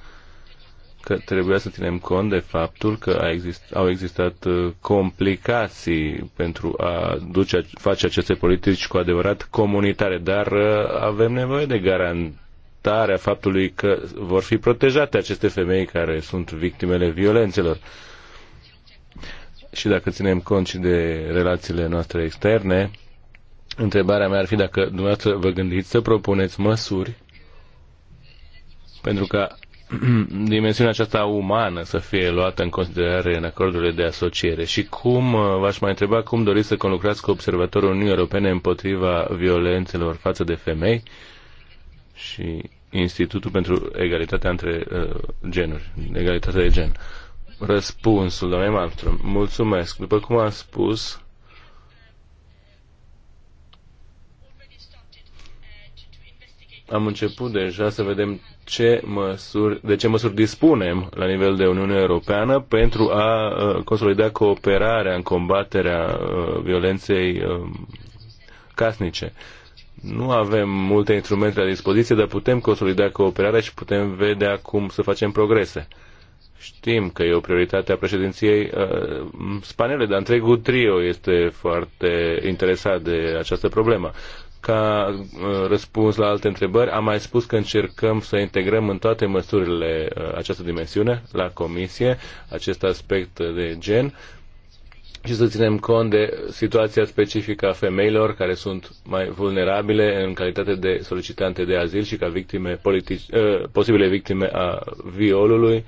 Speaker 1: că trebuia să ținem cont de faptul că a exist, au existat uh, complicații pentru a duce, face aceste politici cu adevărat comunitare, dar uh, avem nevoie de garantarea faptului că vor fi protejate aceste femei care sunt victimele violențelor. Și dacă ținem cont și de relațiile noastre externe, întrebarea mea ar fi dacă dumneavoastră vă gândiți să propuneți măsuri pentru ca *clears throat* dimensiunea aceasta umană să fie luată în considerare în acordurile de asociere și cum, uh, v-aș mai întreba, cum doriți să conlucrați cu Observatorul Uniunii Europene împotriva violențelor față de femei și Institutul pentru Egalitatea între uh, Genuri, Egalitatea de Gen. Răspunsul, doamne Malmström, mulțumesc. După cum am spus, am început deja să vedem ce măsuri, de ce măsuri dispunem la nivel de Uniune Europeană pentru a uh, consolida cooperarea în combaterea uh, violenței uh, casnice. Nu avem multe instrumente la dispoziție, dar putem consolida cooperarea și putem vedea cum să facem progrese. Știm că e o prioritate a președinției uh, spaniole, dar întregul trio este foarte interesat de această problemă ca uh, răspuns la alte întrebări, am mai spus că încercăm să integrăm în toate măsurile uh, această dimensiune la comisie, acest aspect de gen și să ținem cont de situația specifică a femeilor care sunt mai vulnerabile în calitate de solicitante de azil și ca victime politici, uh, posibile victime a violului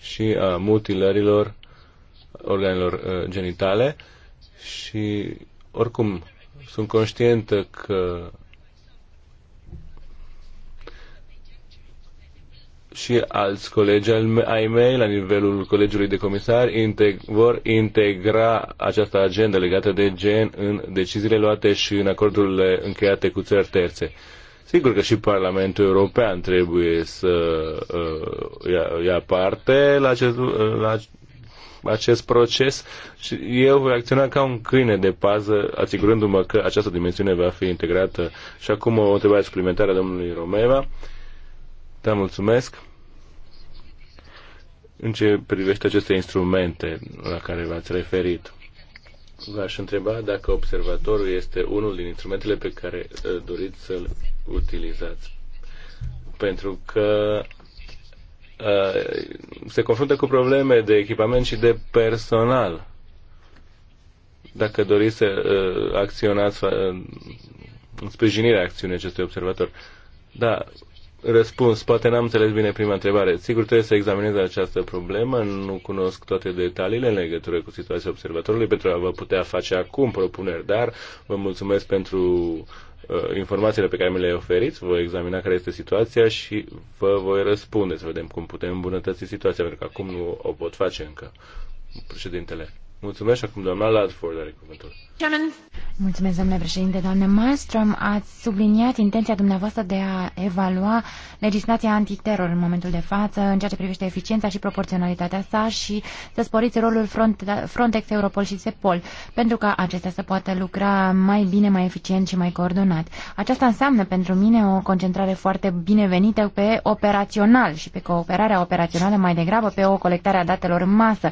Speaker 1: și a mutilărilor organelor genitale și oricum sunt conștientă că și alți colegi ai mei la nivelul colegiului de comisari integ- vor integra această agendă legată de gen în deciziile luate și în acordurile încheiate cu țări terțe. Sigur că și Parlamentul European trebuie să uh, ia, ia parte la, acest, la acest proces și eu voi acționa ca un câine de pază, asigurându-mă că această dimensiune va fi integrată. Și acum o întrebare suplimentară a domnului Romeva. Da, mulțumesc. În ce privește aceste instrumente la care v-ați referit, v-aș întreba dacă observatorul este unul din instrumentele pe care uh, doriți să-l utilizați. Pentru că Uh, se confruntă cu probleme de echipament și de personal. Dacă doriți să uh, acționați uh, în sprijinirea acțiunii acestui observator. Da, răspuns, poate n-am înțeles bine prima întrebare. Sigur trebuie să examinez această problemă, nu cunosc toate detaliile în legătură cu situația observatorului pentru a vă putea face acum propuneri, dar vă mulțumesc pentru Uh, informațiile pe care mi le oferiți, voi examina care este situația și vă voi răspunde să vedem cum putem îmbunătăți situația, pentru că acum nu o pot face încă. Președintele, Mulțumesc acum doamna Ladford are cuvântul.
Speaker 3: Mulțumesc, domnule președinte. Doamne Malmström, ați subliniat intenția dumneavoastră de a evalua legislația antiteror în momentul de față în ceea ce privește eficiența și proporționalitatea sa și să sporiți rolul Front Frontex, Europol și Sepol pentru ca acestea să poată lucra mai bine, mai eficient și mai coordonat. Aceasta înseamnă pentru mine o concentrare foarte binevenită pe operațional și pe cooperarea operațională mai degrabă pe o colectare a datelor în masă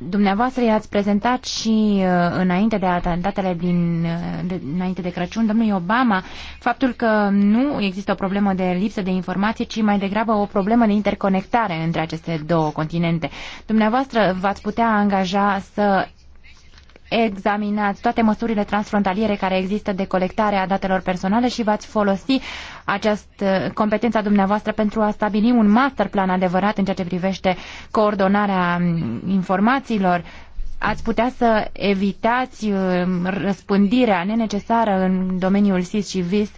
Speaker 3: Dumneavoastră i-ați prezentat și uh, înainte de atentatele din, uh, de, înainte de Crăciun domnului Obama faptul că nu există o problemă de lipsă de informație, ci mai degrabă o problemă de interconectare între aceste două continente. Dumneavoastră v-ați putea angaja să examinați toate măsurile transfrontaliere care există de colectare a datelor personale și v-ați folosi această competență dumneavoastră pentru a stabili un master plan adevărat în ceea ce privește coordonarea informațiilor, ați putea să evitați uh, răspândirea nenecesară în domeniul SIS și VIS,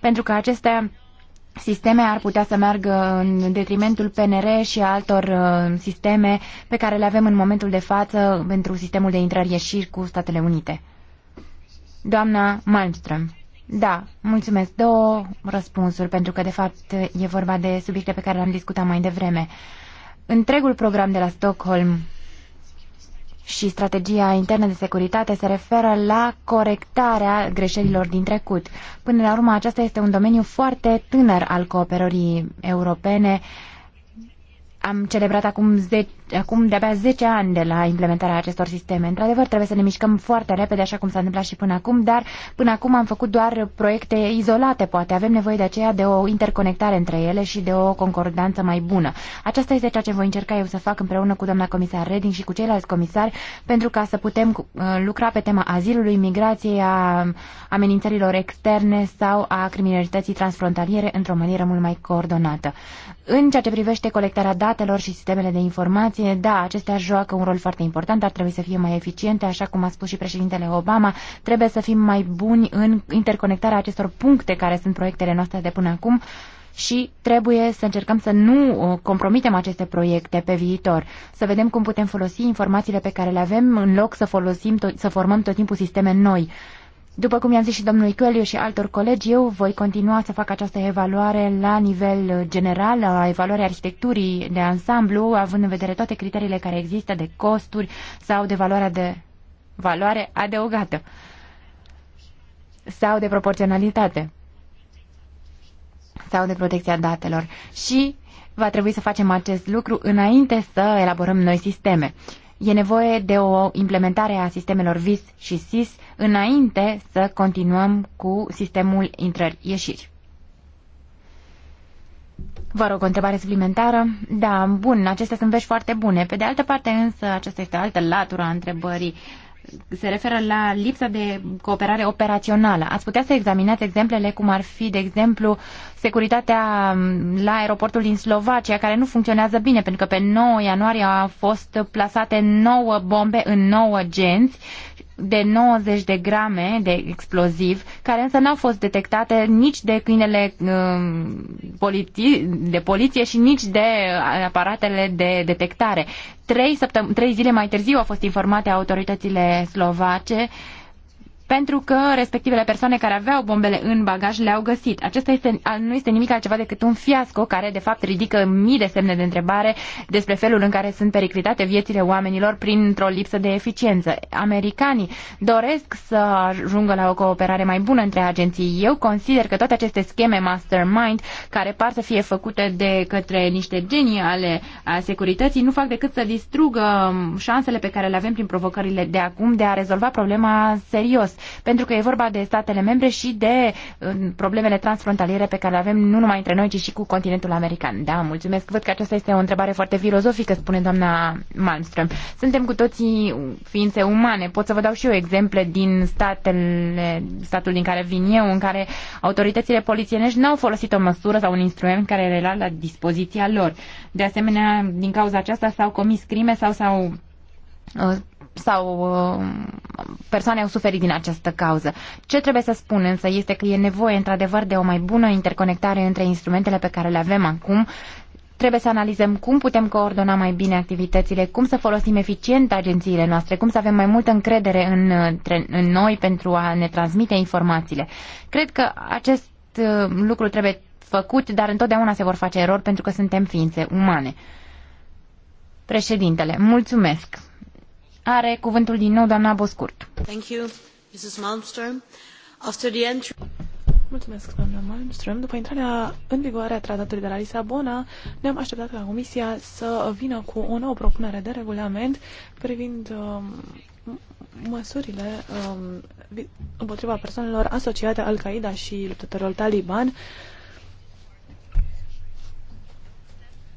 Speaker 3: pentru că acestea sisteme ar putea să meargă în detrimentul PNR și altor uh, sisteme pe care le avem în momentul de față pentru sistemul de intrări-ieșiri cu Statele Unite. Doamna Malmström. Da, mulțumesc. Două răspunsuri, pentru că de fapt e vorba de subiecte pe care le-am discutat mai devreme. Întregul program de la Stockholm și strategia internă de securitate se referă la corectarea greșelilor din trecut. Până la urmă, acesta este un domeniu foarte tânăr al cooperării europene. Am celebrat acum 10 acum de-abia 10 ani de la implementarea acestor sisteme. Într-adevăr, trebuie să ne mișcăm foarte repede, așa cum s-a întâmplat și până acum, dar până acum am făcut doar proiecte izolate, poate. Avem nevoie de aceea de o interconectare între ele și de o concordanță mai bună. Aceasta este ceea ce voi încerca eu să fac împreună cu doamna comisar Reding și cu ceilalți comisari pentru ca să putem uh, lucra pe tema azilului, migrației, a amenințărilor externe sau a criminalității transfrontaliere într-o manieră mult mai coordonată. În ceea ce privește colectarea datelor și sistemele de informații da, acestea joacă un rol foarte important, dar trebuie să fie mai eficiente, așa cum a spus și președintele Obama. Trebuie să fim mai buni în interconectarea acestor puncte care sunt proiectele noastre de până acum și trebuie să încercăm să nu uh, compromitem aceste proiecte pe viitor, să vedem cum putem folosi informațiile pe care le avem în loc să folosim, să formăm tot timpul sisteme noi. După cum i-am zis și domnului Căliu și altor colegi, eu voi continua să fac această evaluare la nivel uh, general, a evaluării arhitecturii de ansamblu, având în vedere toate criteriile care există de costuri sau de valoarea de valoare adăugată sau de proporționalitate sau de protecția datelor. Și va trebui să facem acest lucru înainte să elaborăm noi sisteme. E nevoie de o implementare a sistemelor VIS și SIS înainte să continuăm cu sistemul intrări-ieșiri. Vă rog o întrebare suplimentară. Da, bun, acestea sunt vești foarte bune. Pe de altă parte, însă, aceasta este altă latură a întrebării. Uh, se referă la lipsa de cooperare operațională. Ați putea să examinați exemplele cum ar fi, de exemplu, securitatea mm, la aeroportul din Slovacia, care nu funcționează bine, pentru că pe 9 ianuarie au fost plasate 9 bombe în 9 genți de 90 de grame de exploziv, care însă n-au fost detectate nici de câinele um, de poliție și nici de uh, aparatele de detectare. Trei, trei zile mai târziu au fost informate autoritățile slovace uh, pentru că respectivele persoane care aveau bombele în bagaj le-au găsit. Acesta este, nu este nimic altceva decât un fiasco care de fapt ridică mii de semne de întrebare despre felul în care sunt periclitate viețile oamenilor printr-o lipsă de eficiență. Americanii doresc să ajungă la o cooperare mai bună între agenții. Eu consider că toate aceste scheme mastermind care par să fie făcute de către niște genii ale securității nu fac decât să distrugă um, șansele pe care le avem prin provocările de acum de a rezolva problema serios pentru că e vorba de statele membre și de problemele transfrontaliere pe care le avem nu numai între noi, ci și cu continentul american. Da, mulțumesc. Văd că aceasta este o întrebare foarte filozofică, spune doamna Malmström. Suntem cu toții ființe umane. Pot să vă dau și eu exemple din statele, statul din care vin eu, în care autoritățile polițienești n-au folosit o măsură sau un instrument care era la dispoziția lor. De asemenea, din cauza aceasta s-au comis crime sau s-au uh, sau um, persoane au suferit din această cauză. Ce trebuie să spun însă este că e nevoie într-adevăr de o mai bună interconectare între instrumentele pe care le avem acum, trebuie să analizăm cum putem coordona mai bine activitățile, cum să folosim eficient agențiile noastre, cum să avem mai multă încredere în, în noi pentru a ne transmite informațiile. Cred că acest uh, lucru trebuie făcut, dar întotdeauna se vor face erori pentru că suntem ființe umane. Președintele, mulțumesc! Are cuvântul din nou doamna Boscurt. Thank
Speaker 2: you, Mrs. Malmström. After the entry... Mulțumesc, doamna Malmström. După intrarea în vigoare a tratatului de la Lisabona, ne-am așteptat ca Comisia să vină cu o nouă propunere de regulament privind um, măsurile um, împotriva persoanelor asociate Al-Qaeda și luptătorilor taliban,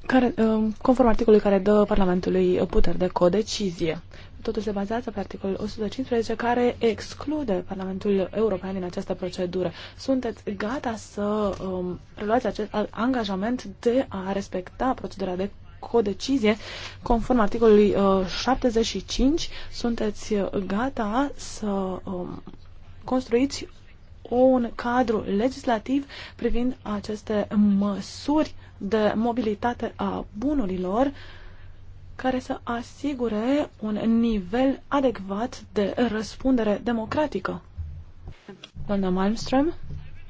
Speaker 2: care, um, conform articolului care dă Parlamentului puteri de codecizie totul se bazează pe articolul 115 care exclude Parlamentul European din această procedură. Sunteți gata să um, preluați acest angajament de a respecta procedura de codecizie conform articolului uh, 75? Sunteți gata să um, construiți un cadru legislativ privind aceste măsuri de mobilitate a bunurilor uh, care să asigure un nivel adecvat de răspundere democratică. Doamna Malmström?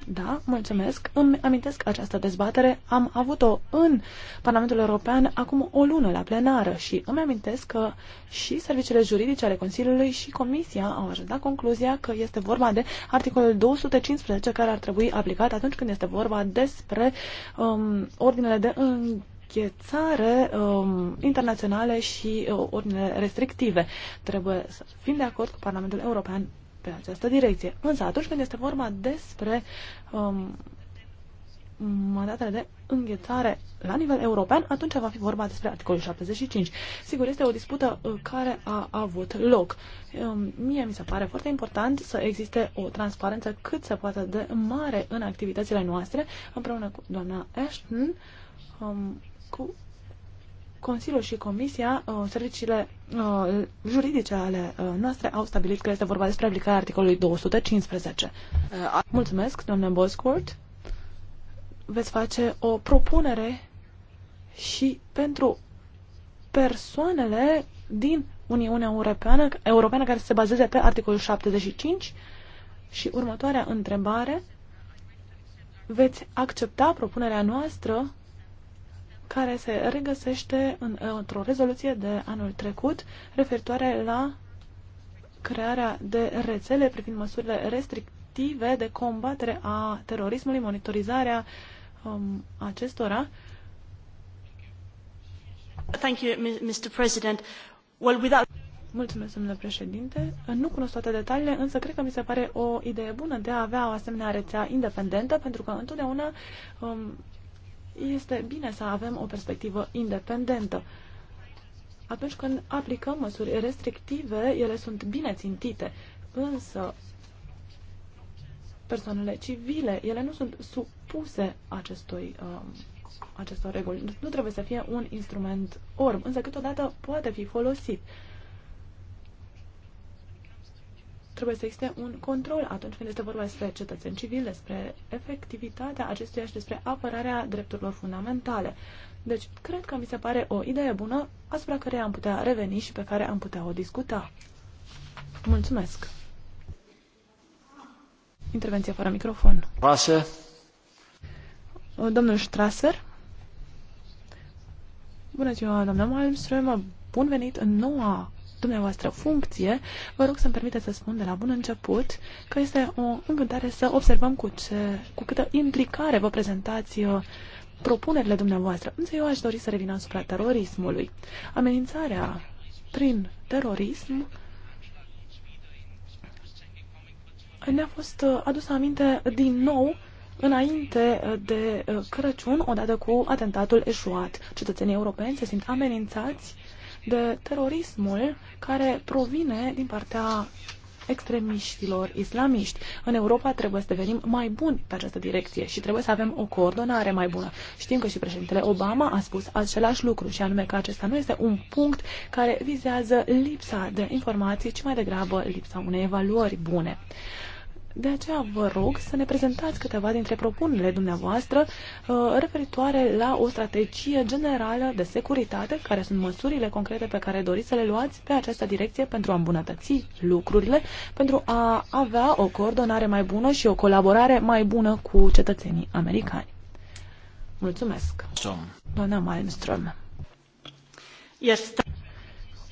Speaker 2: Da, mulțumesc. Îmi amintesc această dezbatere. Am avut-o în Parlamentul European acum o lună la plenară și îmi amintesc că și serviciile juridice ale Consiliului și Comisia au ajuns la concluzia că este vorba de articolul 215 care ar trebui aplicat atunci când este vorba despre um, ordinele de în înghețare um, internaționale și uh, ordine restrictive. Trebuie să fim de acord cu Parlamentul European pe această direcție. Însă atunci când este vorba despre um, mandatele de înghețare la nivel european, atunci va fi vorba despre articolul 75. Sigur, este o dispută uh, care a avut loc. Um, mie mi se pare foarte important să existe o transparență cât se poate de mare în activitățile noastre, împreună cu doamna Ashton. Um, cu Consiliul și Comisia, uh, serviciile uh, juridice ale uh, noastre au stabilit că este vorba despre aplicarea articolului 215. Mulțumesc, domnule Boscourt. Veți face o propunere și pentru persoanele din Uniunea Europeană, Europeană care se bazeze pe articolul 75 și următoarea întrebare. Veți accepta propunerea noastră care se regăsește în, într-o rezoluție de anul trecut referitoare la crearea de rețele privind măsurile restrictive de combatere a terorismului, monitorizarea um, acestora. Thank you, Mr. President. Well, without... Mulțumesc, domnule președinte. Nu cunosc toate detaliile, însă cred că mi se pare o idee bună de a avea o asemenea rețea independentă, pentru că întotdeauna um, este bine să avem o perspectivă independentă. Atunci când aplicăm măsuri restrictive, ele sunt bine țintite, însă persoanele civile, ele nu sunt supuse acestui, um, acestor reguli. Nu trebuie să fie un instrument orb, însă câteodată poate fi folosit. Uh, trebuie să existe un control atunci când este vorba despre cetățeni civili, despre efectivitatea acestuia și despre apărarea drepturilor fundamentale. Deci, cred că mi se pare o idee bună asupra care am putea reveni și pe care am putea o discuta. Mulțumesc! Intervenție fără microfon. Pase. Domnul Strasser. Bună ziua, doamna Malmström. Bun venit în noua dumneavoastră funcție, vă rog să-mi permiteți să spun de la bun început că este o încântare să observăm cu, ce, cu câtă implicare vă prezentați uh, propunerile dumneavoastră. Însă eu aș dori să revin asupra terorismului. Amenințarea prin terorism ne-a fost uh, adusă aminte din nou înainte uh, de Crăciun, odată cu atentatul eșuat. Cetățenii europeni se simt amenințați de terorismul care provine din partea extremiștilor islamiști. În Europa trebuie să devenim mai buni pe această direcție și trebuie să avem o coordonare mai bună. Știm că și președintele Obama a spus același lucru și anume că acesta nu este un punct care vizează lipsa de informații, ci mai degrabă lipsa unei evaluări bune. De aceea vă rog să ne prezentați câteva dintre propunerile dumneavoastră uh, referitoare la o strategie generală de securitate, care sunt măsurile concrete pe care doriți să le luați pe această direcție pentru a îmbunătăți lucrurile, pentru a avea o coordonare mai bună și o colaborare mai bună cu cetățenii americani. Mulțumesc.
Speaker 1: Doamna Malmström.
Speaker 2: Este...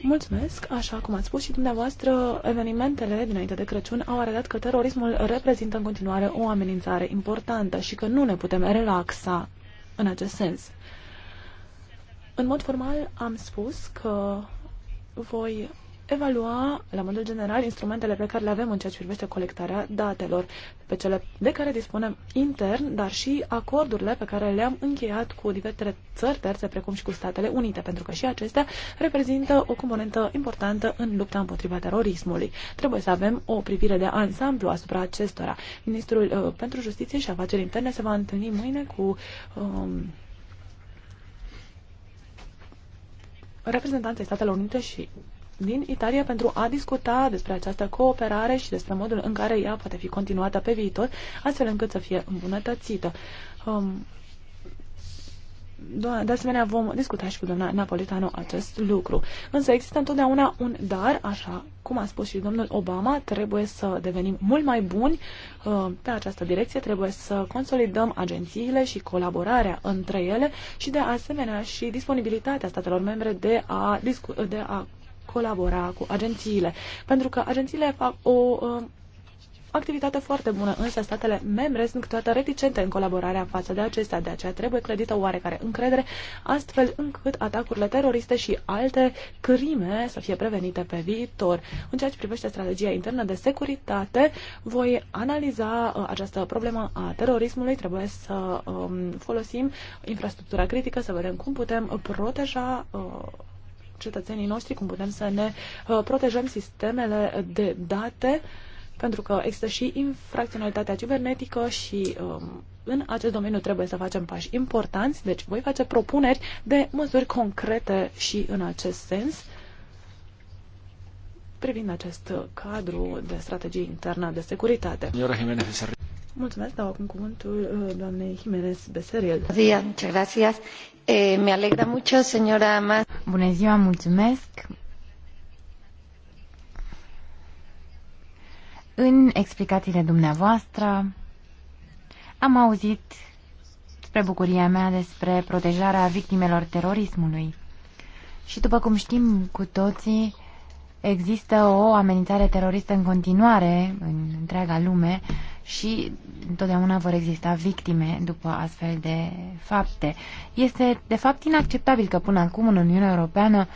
Speaker 2: Mulțumesc. Așa cum ați spus și dumneavoastră, evenimentele dinainte de Crăciun au arătat că terorismul reprezintă în continuare o amenințare importantă și că nu ne putem relaxa în acest sens. În mod formal am spus că voi evalua, la modul general, instrumentele pe care le avem în ceea ce privește colectarea datelor, pe cele de care dispunem intern, dar și acordurile pe care le-am încheiat cu diverse țări terțe, precum și cu Statele Unite, pentru că și acestea reprezintă o componentă importantă în lupta împotriva terorismului. Trebuie să avem o privire de ansamblu asupra acestora. Ministrul uh, pentru Justiție și Afaceri Interne se va întâlni mâine cu um, reprezentanții Statelor Unite și din Italia pentru a discuta despre această cooperare și despre modul în care ea poate fi continuată pe viitor, astfel încât să fie îmbunătățită. Um, de asemenea, vom discuta și cu doamna Napolitano acest lucru. Însă există întotdeauna un dar, așa cum a spus și domnul Obama, trebuie să devenim mult mai buni uh, pe această direcție, trebuie să consolidăm agențiile și colaborarea între ele și, de asemenea, și disponibilitatea statelor membre de a, de a colabora cu agențiile, pentru că agențiile fac o uh, activitate foarte bună, însă statele membre sunt toate reticente în colaborarea față de acestea, de aceea trebuie clădită oarecare încredere, astfel încât atacurile teroriste și alte crime să fie prevenite pe viitor. În ceea ce privește strategia internă de securitate, voi analiza uh, această problemă a terorismului, trebuie să uh, folosim infrastructura critică, să vedem cum putem proteja uh, cetățenii noștri, cum putem să ne uh, protejăm sistemele de date, pentru că există și infracționalitatea cibernetică și um, în acest domeniu trebuie să facem pași importanți, deci voi face propuneri de măsuri concrete și în acest sens privind acest uh, cadru de strategie internă de securitate.
Speaker 1: Iora Jimenez
Speaker 2: Mulțumesc, dau acum cuvântul uh, doamnei Jimenez
Speaker 3: ziua, Muchas gracias. Eh, me alegra mucho, señora Mas. Bună ziua, mulțumesc. În explicațiile dumneavoastră am auzit spre bucuria mea despre protejarea victimelor terorismului. Și după cum știm cu toții, există o amenințare teroristă în continuare în întreaga lume și întotdeauna vor exista victime după astfel de fapte. Este, de fapt, inacceptabil că până acum în Uniunea Europeană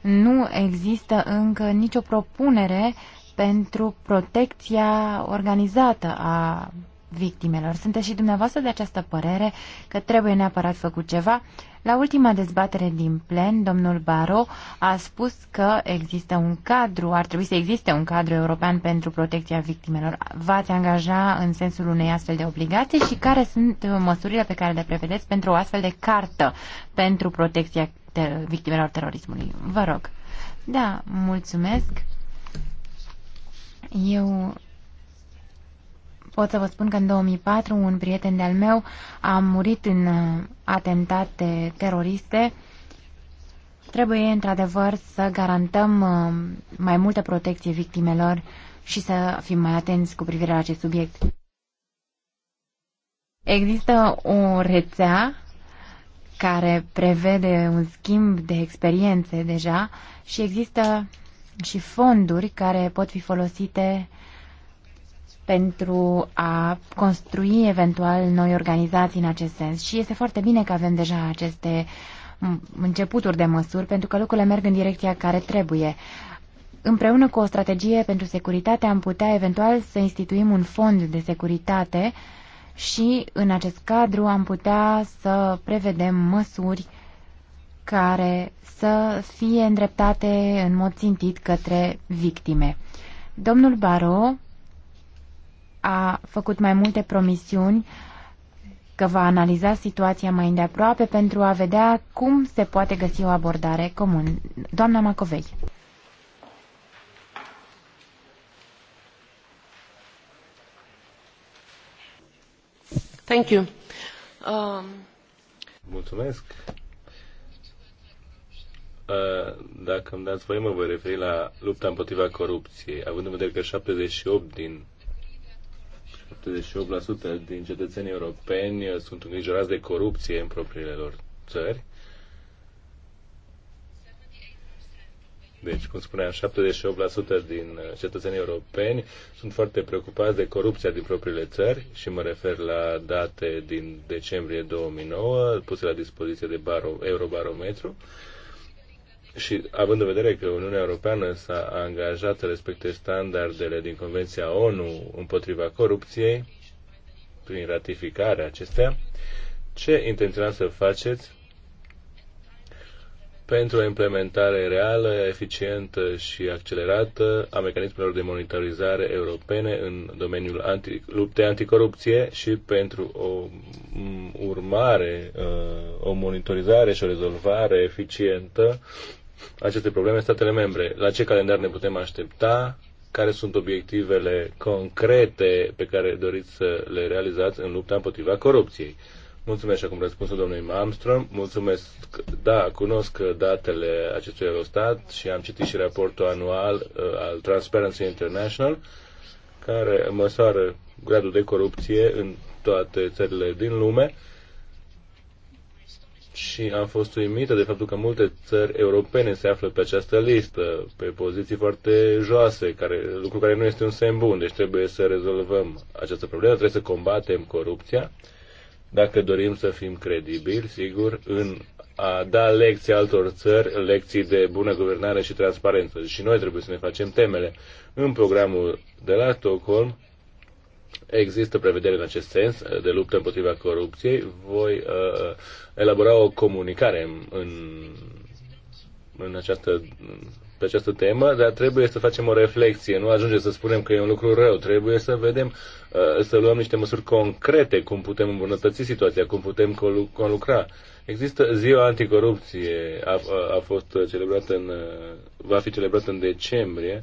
Speaker 3: nu există încă nicio propunere pentru protecția organizată a victimelor. Sunteți și dumneavoastră de această părere că trebuie neapărat făcut ceva la ultima dezbatere din plen, domnul Baro a spus că există un cadru, ar trebui să existe un cadru european pentru protecția victimelor. V-ați angaja în sensul unei astfel de obligații și care sunt măsurile pe care le prevedeți pentru o astfel de cartă pentru protecția ter- victimelor terorismului? Vă rog. Da, mulțumesc. Eu Pot să vă spun că în 2004 un prieten de-al meu a murit în uh, atentate teroriste. Trebuie într-adevăr să garantăm uh, mai multă protecție victimelor și să fim mai atenți cu privire la acest subiect. Există o rețea care prevede un schimb de experiențe deja și există și fonduri care pot fi folosite uh, pentru a construi eventual noi organizații în acest sens. Și este foarte bine că avem deja aceste începuturi de măsuri, pentru că lucrurile merg în direcția care trebuie. Împreună cu o strategie pentru securitate am putea eventual să instituim un fond de securitate și în acest cadru am putea să prevedem măsuri care să fie îndreptate în mod țintit către victime. Domnul Baro a făcut mai multe promisiuni că va analiza situația mai îndeaproape pentru a vedea cum se poate găsi o abordare comună. Doamna Macovei. Thank you. Um...
Speaker 1: Mulțumesc. Dacă îmi dați voi, mă voi referi la lupta împotriva corupției, având în vedere că 78 din 78% din cetățenii europeni sunt îngrijorați de corupție în propriile lor țări. Deci, cum spuneam, 78% din cetățenii europeni sunt foarte preocupați de corupția din propriile țări și mă refer la date din decembrie 2009 puse la dispoziție de Eurobarometru și având în vedere că Uniunea Europeană s-a angajat să respecte standardele din Convenția ONU împotriva corupției, prin ratificarea acestea, ce intenționați să faceți pentru o implementare reală, eficientă și accelerată a mecanismelor de monitorizare europene în domeniul anti, luptei anticorupție și pentru o urmare, uh, o monitorizare și o rezolvare eficientă aceste probleme în statele membre. La ce calendar ne putem aștepta? Care sunt obiectivele concrete pe care doriți să le realizați în lupta împotriva corupției? Mulțumesc și acum răspunsul domnului Malmström. Mulțumesc. Da, cunosc datele acestui Eurostat și am citit și raportul anual uh, al Transparency International care măsoară gradul de corupție în toate țările din lume și am fost uimită de faptul că multe țări europene se află pe această listă, pe poziții foarte joase, care, lucru care nu este un semn bun, deci trebuie să rezolvăm această problemă, trebuie să combatem corupția, dacă dorim să fim credibili, sigur, în a da lecții altor țări, lecții de bună guvernare și transparență. Și noi trebuie să ne facem temele. În programul de la Stockholm Există prevedere în acest sens de luptă împotriva corupției. Voi uh, uh elabora o comunicare în, în această, pe această temă, dar trebuie să facem o reflexie. Nu ajunge să spunem că e un lucru rău. Trebuie să vedem, uh, să luăm niște măsuri concrete, cum putem îmbunătăți situația, cum putem conlucra. Există ziua anticorupție, a, a, a fost celebrată în, uh, va fi celebrată în decembrie. Uh,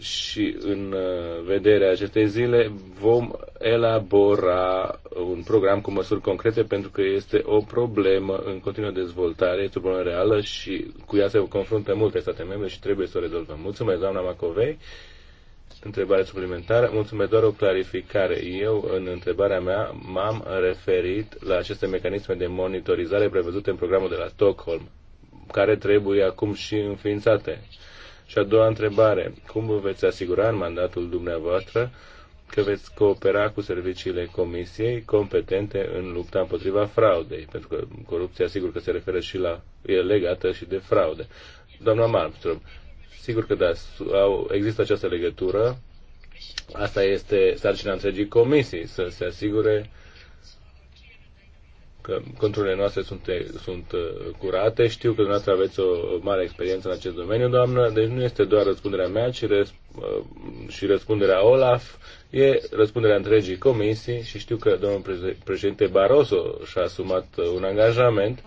Speaker 1: și în uh, vederea acestei zile vom elabora un program cu măsuri concrete pentru că este o problemă în continuă dezvoltare, este o problemă reală și cu ea se confruntă multe state membre și trebuie să o rezolvăm. Mulțumesc, doamna Macovei. Întrebare suplimentară. Mulțumesc, doar o clarificare. Eu, în întrebarea mea, m-am referit la aceste mecanisme de monitorizare prevăzute în programul de la Stockholm, care trebuie acum și înființate și a doua întrebare, cum vă veți asigura în mandatul dumneavoastră că veți coopera cu serviciile Comisiei competente în lupta împotriva fraudei, pentru că corupția sigur că se referă și la, e legată și de fraude. Doamna Malmström, sigur că da, au, există această legătură, asta este sarcina întregii comisii, să se asigure că conturile noastre sunt, sunt uh, curate. Știu că dumneavoastră aveți o mare experiență în acest domeniu, doamnă, deci nu este doar răspunderea mea, ci răs, uh, și răspunderea Olaf, e răspunderea întregii comisii și știu că domnul președinte Barroso și-a asumat uh, un angajament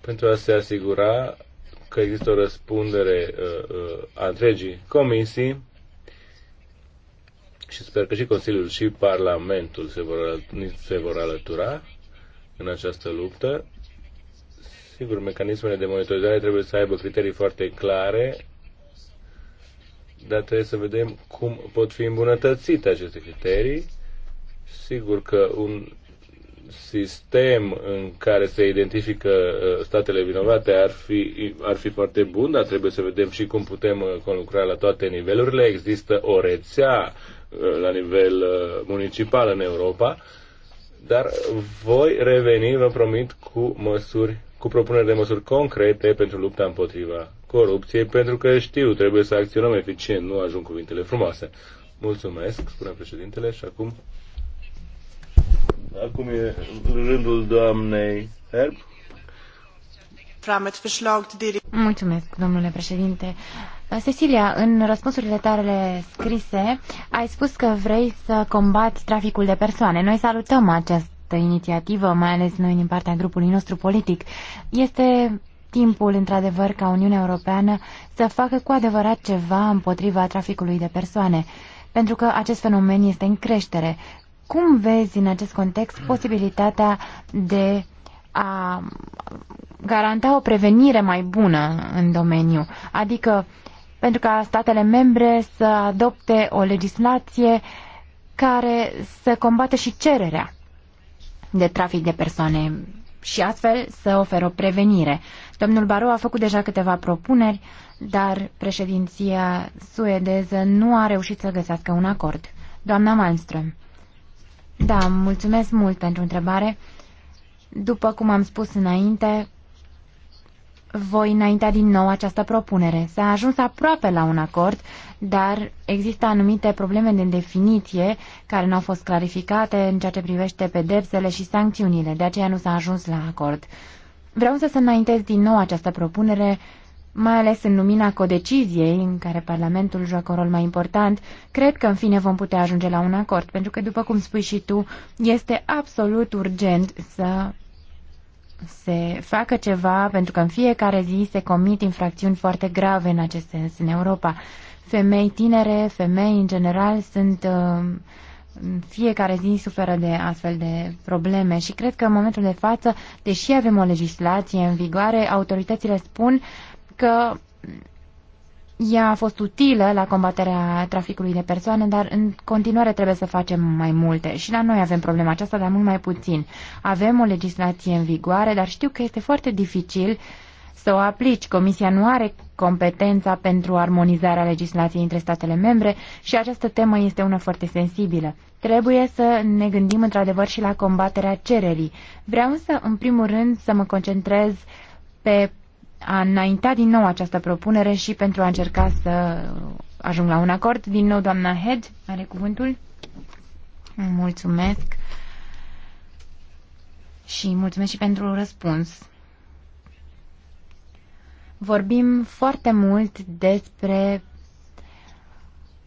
Speaker 1: pentru a se asigura că există o răspundere a întregii comisii și sper că și Consiliul și Parlamentul se vor, se vor alătura în această luptă. Sigur, mecanismele de monitorizare trebuie să aibă criterii foarte clare, dar trebuie să vedem cum pot fi îmbunătățite aceste criterii. Sigur că un sistem în care se identifică uh, statele vinovate ar fi, ar fi foarte bun, dar trebuie să vedem și cum putem uh, conlucra la toate nivelurile. Există o rețea uh, la nivel municipal în Europa dar voi reveni, vă promit, cu măsuri, cu propuneri de măsuri concrete pentru lupta împotriva corupției, pentru că știu, trebuie să acționăm eficient, nu ajung cuvintele frumoase. Mulțumesc, spune președintele, și acum... Acum e rândul doamnei Herb.
Speaker 3: Mulțumesc, domnule președinte. Uh, Cecilia, în răspunsurile tale scrise, ai spus că vrei să combați traficul de persoane. Noi salutăm această inițiativă, mai ales noi din partea grupului nostru politic. Este timpul, într-adevăr, ca Uniunea Europeană să facă cu adevărat ceva împotriva traficului de persoane, pentru că acest fenomen este în creștere. Cum vezi în acest context posibilitatea de a garanta o prevenire mai bună în domeniu, adică pentru ca statele membre să adopte o legislație care să combată și cererea de trafic de persoane și astfel să oferă o prevenire. Domnul Barou a făcut deja câteva propuneri, dar președinția suedeză nu a reușit să găsească un acord. Doamna Malmström. Da, mulțumesc mult pentru întrebare. După cum am spus înainte, voi înaintea din nou această propunere. S-a ajuns aproape la un acord, dar există anumite probleme de definiție care nu au fost clarificate în ceea ce privește pedepsele și sancțiunile, de aceea nu s-a ajuns la acord. Vreau să să înaintez din nou această propunere, mai ales în lumina codeciziei, în care Parlamentul joacă un rol mai important, cred că în fine vom putea ajunge la un acord, pentru că, după cum spui și tu, este absolut urgent să se facă ceva, pentru că în fiecare zi se comit infracțiuni foarte grave în acest sens în Europa. Femei tinere, femei în general sunt uh, în fiecare zi suferă de astfel de probleme și cred că în momentul de față, deși avem o legislație în vigoare, autoritățile spun că ea a fost utilă la combaterea traficului de persoane, dar în continuare trebuie să facem mai multe. Și la noi avem problema aceasta, dar mult mai puțin. Avem o legislație în vigoare, dar știu că este foarte dificil să o aplici. Comisia nu are competența pentru armonizarea legislației între statele membre și această temă este una foarte sensibilă. Trebuie să ne gândim într-adevăr și la combaterea cererii. Vreau să, în primul rând, să mă concentrez pe a înaintat din nou această propunere și pentru a încerca să ajung la un acord. Din nou, doamna Head are cuvântul. Mulțumesc și mulțumesc și pentru răspuns. Vorbim foarte mult despre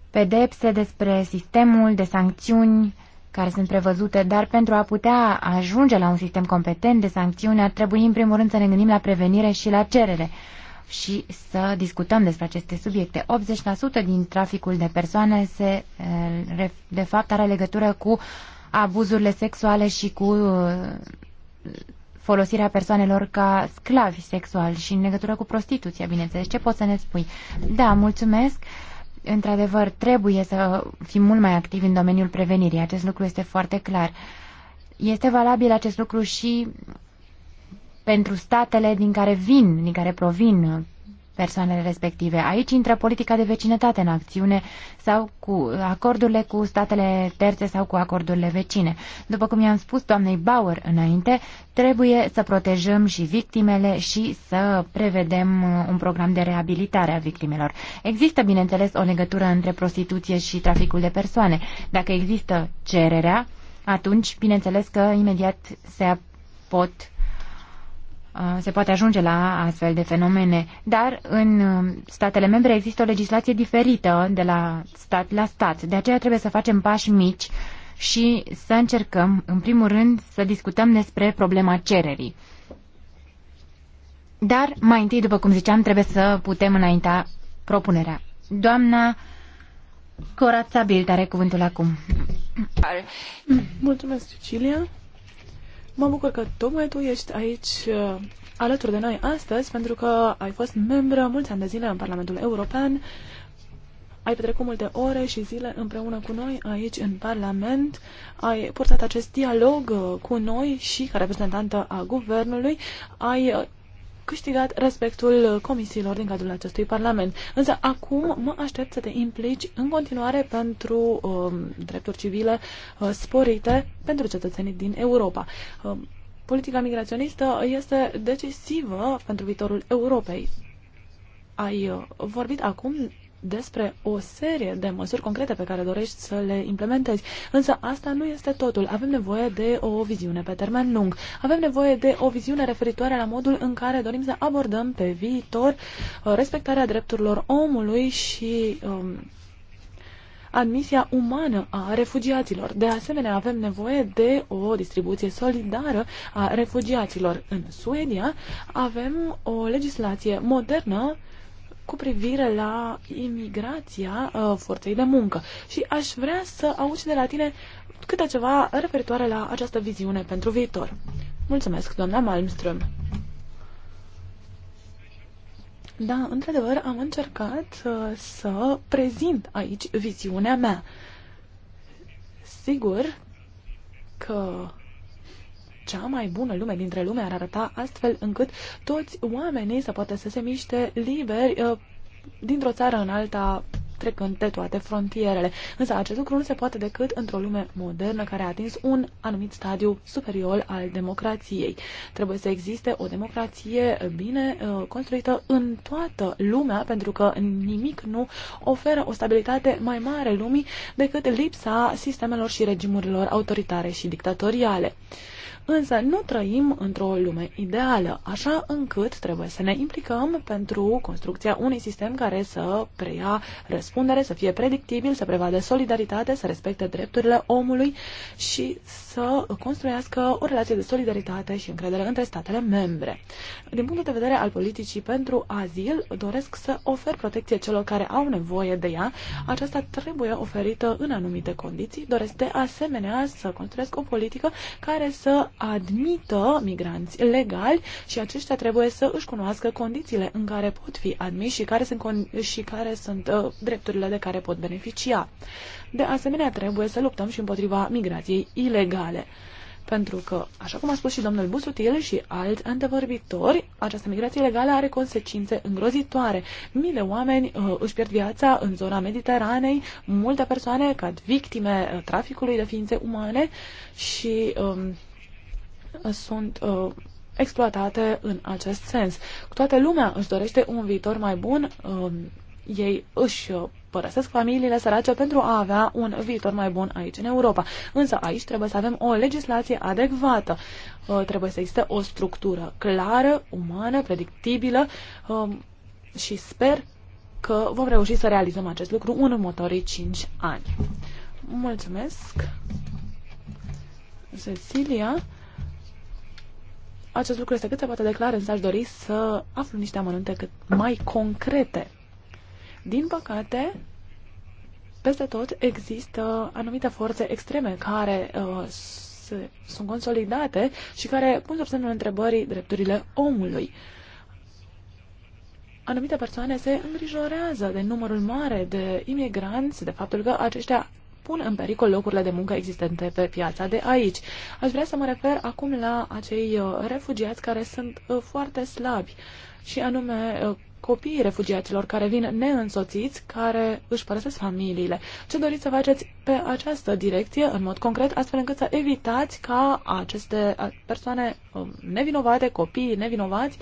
Speaker 3: pedepse, despre sistemul de sancțiuni care sunt prevăzute, dar pentru a putea ajunge la un sistem competent de sancțiuni ar trebui în primul rând să ne gândim la prevenire și la cerere și să discutăm despre aceste subiecte. 80% din traficul de persoane se, eh, de fapt are legătură cu abuzurile sexuale și cu eh, folosirea persoanelor ca sclavi sexuali și în legătură cu prostituția, bineînțeles. Ce poți să ne spui? Da, mulțumesc într-adevăr, trebuie să fim mult mai activi în domeniul prevenirii. Acest lucru este foarte clar. Este valabil acest lucru și pentru statele din care vin, din care provin persoanele respective. Aici intră politica de vecinătate în acțiune sau cu acordurile cu statele terțe sau cu acordurile vecine. După cum i-am spus doamnei Bauer înainte, trebuie să protejăm și victimele și să prevedem uh, un program de reabilitare a victimelor. Există, bineînțeles, o legătură între prostituție și traficul de persoane. Dacă există cererea, atunci, bineînțeles că imediat se pot se poate ajunge la astfel de fenomene, dar în uh, statele membre există o legislație diferită de la stat la stat. De aceea trebuie să facem pași mici și să încercăm, în primul rând, să discutăm despre problema cererii. Dar, mai întâi, după cum ziceam, trebuie să putem înainta propunerea. Doamna Corața Bilt are cuvântul acum.
Speaker 2: Mulțumesc, Cecilia. Mă bucur că tocmai tu ești aici uh, alături de noi astăzi, pentru că ai fost membră mulți ani de zile în Parlamentul European, ai petrecut multe ore și zile împreună cu noi aici în Parlament, ai purtat acest dialog uh, cu noi și ca reprezentantă a Guvernului, ai uh, câștigat respectul uh, comisiilor din cadrul acestui Parlament. Însă acum mă aștept să te implici în continuare pentru uh, drepturi civile uh, sporite pentru cetățenii din Europa. Uh, politica migraționistă este decisivă pentru viitorul Europei. Ai uh, vorbit acum despre o serie de măsuri concrete pe care dorești să le implementezi. Însă asta nu este totul. Avem nevoie de o viziune pe termen lung. Avem nevoie de o viziune referitoare la modul în care dorim să abordăm pe viitor uh, respectarea drepturilor omului și um, admisia umană a refugiaților. De asemenea, avem nevoie de o distribuție solidară a refugiaților. În Suedia avem o legislație modernă cu privire la imigrația uh, forței de muncă. Și aș vrea să auzi de la tine câte ceva referitoare la această viziune pentru viitor. Mulțumesc, doamna Malmström. Da, într-adevăr, am încercat uh, să prezint aici viziunea mea. Sigur că cea mai bună lume dintre lume ar arăta astfel încât toți oamenii să poată să se miște liberi uh, dintr-o țară în alta trecând de toate frontierele. Însă acest lucru nu se poate decât într-o lume modernă care a atins un anumit stadiu superior al democrației. Trebuie să existe o democrație bine uh, construită în toată lumea, pentru că nimic nu oferă o stabilitate mai mare lumii decât lipsa sistemelor și regimurilor autoritare și dictatoriale. Însă nu trăim într-o lume ideală, așa încât trebuie să ne implicăm pentru construcția unui sistem care să preia răspundere, să fie predictibil, să prevadă solidaritate, să respecte drepturile omului și să construiască o relație de solidaritate și încredere între statele membre. Din punctul de vedere al politicii pentru azil, doresc să ofer protecție celor care au nevoie de ea. Aceasta trebuie oferită în anumite condiții. Doresc de asemenea să construiesc o politică care să admită migranți legali și aceștia trebuie să își cunoască condițiile în care pot fi admiși și care sunt, și care sunt uh, drepturile de care pot beneficia. De asemenea, trebuie să luptăm și împotriva migrației ilegale. Pentru că, așa cum a spus și domnul Busutil și alți antevorbitori, această migrație ilegală are consecințe îngrozitoare. Mii de oameni uh, își pierd viața în zona Mediteranei, multe persoane cad victime uh, traficului de ființe umane și Uh, sunt uh, exploatate în acest sens. Toată lumea își dorește un viitor mai bun, uh, ei își uh, părăsesc familiile sărace pentru a avea un viitor mai bun aici în Europa. Însă aici trebuie să avem o legislație adecvată. Uh, trebuie să existe o structură clară, umană, predictibilă uh, și sper că vom reuși să realizăm acest lucru în următorii 5 ani. Mulțumesc! Cecilia acest lucru este cât se poate declar, însă aș dori să aflu niște amănunte cât mai concrete. Din păcate, peste tot există anumite forțe extreme care uh, se, sunt consolidate și care pun sub semnul întrebării drepturile omului. Anumite persoane se îngrijorează de numărul mare de imigranți, de faptul că aceștia pun în pericol locurile de muncă existente pe piața de aici. Aș vrea să mă refer acum la acei uh, refugiați care sunt uh, foarte slabi și anume uh, copiii refugiaților care vin neînsoțiți, care își părăsesc familiile. Ce doriți să faceți pe această direcție, în mod concret, astfel încât să evitați ca aceste persoane um, nevinovate, copiii nevinovați,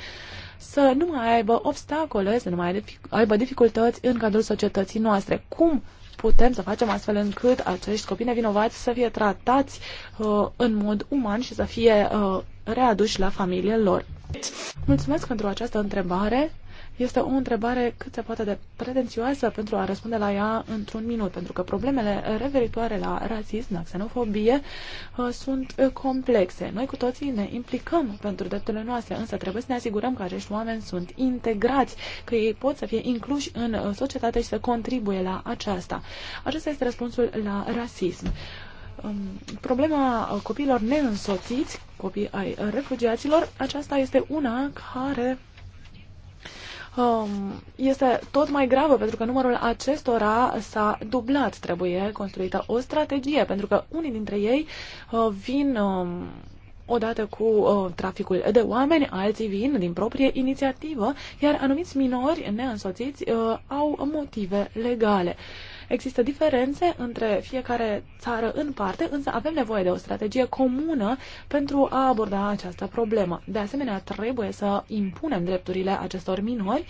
Speaker 2: să nu mai aibă obstacole, să nu mai aibă dificultăți în cadrul societății noastre. Cum putem să facem astfel încât acești copii nevinovați să fie tratați uh, în mod uman și să fie uh, readuși la familie lor. Mulțumesc pentru această întrebare. Este o întrebare cât se poate de pretențioasă pentru a răspunde la ea într-un minut, pentru că problemele referitoare la rasism, la xenofobie uh, sunt uh, complexe. Noi cu toții ne implicăm pentru drepturile noastre, însă trebuie să ne asigurăm că acești oameni sunt integrați, că ei pot să fie incluși în uh, societate și să contribuie la aceasta. Acesta este răspunsul la rasism um, problema copiilor neînsoțiți, copii ai refugiaților, aceasta este una care Um, este tot mai gravă pentru că numărul acestora s-a dublat. Trebuie construită o strategie pentru că unii dintre ei uh, vin um, odată cu uh, traficul de oameni, alții vin din proprie inițiativă, iar anumiți minori neînsoțiți uh, au motive legale. Există diferențe între fiecare țară în parte, însă avem nevoie de o strategie comună pentru a aborda această problemă. De asemenea, trebuie să impunem drepturile acestor minori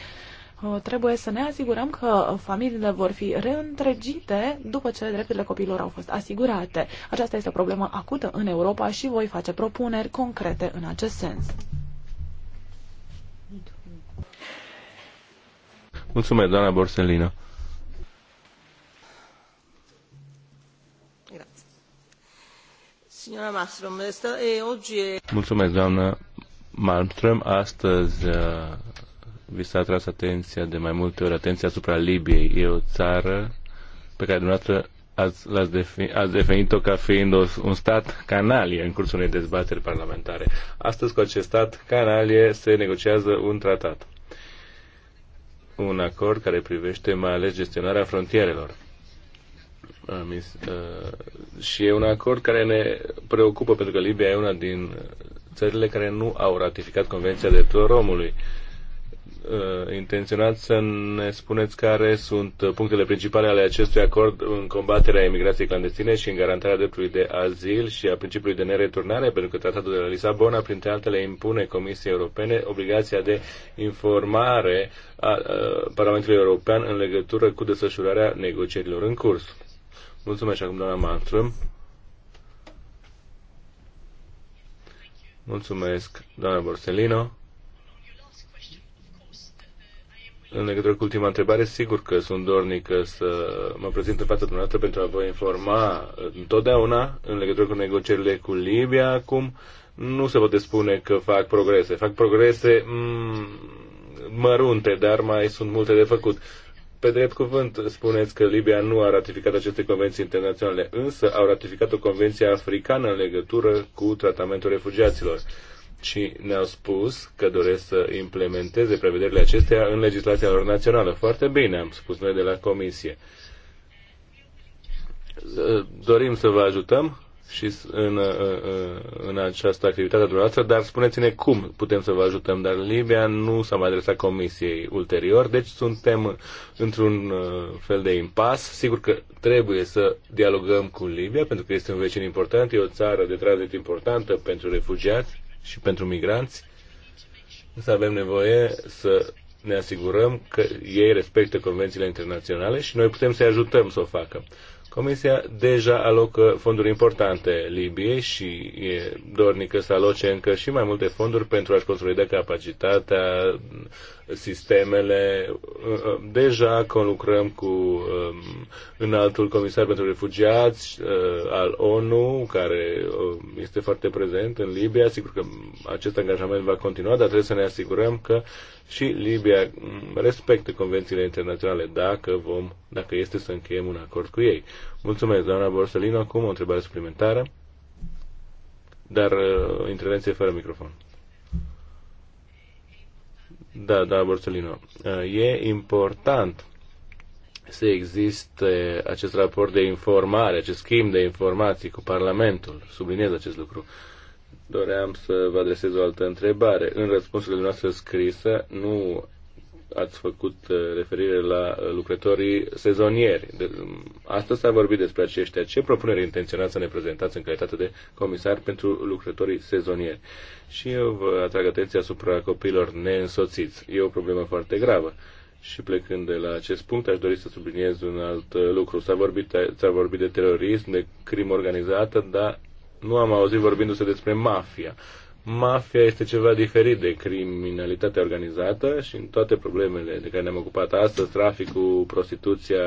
Speaker 2: uh, trebuie să ne asigurăm că familiile vor fi reîntregite după ce drepturile copiilor au fost asigurate. Aceasta este o problemă acută în Europa și voi face propuneri concrete în acest sens.
Speaker 1: Mulțumesc, doamna Borsellino. doamnă Malmström. Astăzi uh, vi s-a atras atenția de mai multe ori, atenția asupra Libiei. E o țară pe care dumneavoastră ați, l-ați ați definit-o ca fiind o, un stat canalie în cursul unei dezbateri parlamentare. Astăzi cu acest stat canalie se negociază un tratat. Un acord care privește mai ales gestionarea frontierelor. Uh, și e un acord care ne preocupă pentru că Libia e una din țările care nu au ratificat Convenția de Romului. Uh, Intenționat să ne spuneți care sunt punctele principale ale acestui acord în combaterea imigrației clandestine și în garantarea dreptului de azil și a principiului de nereturnare, pentru că Tratatul de la Lisabona, printre altele, impune Comisiei Europene obligația de informare a Parlamentului European în legătură cu desfășurarea negocierilor în curs. Mulțumesc acum, doamna Malmström. Mulțumesc, doamna Borsellino. În legătură cu ultima întrebare, sigur că sunt dornic să mă prezint în fața dumneavoastră pentru a vă informa întotdeauna în legătură cu negocierile cu Libia acum. Nu se poate spune că fac progrese. Fac progrese mm, mărunte, dar mai sunt multe de făcut pe drept cuvânt spuneți că Libia nu a ratificat aceste convenții internaționale, însă au ratificat o convenție africană în legătură cu tratamentul refugiaților și ne-au spus că doresc să implementeze prevederile acestea în legislația lor națională. Foarte bine, am spus noi de la Comisie. Dorim să vă ajutăm și în, uh, uh, în această activitate a dumneavoastră, dar spuneți-ne cum putem să vă ajutăm. Dar Libia nu s-a mai adresat comisiei ulterior, deci suntem într-un uh, fel de impas. Sigur că trebuie să dialogăm cu Libia, pentru că este un vecin important, e o țară de tranzit importantă pentru refugiați și pentru migranți. Însă avem nevoie să ne asigurăm că ei respectă convențiile internaționale și noi putem să-i ajutăm să o facă. Comisia deja alocă fonduri importante Libiei și e dornică să aloce încă și mai multe fonduri pentru a-și consolida capacitatea sistemele. Uh, uh, deja conlucrăm cu um, înaltul comisar pentru refugiați uh, al ONU, care este foarte prezent în Libia. Sigur că acest angajament va continua, dar trebuie să ne asigurăm că și Libia mm, respectă convențiile internaționale dacă vom, dacă este să încheiem un acord cu ei. Mulțumesc, doamna Borsellino. Acum o întrebare suplimentară, dar intervenție fără microfon. Da, da, Borsellino. Uh, e important să existe acest raport de informare, acest schimb de informații cu Parlamentul. Subliniez acest lucru. Doream să vă adresez o altă întrebare. În răspunsurile noastre scrise, nu ați făcut uh, referire la uh, lucrătorii sezonieri. Um, astăzi s-a vorbit despre aceștia. Ce propuneri intenționați să ne prezentați în calitate de comisar pentru lucrătorii sezonieri? Și eu vă atrag atenția asupra copiilor neînsoțiți. E o problemă foarte gravă. Și plecând de la acest punct, aș dori să subliniez un alt uh, lucru. S-a vorbit, s-a vorbit de terorism, de crimă organizată, dar nu am auzit vorbindu-se despre mafia mafia este ceva diferit de criminalitatea organizată și în toate problemele de care ne-am ocupat astăzi, traficul, prostituția,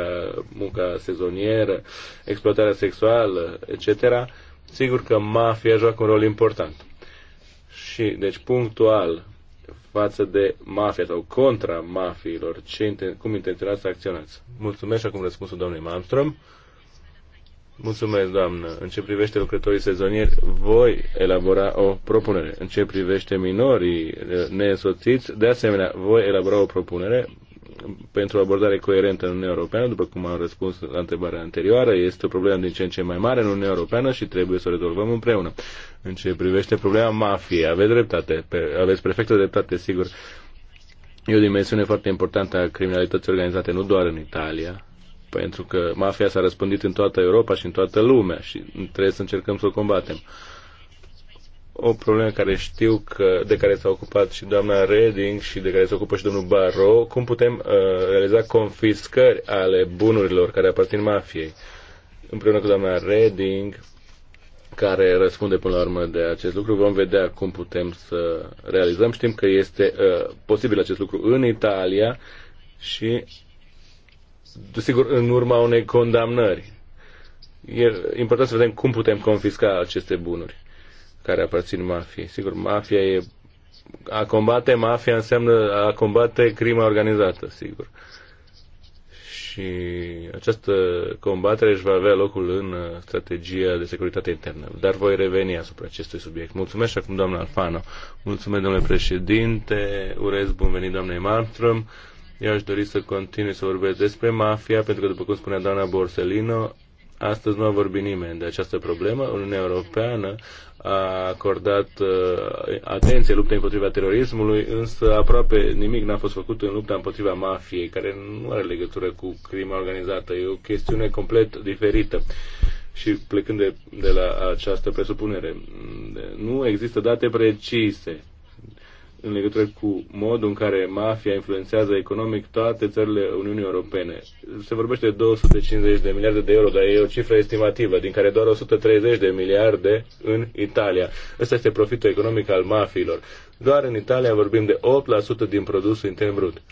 Speaker 1: munca sezonieră, exploatarea sexuală, etc., sigur că mafia joacă un rol important. Și, deci, punctual, față de mafia sau contra mafiilor, ce, cum intenționați să acționați? Mulțumesc și acum răspunsul domnului Malmström. Mulțumesc, doamnă. În ce privește lucrătorii sezonieri, voi elabora o propunere. În ce privește minorii nesoțiți, de asemenea, voi elabora o propunere pentru o abordare coerentă în Uniunea Europeană, după cum am răspuns la întrebarea anterioară, este o problemă din ce în ce mai mare în Uniunea Europeană și trebuie să o rezolvăm împreună. În ce privește problema mafiei, aveți dreptate, aveți perfectă dreptate, sigur. E o dimensiune foarte importantă a criminalității organizate, nu doar în Italia, pentru că mafia s-a răspândit în toată Europa și în toată lumea și trebuie să încercăm să o combatem. O problemă care știu că, de care s-a ocupat și doamna Reding și de care se ocupă și domnul Baro, cum putem uh, realiza confiscări ale bunurilor care aparțin mafiei. Împreună cu doamna Reding, care răspunde până la urmă de acest lucru. Vom vedea cum putem să realizăm. Știm că este uh, posibil acest lucru în Italia și desigur, în urma unei condamnări. E important să vedem cum putem confisca aceste bunuri care aparțin mafiei. Sigur, mafia e... A combate mafia înseamnă a combate crima organizată, sigur. Și această combatere își va avea locul în uh, strategia de securitate internă. Dar voi reveni asupra acestui subiect. Mulțumesc și acum, doamna Alfano. Mulțumesc, domnule președinte. Urez bun venit, doamnei Malmström. Eu aș dori să continui să vorbesc despre mafia, pentru că, după cum spunea doamna Borsellino, astăzi nu a vorbit nimeni de această problemă. Uniunea Europeană a acordat uh, atenție luptei împotriva terorismului, însă aproape nimic n-a fost făcut în lupta împotriva mafiei, care nu are legătură cu crima organizată. E o chestiune complet diferită. Și plecând de, de la această presupunere, nu există date precise în legătură cu modul în care mafia influențează economic toate țările Uniunii Europene. Se vorbește de 250 de miliarde de euro, dar e o cifră estimativă, din care doar 130 de miliarde în Italia. Ăsta este profitul economic al mafiilor. Doar în Italia vorbim de 8% din produsul intern brut.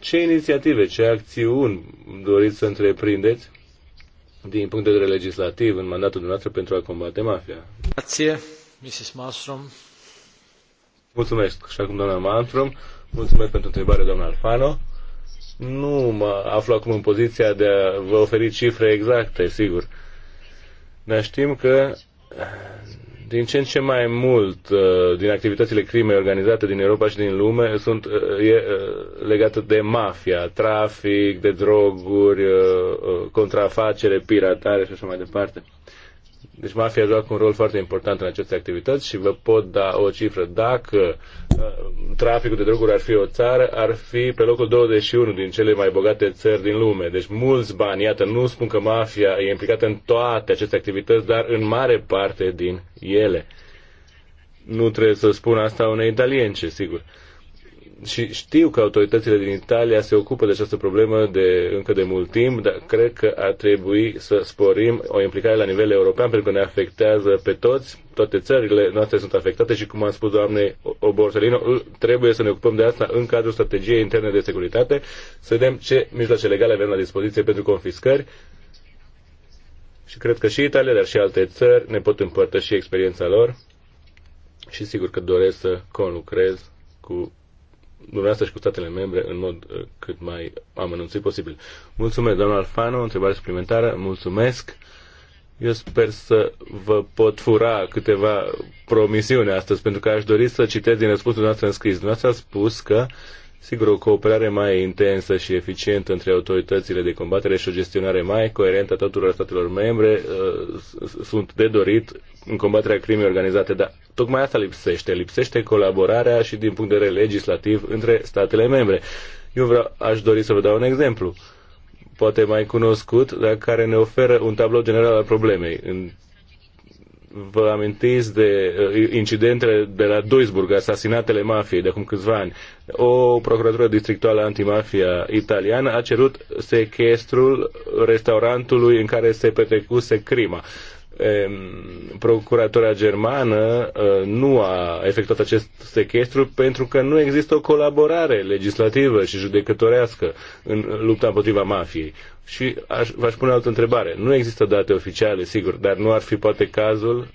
Speaker 1: Ce inițiative, ce acțiuni doriți să întreprindeți din punct de vedere legislativ în mandatul dumneavoastră pentru a combate mafia? Grazie,
Speaker 3: Mrs. Malmström.
Speaker 1: Mulțumesc. așa cum doamna Malmström. Mulțumesc pentru întrebare, doamna Alfano. Nu mă aflu acum în poziția de a vă oferi cifre exacte, sigur. Dar știm că din ce în ce mai mult uh, din activitățile crimei organizate din Europa și din lume sunt uh, uh, legate de mafia, trafic, de droguri, contrafacere, piratare și așa mai departe. Deci mafia joacă un rol foarte important în aceste activități și vă pot da o cifră. Dacă uh, traficul de droguri ar fi o țară, ar fi pe locul 21 din cele mai bogate țări din lume. Deci mulți bani, iată, nu spun că mafia e implicată în toate aceste activități, dar în mare parte din ele. Nu trebuie să spun asta unei italience, sigur. Uh, și știu că autoritățile din Italia se ocupă de această problemă de încă de mult timp, dar cred că ar trebui să sporim o implicare la nivel european pentru că ne afectează pe toți, toate țările noastre sunt afectate și, cum am spus doamne Oborselino, trebuie să ne ocupăm de asta în cadrul strategiei interne de securitate, să vedem ce mijloace legale avem la dispoziție pentru confiscări și cred că și Italia, dar și alte țări ne pot împărtăși experiența lor și sigur că doresc să conlucrez cu dumneavoastră și cu statele membre în mod uh, cât mai amănunțit posibil. Mulțumesc, domnul Alfano, întrebare suplimentară, mulțumesc. Eu sper să vă pot fura câteva promisiuni astăzi, pentru că aș dori să citesc din răspunsul noastră în scris. Dumneavoastră a spus că uh, Sigur, o cooperare mai intensă și eficientă între autoritățile de combatere și o gestionare mai coerentă a tuturor statelor membre uh, sunt de dorit în combaterea crimei organizate, dar tocmai asta lipsește. Lipsește colaborarea și din punct de vedere legislativ între statele membre. Eu vreau, aș dori să vă dau un exemplu poate mai cunoscut, dar care ne oferă un tablou general al problemei. În vă amintiți de uh, incidentele de la Duisburg, asasinatele mafiei de acum câțiva ani. O procuratură districtuală antimafia italiană a cerut sechestrul restaurantului în care se petrecuse crima procuratura germană eh, nu a efectuat acest sechestru pentru că nu există o colaborare legislativă și judecătorească în lupta împotriva mafiei. Și aș, v-aș pune altă întrebare. Nu există date oficiale, sigur, dar nu ar fi poate cazul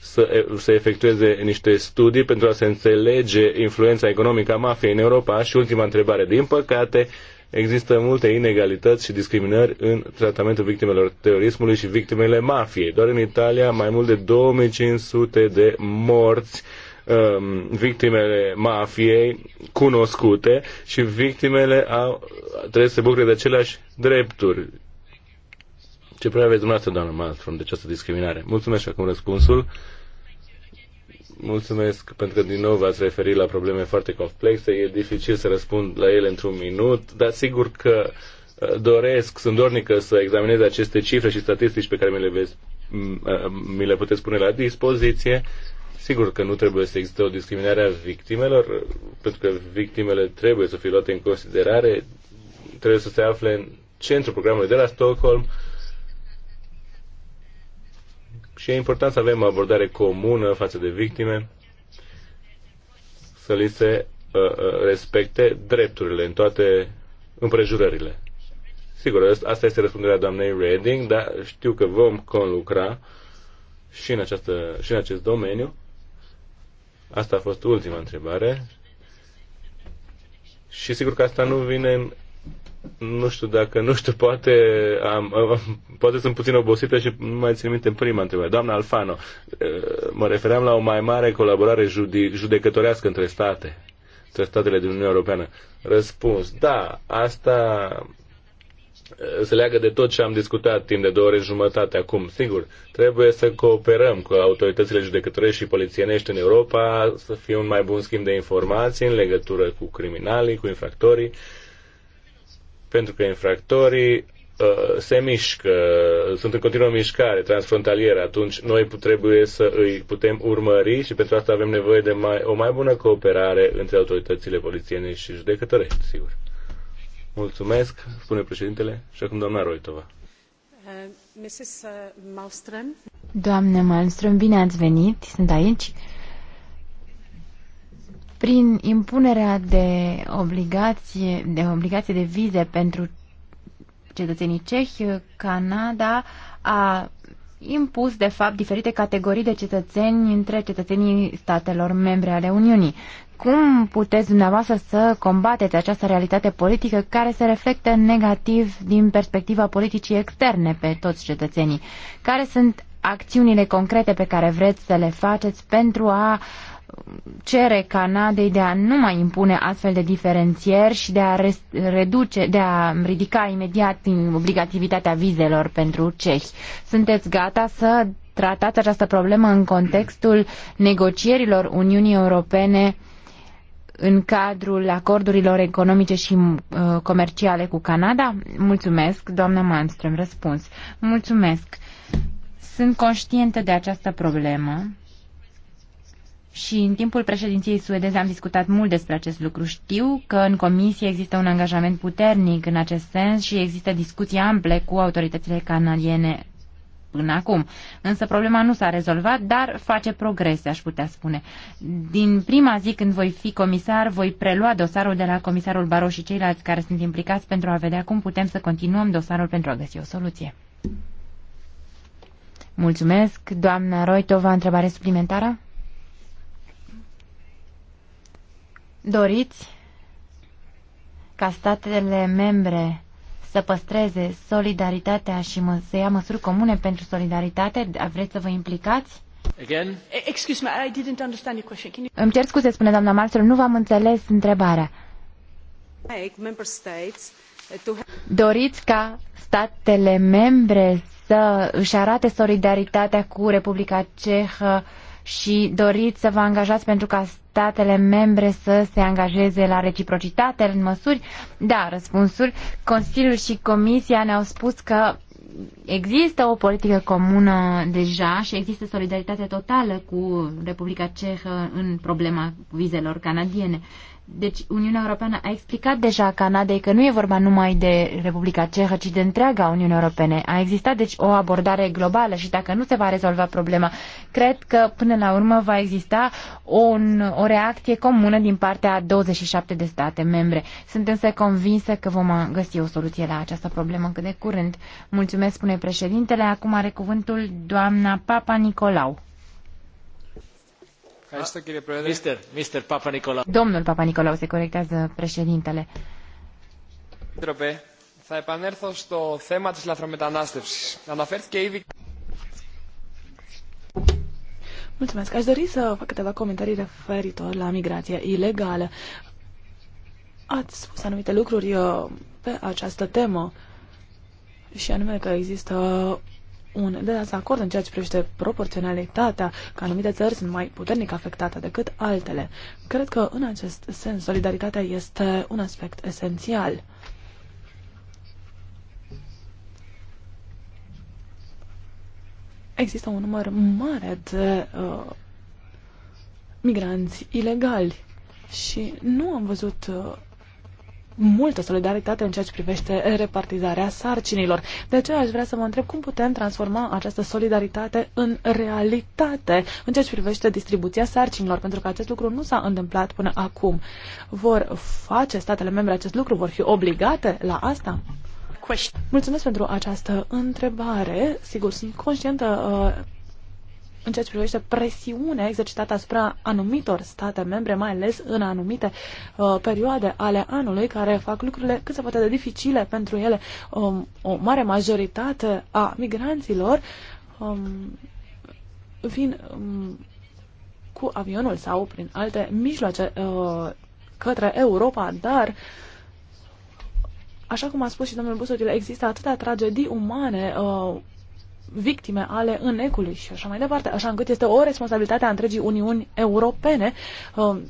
Speaker 1: să, să efectueze niște studii pentru a se înțelege influența economică a mafiei în Europa? Și ultima întrebare. Din păcate, există multe inegalități și discriminări în tratamentul victimelor terorismului și victimele mafiei. Doar în Italia mai mult de 2500 de morți um, victimele mafiei cunoscute și victimele au, trebuie să se bucure de aceleași drepturi. Ce prea aveți dumneavoastră, doamnă Malmström, de această discriminare? Mulțumesc și acum răspunsul. Mulțumesc pentru că din nou v-ați referit la probleme foarte complexe. E dificil să răspund la ele într-un minut, dar sigur că uh, doresc, sunt dornică să examinez aceste cifre și statistici pe care mi le, veți, uh, mi le puteți pune la dispoziție. Sigur că nu trebuie să existe o discriminare a victimelor, pentru că victimele trebuie să fie luate în considerare, trebuie să se afle în centrul programului de la Stockholm, uh, și e important să avem o abordare comună față de victime, să li se uh, uh, respecte drepturile în toate împrejurările. Sigur, asta este răspunderea doamnei Reading, dar știu că vom conlucra și în, această, și în acest domeniu. Asta a fost ultima întrebare. Și sigur că asta nu vine în nu știu dacă, nu știu, poate, am, poate sunt puțin obosită și nu mai țin minte în prima întrebare. Doamna Alfano, eh, mă refeream la o mai mare colaborare judecătorească între state, între statele din Uniunea Europeană. Răspuns, da, asta eh, se leagă de tot ce am discutat timp de două ore jumătate acum. Sigur, trebuie să cooperăm cu autoritățile judecătorești și polițienești în Europa, să fie un mai bun schimb de informații în legătură cu criminalii, cu infractorii pentru că infractorii uh, se mișcă, sunt în continuă mișcare transfrontalieră, atunci noi trebuie să îi putem urmări și pentru asta avem nevoie de mai, o mai bună cooperare între autoritățile polițiene și judecătorești, sigur. Mulțumesc, spune președintele, și acum doamna Roitova.
Speaker 3: Uh, uh, Doamne Malmström, bine ați venit, sunt aici prin impunerea de obligație de, obligație de vize pentru cetățenii cehi, Canada a impus, de fapt, diferite categorii de cetățeni între cetățenii statelor membre ale Uniunii. Cum puteți dumneavoastră să combateți această realitate politică care se reflectă negativ din perspectiva politicii externe pe toți cetățenii? Care sunt acțiunile concrete pe care vreți să le faceți pentru a uh, cere Canadei de a nu mai impune astfel de diferențieri și de a reduce, de a ridica imediat obligativitatea vizelor pentru cehi. Sunteți gata să tratați această problemă în contextul negocierilor Uniunii Europene în cadrul acordurilor economice și uh, comerciale cu Canada? Mulțumesc, doamna Manström, răspuns. Mulțumesc. Sunt conștientă de această problemă și în timpul președinției suedeze am discutat mult despre acest lucru. Știu că în comisie există un angajament puternic în acest sens și există discuții ample cu autoritățile canadiene până acum. Însă problema nu s-a rezolvat, dar face progrese, aș putea spune. Din prima zi când voi fi comisar, voi prelua dosarul de la comisarul Baro și ceilalți care sunt implicați pentru a vedea cum putem să continuăm dosarul pentru a găsi o soluție. Mulțumesc. Doamna Roitova, întrebare suplimentară? Doriți ca statele membre să păstreze solidaritatea și mă, să ia măsuri comune pentru solidaritate? Da, vreți să vă implicați? Again?
Speaker 2: Excuse me, I didn't understand your question. you...
Speaker 3: Îmi cer scuze, spune doamna Malmström, nu v-am înțeles întrebarea.
Speaker 2: Uh,
Speaker 3: doriți ca statele membre să își arate solidaritatea cu Republica Cehă și doriți să vă angajați pentru ca statele membre să se angajeze la reciprocitate în măsuri? Da, răspunsul. Consiliul și Comisia ne-au spus că există o politică comună deja și există solidaritate totală cu Republica Cehă în problema vizelor canadiene. Deci Uniunea Europeană a explicat deja Canadei că nu e vorba numai de Republica Cehă, ci de întreaga Uniune Europene. A existat deci o abordare globală și dacă nu se va rezolva problema, cred că până la urmă va exista un, o reacție comună din partea a 27 de state membre. Sunt însă convinsă că vom găsi o soluție la această problemă cât de curând. Mulțumesc, spune președintele. Acum are cuvântul doamna Papa Nicolau.
Speaker 1: Mister,
Speaker 2: Mister Papa Nicolau.
Speaker 3: Domnul Papa Nicolau se corectează președintele.
Speaker 2: Τροπέ, θα επανέλθω στο θέμα της λαθρομετανάστευσης. Αναφέρθηκε ήδη... Mulțumesc. Aș dori să fac câteva comentarii referitor la migrația ilegală. Ați spus anumite lucruri uh, pe această temă și anume că există un dezacord în ceea ce privește proporționalitatea, că anumite țări sunt mai puternic afectate decât altele. Cred că, în acest sens, solidaritatea este un aspect esențial. Există un număr mare de uh, migranți ilegali și nu am văzut uh, multă solidaritate în ceea ce privește repartizarea sarcinilor. De aceea aș vrea să mă întreb cum putem transforma această solidaritate în realitate în ceea ce privește distribuția sarcinilor, pentru că acest lucru nu s-a întâmplat până acum. Vor face statele membre acest lucru? Vor fi obligate la asta? Mulțumesc pentru această întrebare. Sigur, sunt conștientă uh, în ceea ce privește presiunea exercitată asupra anumitor state membre, mai ales în anumite uh, perioade ale anului, care fac lucrurile cât se poate de dificile pentru ele. Um, o mare majoritate a migranților um, vin um, cu avionul sau prin alte mijloace uh, către Europa, dar Așa cum a spus și domnul Busotil, există atâtea tragedii umane uh, victime ale înecului și așa mai departe, așa încât este o responsabilitate a întregii Uniuni Europene um,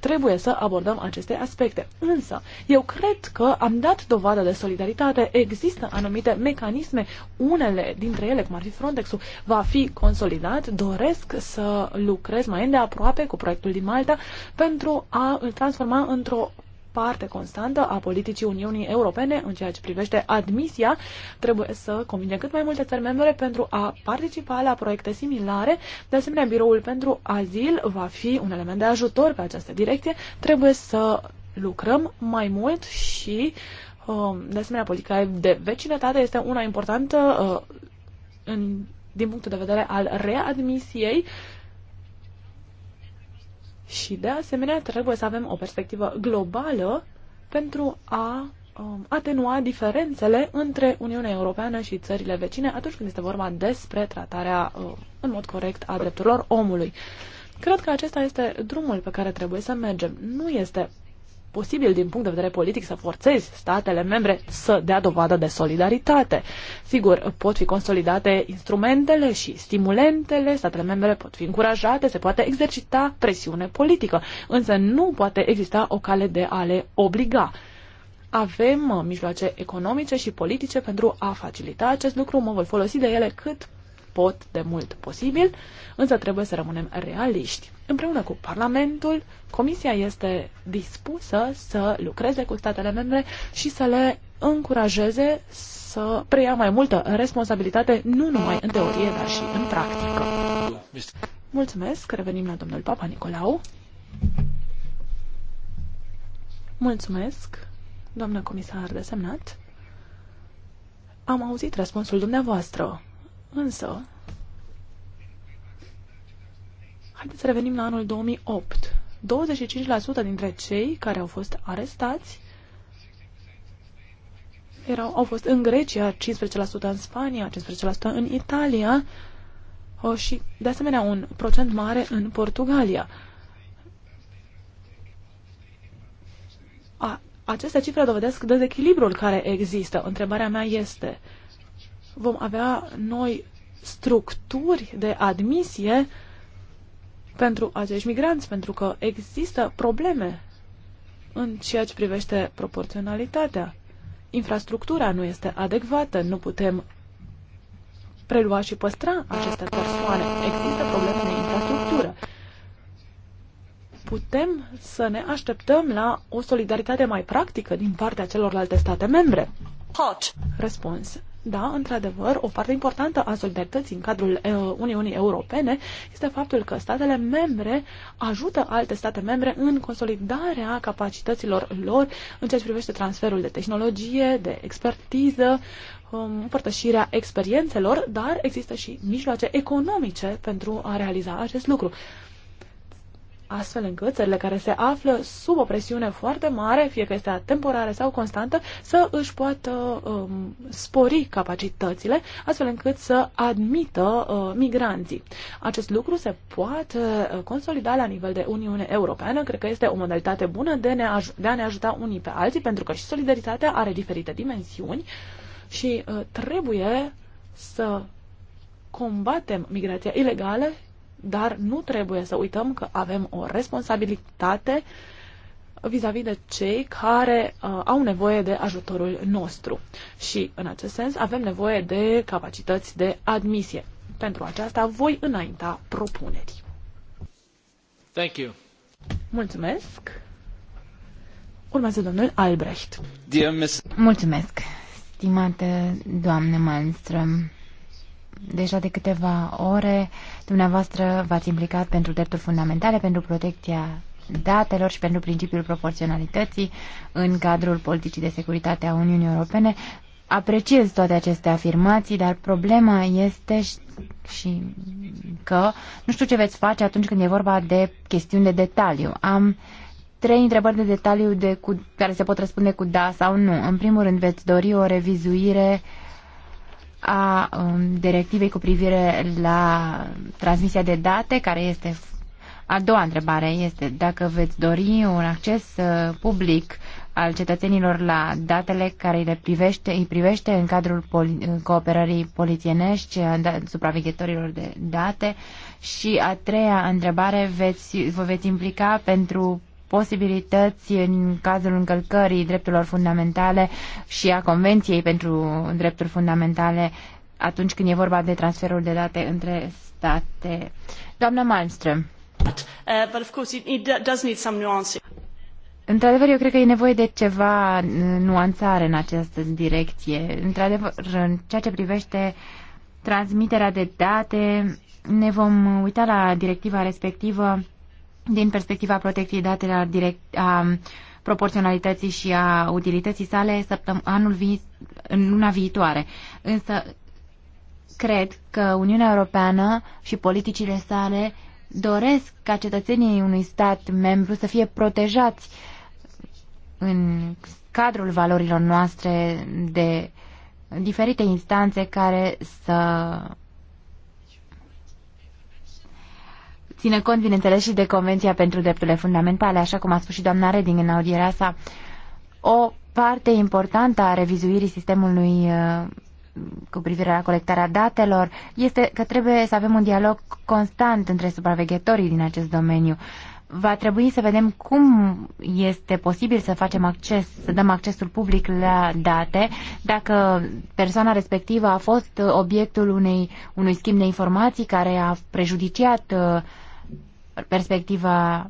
Speaker 2: trebuie să abordăm aceste aspecte. Însă, eu cred că am dat dovadă de solidaritate. Există anumite mecanisme, unele dintre ele, cum ar fi Frontex-ul, va fi consolidat. Doresc să lucrez mai îndeaproape cu proiectul din Malta pentru a îl transforma într-o parte constantă a politicii Uniunii Europene în ceea ce privește admisia. Trebuie să convine cât mai multe țări membre pentru a participa la proiecte similare. De asemenea, Biroul pentru Azil va fi un element de ajutor pe această direcție. Trebuie să lucrăm mai mult și, um, de asemenea, politica de vecinătate este una importantă uh, în, din punctul de vedere al readmisiei și de asemenea trebuie să avem o perspectivă globală pentru a um, atenua diferențele între Uniunea Europeană și țările vecine atunci când este vorba despre tratarea uh, în mod corect a drepturilor omului. Cred că acesta este drumul pe care trebuie să mergem. Nu este posibil din punct de vedere politic să forțezi statele membre să dea dovadă de solidaritate. Sigur, pot fi consolidate instrumentele și stimulentele, statele membre pot fi încurajate, se poate exercita presiune politică, însă nu poate exista o cale de a le obliga. Avem uh, mijloace economice și politice pentru a facilita acest lucru, mă voi folosi de ele cât pot de mult posibil, însă trebuie să rămânem realiști. Împreună cu Parlamentul, Comisia este dispusă să lucreze cu statele membre și să le încurajeze să preia mai multă responsabilitate, nu numai în teorie, dar și în practică. Mulțumesc, revenim la domnul Papa Nicolau. Mulțumesc, doamnă comisar desemnat. Am auzit răspunsul dumneavoastră. Însă, haideți să revenim la anul 2008. 25% dintre cei care au fost arestați erau, au fost în Grecia, 15% în Spania, 15% în Italia și, de asemenea, un procent mare în Portugalia. A, aceste cifre dovedesc dezechilibrul care există. Întrebarea mea este, uh, vom avea noi structuri de admisie pentru acești migranți, pentru că există probleme în ceea ce privește proporționalitatea. Infrastructura nu este adecvată, nu putem prelua și păstra aceste persoane. Există probleme de infrastructură. Putem să ne așteptăm la o solidaritate mai practică din partea celorlalte state membre? Hot. Răspuns. Da, într-adevăr, o parte importantă a solidarității în cadrul Uniunii Europene este faptul că statele membre ajută alte state membre în consolidarea capacităților lor în ceea ce privește transferul de tehnologie, de expertiză, um, împărtășirea experiențelor, dar există și mijloace economice pentru a realiza acest lucru astfel încât țările care se află sub o presiune foarte mare, fie că este temporară sau constantă, să își poată um, spori capacitățile, astfel încât să admită uh, migranții. Acest lucru se poate uh, consolida la nivel de Uniune Europeană. Cred că este o modalitate bună de, ne aj- de a ne ajuta unii pe alții, pentru că și solidaritatea are diferite dimensiuni și uh, trebuie să combatem migrația ilegală dar nu trebuie să uităm că avem o responsabilitate vis-a-vis -vis de cei care uh, au nevoie de ajutorul nostru. Și, în acest sens, avem nevoie de capacități de admisie. Pentru aceasta voi înainta propuneri.
Speaker 1: Thank you.
Speaker 3: Mulțumesc. Urmează domnul Albrecht. Mulțumesc, stimată doamne Malmström deja de câteva ore dumneavoastră v-ați implicat pentru drepturi fundamentale, pentru protecția datelor și pentru principiul proporționalității în cadrul politicii de securitate a Uniunii Europene. Apreciez toate aceste afirmații, dar problema este și că nu știu ce veți face atunci când e vorba de chestiuni de detaliu. Am trei întrebări de detaliu de cu, care se pot răspunde cu da sau nu. În primul rând, veți dori o revizuire uh, a um, directivei cu privire la transmisia de date, care este a doua întrebare, este dacă veți dori un acces uh, public al cetățenilor la datele care le privește, îi privește în cadrul poli, cooperării polițienești, uh, da, supraveghetorilor de date. Și a treia întrebare, veți, vă veți implica pentru posibilități în cazul încălcării drepturilor fundamentale și a Convenției pentru drepturi fundamentale atunci când e vorba de transferul de date între state. Doamna Malmström. Uh, Într-adevăr, eu cred că e nevoie de ceva nuanțare în această direcție. Într-adevăr, în ceea ce privește transmiterea de date, ne vom uita la directiva respectivă din perspectiva protecției datelor direct, a proporționalității și a utilității sale anul vi- în luna viitoare. Însă cred că Uniunea Europeană și politicile sale doresc ca cetățenii unui stat membru să fie protejați în cadrul valorilor noastre de diferite instanțe care să ține cont, bineînțeles, și de Convenția pentru Drepturile Fundamentale, așa cum a spus și doamna Reding în audierea sa. O parte importantă a revizuirii sistemului uh, cu privire la colectarea datelor este că trebuie să avem un dialog constant între supraveghetorii din acest domeniu. Va trebui să vedem cum este posibil să facem acces, să dăm accesul public la date, dacă persoana respectivă a fost obiectul unei, unui schimb de informații care a prejudiciat uh, perspectiva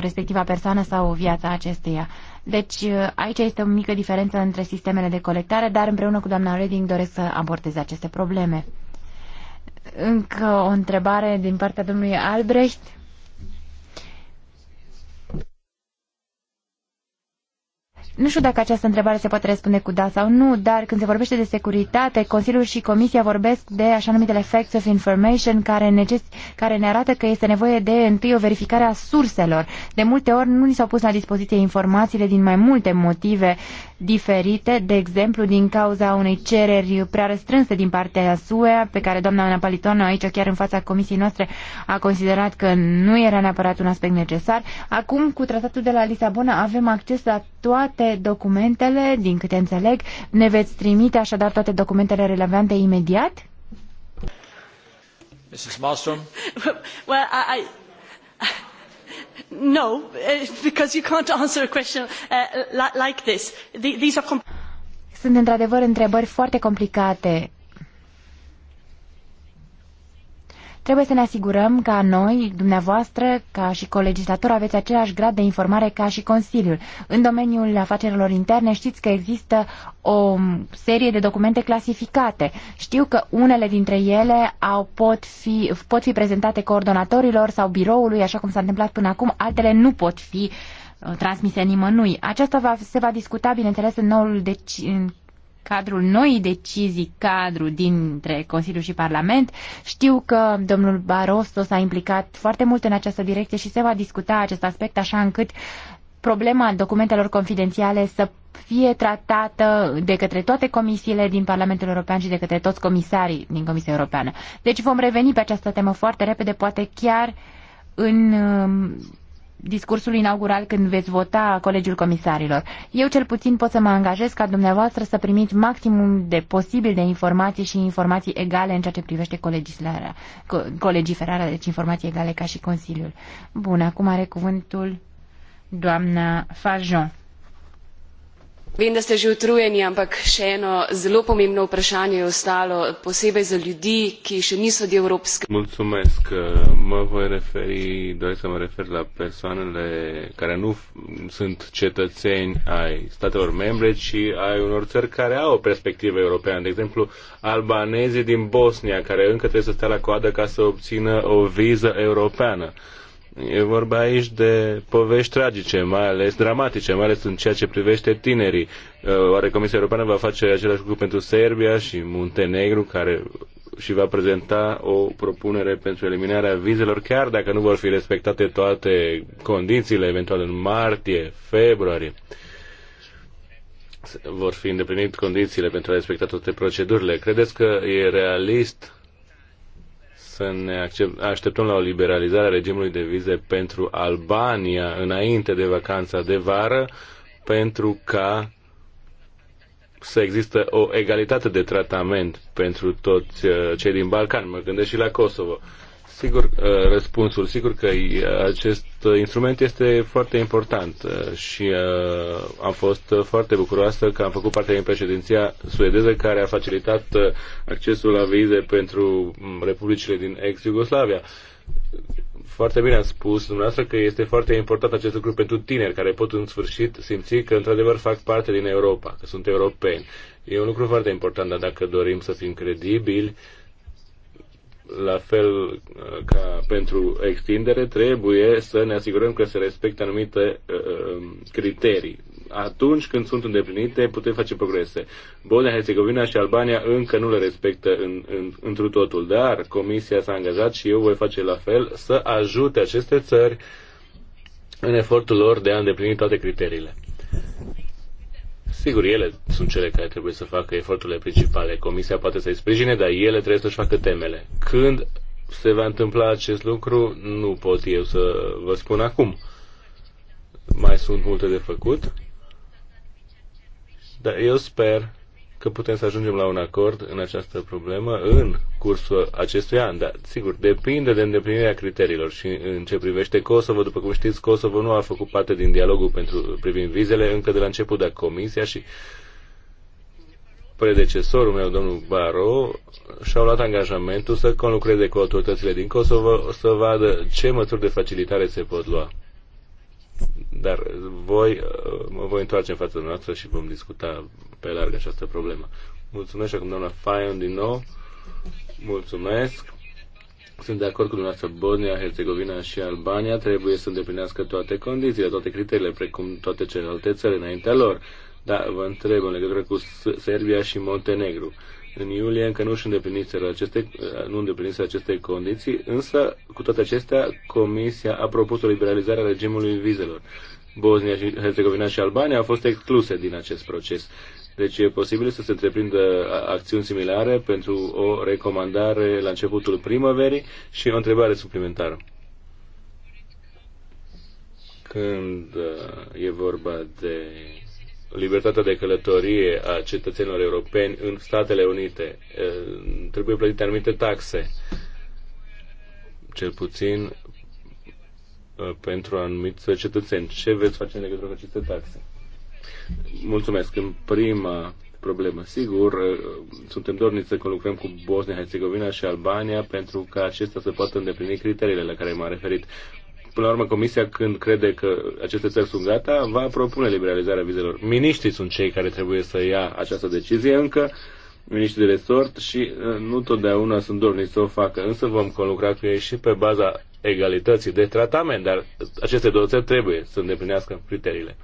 Speaker 3: respectiva persoană sau viața acesteia. Deci aici este o mică diferență între sistemele de colectare, dar împreună cu doamna Reding doresc să abordez aceste probleme. Încă o întrebare din partea domnului Albrecht. Nu știu dacă această întrebare se poate răspunde cu da sau nu, dar când se vorbește de securitate, Consiliul și Comisia vorbesc de așa numitele facts of information care, neces- care ne arată că este nevoie de întâi o verificare a surselor. De multe ori nu ni s-au pus la dispoziție informațiile din mai multe motive diferite, de exemplu din cauza unei cereri prea restrânse din partea SUE, pe care doamna Palitonă, aici chiar în fața comisiei noastre a considerat că nu era neapărat un aspect necesar. Acum, cu tratatul de la Lisabona, avem acces la toate documentele, din câte înțeleg. Ne veți trimite așadar toate documentele relevante imediat?
Speaker 2: Mrs. Malmström? well, I, I no, uh, because you can't answer a question uh, like this. These are
Speaker 3: Sunt într-adevăr întrebări foarte complicate Trebuie să ne asigurăm ca noi, dumneavoastră, ca și colegislator, aveți același grad de informare ca și Consiliul. În domeniul afacerilor interne știți că există o serie de documente clasificate. Știu că unele dintre ele au, pot, fi, pot fi prezentate coordonatorilor sau biroului, așa cum s-a întâmplat până acum, altele nu pot fi uh, transmise nimănui. Aceasta va, se va discuta, bineînțeles, în noul deci, în cadrul noii decizii cadru dintre Consiliu și Parlament. Știu că domnul Barroso s-a implicat foarte mult în această direcție și se va discuta acest aspect așa încât problema documentelor confidențiale să fie tratată de către toate comisiile din Parlamentul European și de către toți comisarii din Comisia Europeană. Deci vom reveni pe această temă foarte repede, poate chiar în discursul inaugural când veți vota Colegiul Comisarilor. Eu cel puțin pot să mă angajez ca dumneavoastră să primiți maximum de posibil de informații și informații egale în ceea ce privește colegislarea, co colegiferarea, deci informații egale ca și Consiliul. Bun, acum are cuvântul doamna Fajon vem da ste že
Speaker 2: utrujeni ampak še eno zelo pomembno vprašanje je ostalo posebej za ljudi ki še niso del evropske
Speaker 1: Mulțumesc. Mă voi referi, să mă refer la persoanele care nu sunt cetățeni ai statelor membre, ci ai unor țări care au o perspectivă europeană. De exemplu, albanezii din Bosnia, care încă trebuie să stea la coadă ca să obțină o viză europeană. E vorba aici de povești tragice, mai ales dramatice, mai ales în ceea ce privește tinerii. Uh, oare Comisia Europeană va face același lucru pentru Serbia și Muntenegru, care și va prezenta o propunere pentru eliminarea vizelor, chiar dacă nu vor fi respectate toate condițiile, eventual în martie, februarie. Vor fi îndeplinit condițiile pentru a respecta toate procedurile. Credeți că e realist să ne așteptăm la o liberalizare a regimului de vize pentru Albania înainte de vacanța de vară, pentru ca să există o egalitate de tratament pentru toți uh, cei din Balcan. Mă gândesc și la Kosovo. Sigur, uh, răspunsul, sigur că acest instrument este foarte important uh, și uh, am fost foarte bucuroasă că am făcut parte din președinția suedeză care a facilitat accesul la vize pentru mm, republicile din ex-Iugoslavia. Foarte bine a spus dumneavoastră că este foarte important acest lucru pentru tineri care pot în sfârșit simți că într-adevăr fac parte din Europa, că sunt europeni. E un lucru foarte important, dar dacă dorim să fim credibili, uh, la fel uh, ca pentru extindere, trebuie să ne asigurăm că se respectă anumite uh, uh criterii. Atunci când sunt îndeplinite, putem face progrese. Bosnia-Herzegovina și Albania încă nu le respectă în, în, întru totul, dar Comisia s-a angajat și eu voi face la fel să ajute aceste țări în efortul lor de a îndeplini toate criteriile. Sigur, ele sunt cele care trebuie să facă eforturile principale. Comisia poate să-i sprijine, dar ele trebuie să-și facă temele. Când se va întâmpla acest lucru, nu pot eu să vă spun acum. Mai sunt multe de făcut, dar eu sper că putem să ajungem la un acord în această problemă în cursul acestui an, dar sigur, depinde de îndeplinirea criteriilor și în ce privește Kosovo, după cum știți, Kosovo nu a făcut parte din dialogul pentru privind vizele încă de la început, dar Comisia și predecesorul meu, domnul Baro, și-au luat angajamentul să conlucreze cu autoritățile din Kosovo, să vadă ce măsuri de facilitare se pot lua. Dar voi, mă voi întoarce în fața noastră și vom discuta pe larg această problemă. Mulțumesc acum doamna Fayon din nou. Mulțumesc. Sunt de acord cu dumneavoastră, Bosnia, Herzegovina și Albania trebuie să îndeplinească toate condițiile, toate criteriile, precum toate celelalte țări înaintea lor. Da, vă întreb în legătură cu Serbia și Montenegru. În iulie încă nu își îndepliniseră aceste, nu îndepliniseră aceste condiții, însă, cu toate acestea, Comisia a propus o liberalizare a regimului vizelor. Bosnia și Herzegovina și Albania au fost excluse din acest proces. Deci e posibil să se întreprindă acțiuni similare pentru o recomandare la începutul primăverii și o întrebare suplimentară. Când uh, e vorba de libertatea de călătorie a cetățenilor europeni în Statele Unite, uh, trebuie plătite anumite taxe, cel puțin uh, pentru anumiți cetățeni. Ce veți face în legătură cu aceste taxe? Mulțumesc. În prima problemă. Sigur, uh, suntem dorniți să lucrăm cu Bosnia-Herzegovina și Albania pentru ca acestea să poată îndeplini criteriile la care m-am referit. Până la urmă, Comisia, când crede că aceste țări sunt gata, va propune liberalizarea vizelor. Miniștrii sunt cei care trebuie să ia această decizie încă, miniștrii de resort și uh, nu totdeauna sunt dorniți să o facă, însă vom conlucra cu ei și pe baza egalității de tratament, dar aceste două țări trebuie să îndeplinească criteriile.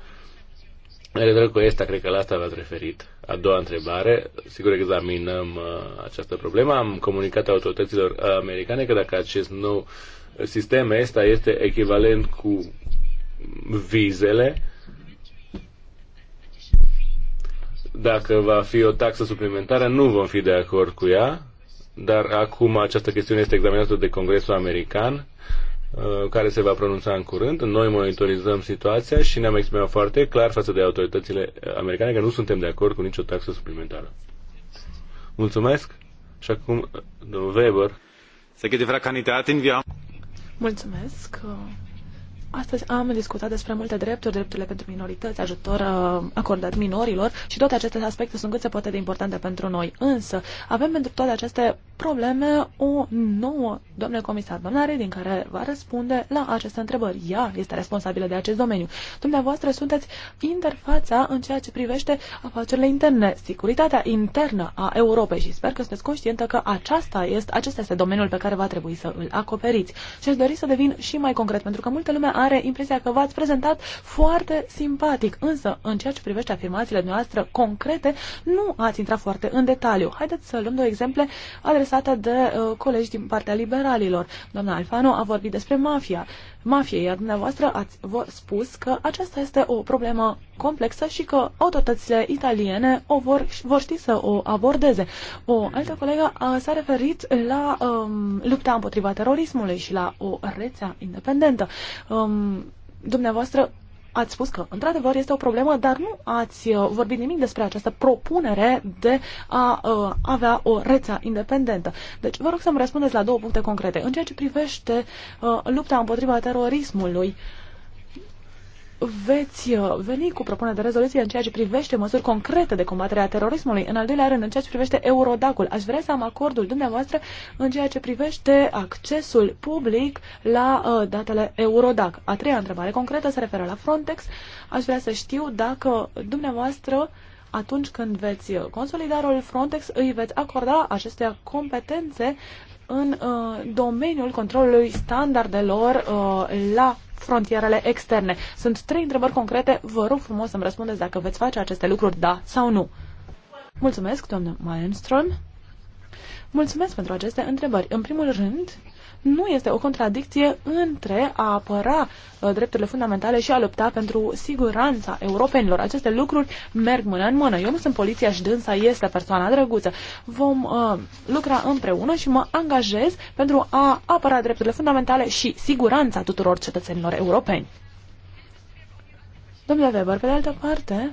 Speaker 1: În legătură cu asta cred că la asta v-ați referit. A doua întrebare, sigur examinăm uh, această problemă. Am comunicat autorităților americane că dacă acest nou sistem este, este echivalent cu vizele, dacă va fi o taxă suplimentară, nu vom fi de acord cu ea, dar acum această chestiune este examinată de Congresul American Uh, care se va pronunța în curând. Noi monitorizăm situația și ne-am exprimat foarte clar față de autoritățile americane că nu suntem de acord cu nicio taxă suplimentară. Mulțumesc și acum domnul Weber.
Speaker 2: Mulțumesc. Astăzi am discutat despre multe drepturi, drepturile pentru minorități, ajutor uh, acordat minorilor și toate aceste aspecte sunt cât se poate de importante pentru noi. Însă avem pentru toate aceste probleme o nouă doamnă comisar, doamna din care va răspunde la aceste întrebări. Ea este responsabilă de acest domeniu. Dumneavoastră sunteți interfața în ceea ce privește afacerile interne, securitatea internă a Europei și sper că sunteți conștientă că aceasta este, acesta este domeniul pe care va trebui să îl acoperiți. Și aș dori să devin și mai concret, pentru că multă lume a are impresia că v-ați prezentat foarte simpatic, însă în ceea ce privește afirmațiile noastre concrete, nu ați intrat foarte în detaliu. Haideți să luăm două exemple adresate de uh, colegi din partea liberalilor. Doamna Alfano a vorbit despre mafia mafiei, iar dumneavoastră ați spus că aceasta este o problemă complexă și că autoritățile italiene o vor, vor ști să o abordeze. O altă colegă s-a referit la um, lupta împotriva terorismului și la o rețea independentă. Um, dumneavoastră ați spus că, într-adevăr, este o problemă, dar nu ați uh, vorbit nimic despre această propunere de a uh, avea o rețea independentă. Deci, vă rog să-mi răspundeți la două puncte concrete. În ceea ce privește uh, lupta împotriva terorismului, uh, veți uh, veni cu propunerea de rezoluție în ceea ce privește măsuri concrete de combatere a terorismului. În al doilea rând, în ceea ce privește Eurodacul, aș vrea să am acordul dumneavoastră în ceea ce privește accesul public la uh, datele Eurodac. A treia întrebare concretă se referă la Frontex. Aș vrea să știu dacă dumneavoastră atunci când veți consolida rolul Frontex, îi veți acorda aceste competențe în uh, domeniul controlului standardelor uh, la frontierele externe. Sunt trei întrebări concrete. Vă rog frumos să-mi răspundeți dacă veți face aceste lucruri, da sau nu. Mulțumesc, doamnă Maenström. Mulțumesc pentru aceste întrebări. În primul rând, nu este o contradicție între a apăra uh, drepturile fundamentale și a lupta pentru siguranța europenilor. Aceste lucruri merg mână în mână. Eu nu sunt poliția și dânsa este persoana drăguță. Vom uh, lucra împreună și mă angajez pentru a apăra drepturile fundamentale și siguranța tuturor cetățenilor europeni. Domnule Weber, pe de altă parte,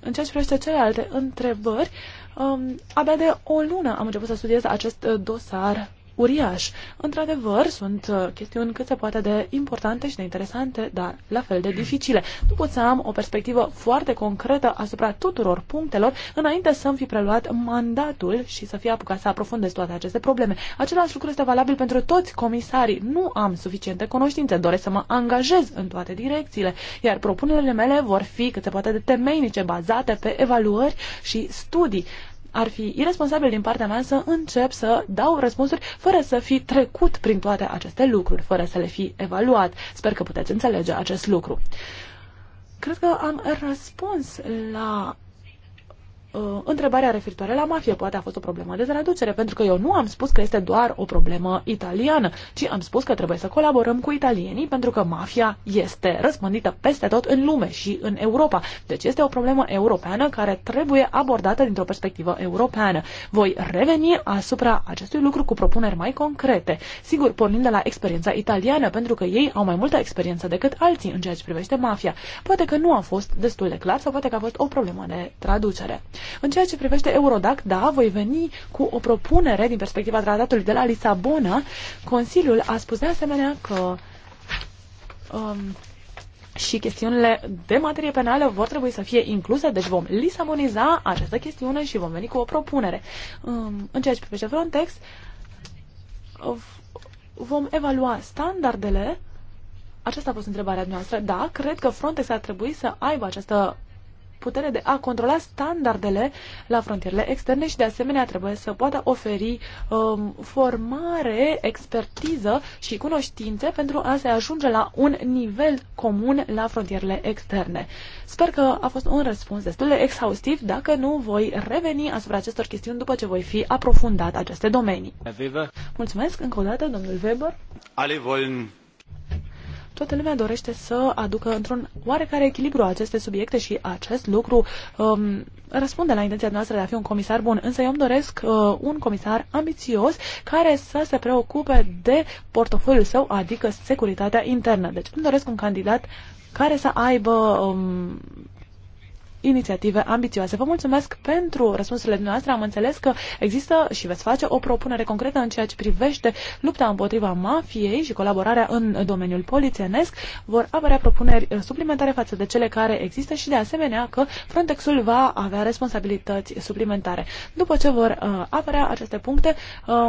Speaker 2: în ceea ce privește celelalte întrebări, um, abia de o lună am început să studiez acest uh, dosar uriaș. Într-adevăr, sunt uh, chestiuni cât se poate de importante și de interesante, dar la fel de dificile. Nu pot să am o perspectivă foarte concretă asupra tuturor punctelor înainte să-mi fi preluat mandatul și să fie apucat să aprofundez toate aceste probleme. Același lucru este valabil pentru toți comisarii. Nu am suficiente cunoștințe, doresc să mă angajez în toate direcțiile, iar propunerile mele vor fi cât se poate de temeinice, bazate pe evaluări și studii ar fi irresponsabil din partea mea să încep să dau răspunsuri fără să fi trecut prin toate aceste lucruri, fără să le fi evaluat. Sper că puteți înțelege acest lucru. Cred că am răspuns la uh, întrebarea referitoare la mafie poate a fost o problemă de traducere, pentru că eu nu am spus că este doar o problemă italiană, ci am spus că trebuie să colaborăm cu italienii, pentru că mafia este răspândită peste tot în lume și în Europa. Deci este o problemă europeană care trebuie abordată dintr-o perspectivă europeană. Voi reveni asupra acestui lucru cu propuneri mai concrete, sigur, pornind de la experiența italiană, pentru că ei au mai multă experiență decât alții în ceea ce privește mafia. Poate că nu a fost destul de clar sau poate că a fost o problemă de traducere. În ceea ce privește Eurodac, da, voi veni cu o propunere din perspectiva tratatului de la Lisabona. Consiliul a spus de asemenea că um, și chestiunile de materie penală vor trebui să fie incluse, deci vom lisaboniza această chestiune și vom veni cu o propunere. Um, în ceea ce privește Frontex, vom evalua standardele aceasta a fost întrebarea noastră. Da, cred că Frontex ar trebui să aibă această putere de a controla standardele la frontierele externe și de asemenea trebuie să poată oferi um, formare, expertiză și cunoștințe pentru a se ajunge la un nivel comun la frontierele externe. Sper că a fost un răspuns destul de exhaustiv, dacă nu voi reveni asupra acestor chestiuni după ce voi fi aprofundat aceste domenii. Mulțumesc încă o dată, domnul Weber.
Speaker 1: Ale wollen
Speaker 2: Toată lumea dorește să aducă într-un oarecare echilibru aceste subiecte și acest lucru um, răspunde la intenția noastră de a fi un comisar bun, însă eu îmi doresc uh, un comisar ambițios care să se preocupe de portofoliul său, adică securitatea internă. Deci îmi doresc un candidat care să aibă um, inițiative ambițioase. Vă mulțumesc pentru răspunsurile noastre. Am înțeles că există și veți face o propunere concretă în ceea ce privește lupta împotriva mafiei și colaborarea în domeniul polițienesc. Vor apărea propuneri suplimentare față de cele care există și de asemenea că Frontexul va avea responsabilități suplimentare. După ce vor uh, apărea aceste puncte, uh,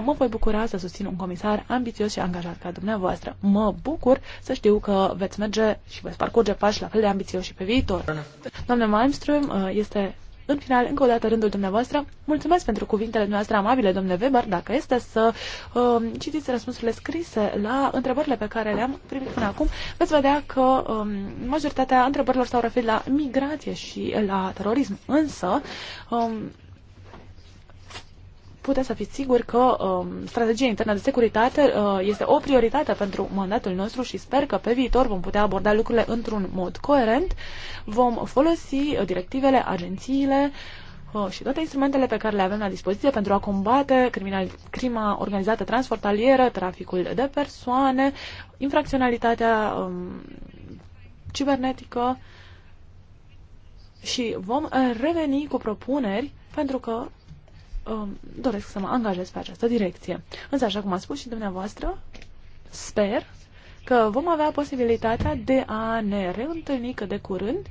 Speaker 2: mă voi bucura să susțin un comisar ambițios și angajat ca dumneavoastră. Mă bucur să știu că veți merge și veți parcurge pași la fel de ambițios și pe viitor. Doamne Malms, Malmström. Uh, este în final, încă o dată, rândul dumneavoastră. Mulțumesc pentru cuvintele noastre amabile, domnule Weber, dacă este să uh, citiți răspunsurile scrise la întrebările pe care le-am primit până acum, veți vedea că um, majoritatea întrebărilor s-au referit la migrație și la terorism. Însă, um, puteți să fiți siguri că um, strategia internă de securitate uh, este o prioritate pentru mandatul nostru și sper că pe viitor vom putea aborda lucrurile într-un mod coerent. Vom folosi uh, directivele, agențiile uh, și toate instrumentele pe care le avem la dispoziție pentru a combate criminal, crima organizată transfrontalieră, traficul de persoane, infracționalitatea um, cibernetică și vom uh, reveni cu propuneri pentru că Um, doresc să mă angajez pe această direcție. Însă, așa cum a spus și dumneavoastră, sper că vom avea posibilitatea de a ne reîntâlni cât de curând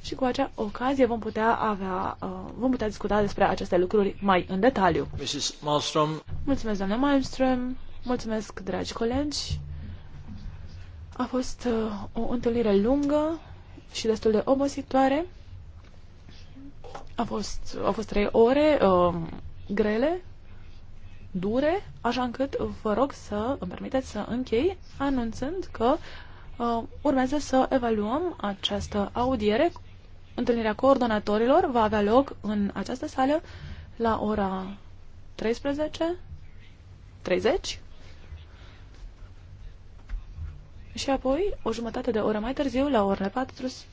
Speaker 2: și cu acea ocazie vom putea avea, uh, vom putea discuta despre aceste lucruri mai în detaliu. Mrs. Malmström. Mulțumesc, doamna Malmström. Mulțumesc, dragi colegi. A fost uh, o întâlnire lungă și destul de obositoare. A fost, au fost trei ore uh, grele, dure, așa încât vă rog să îmi permiteți să închei anunțând că uh, urmează să evaluăm această audiere. Întâlnirea coordonatorilor va avea loc în această sală la ora 13, 30 și apoi o jumătate de oră mai târziu la orele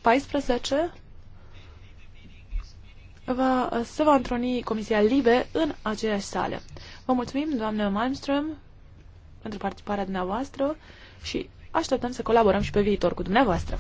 Speaker 2: 14, va, se va întroni Comisia Libe în aceeași sală. Vă mulțumim, doamnă Malmström, pentru participarea dumneavoastră și așteptăm să colaborăm și pe viitor cu dumneavoastră.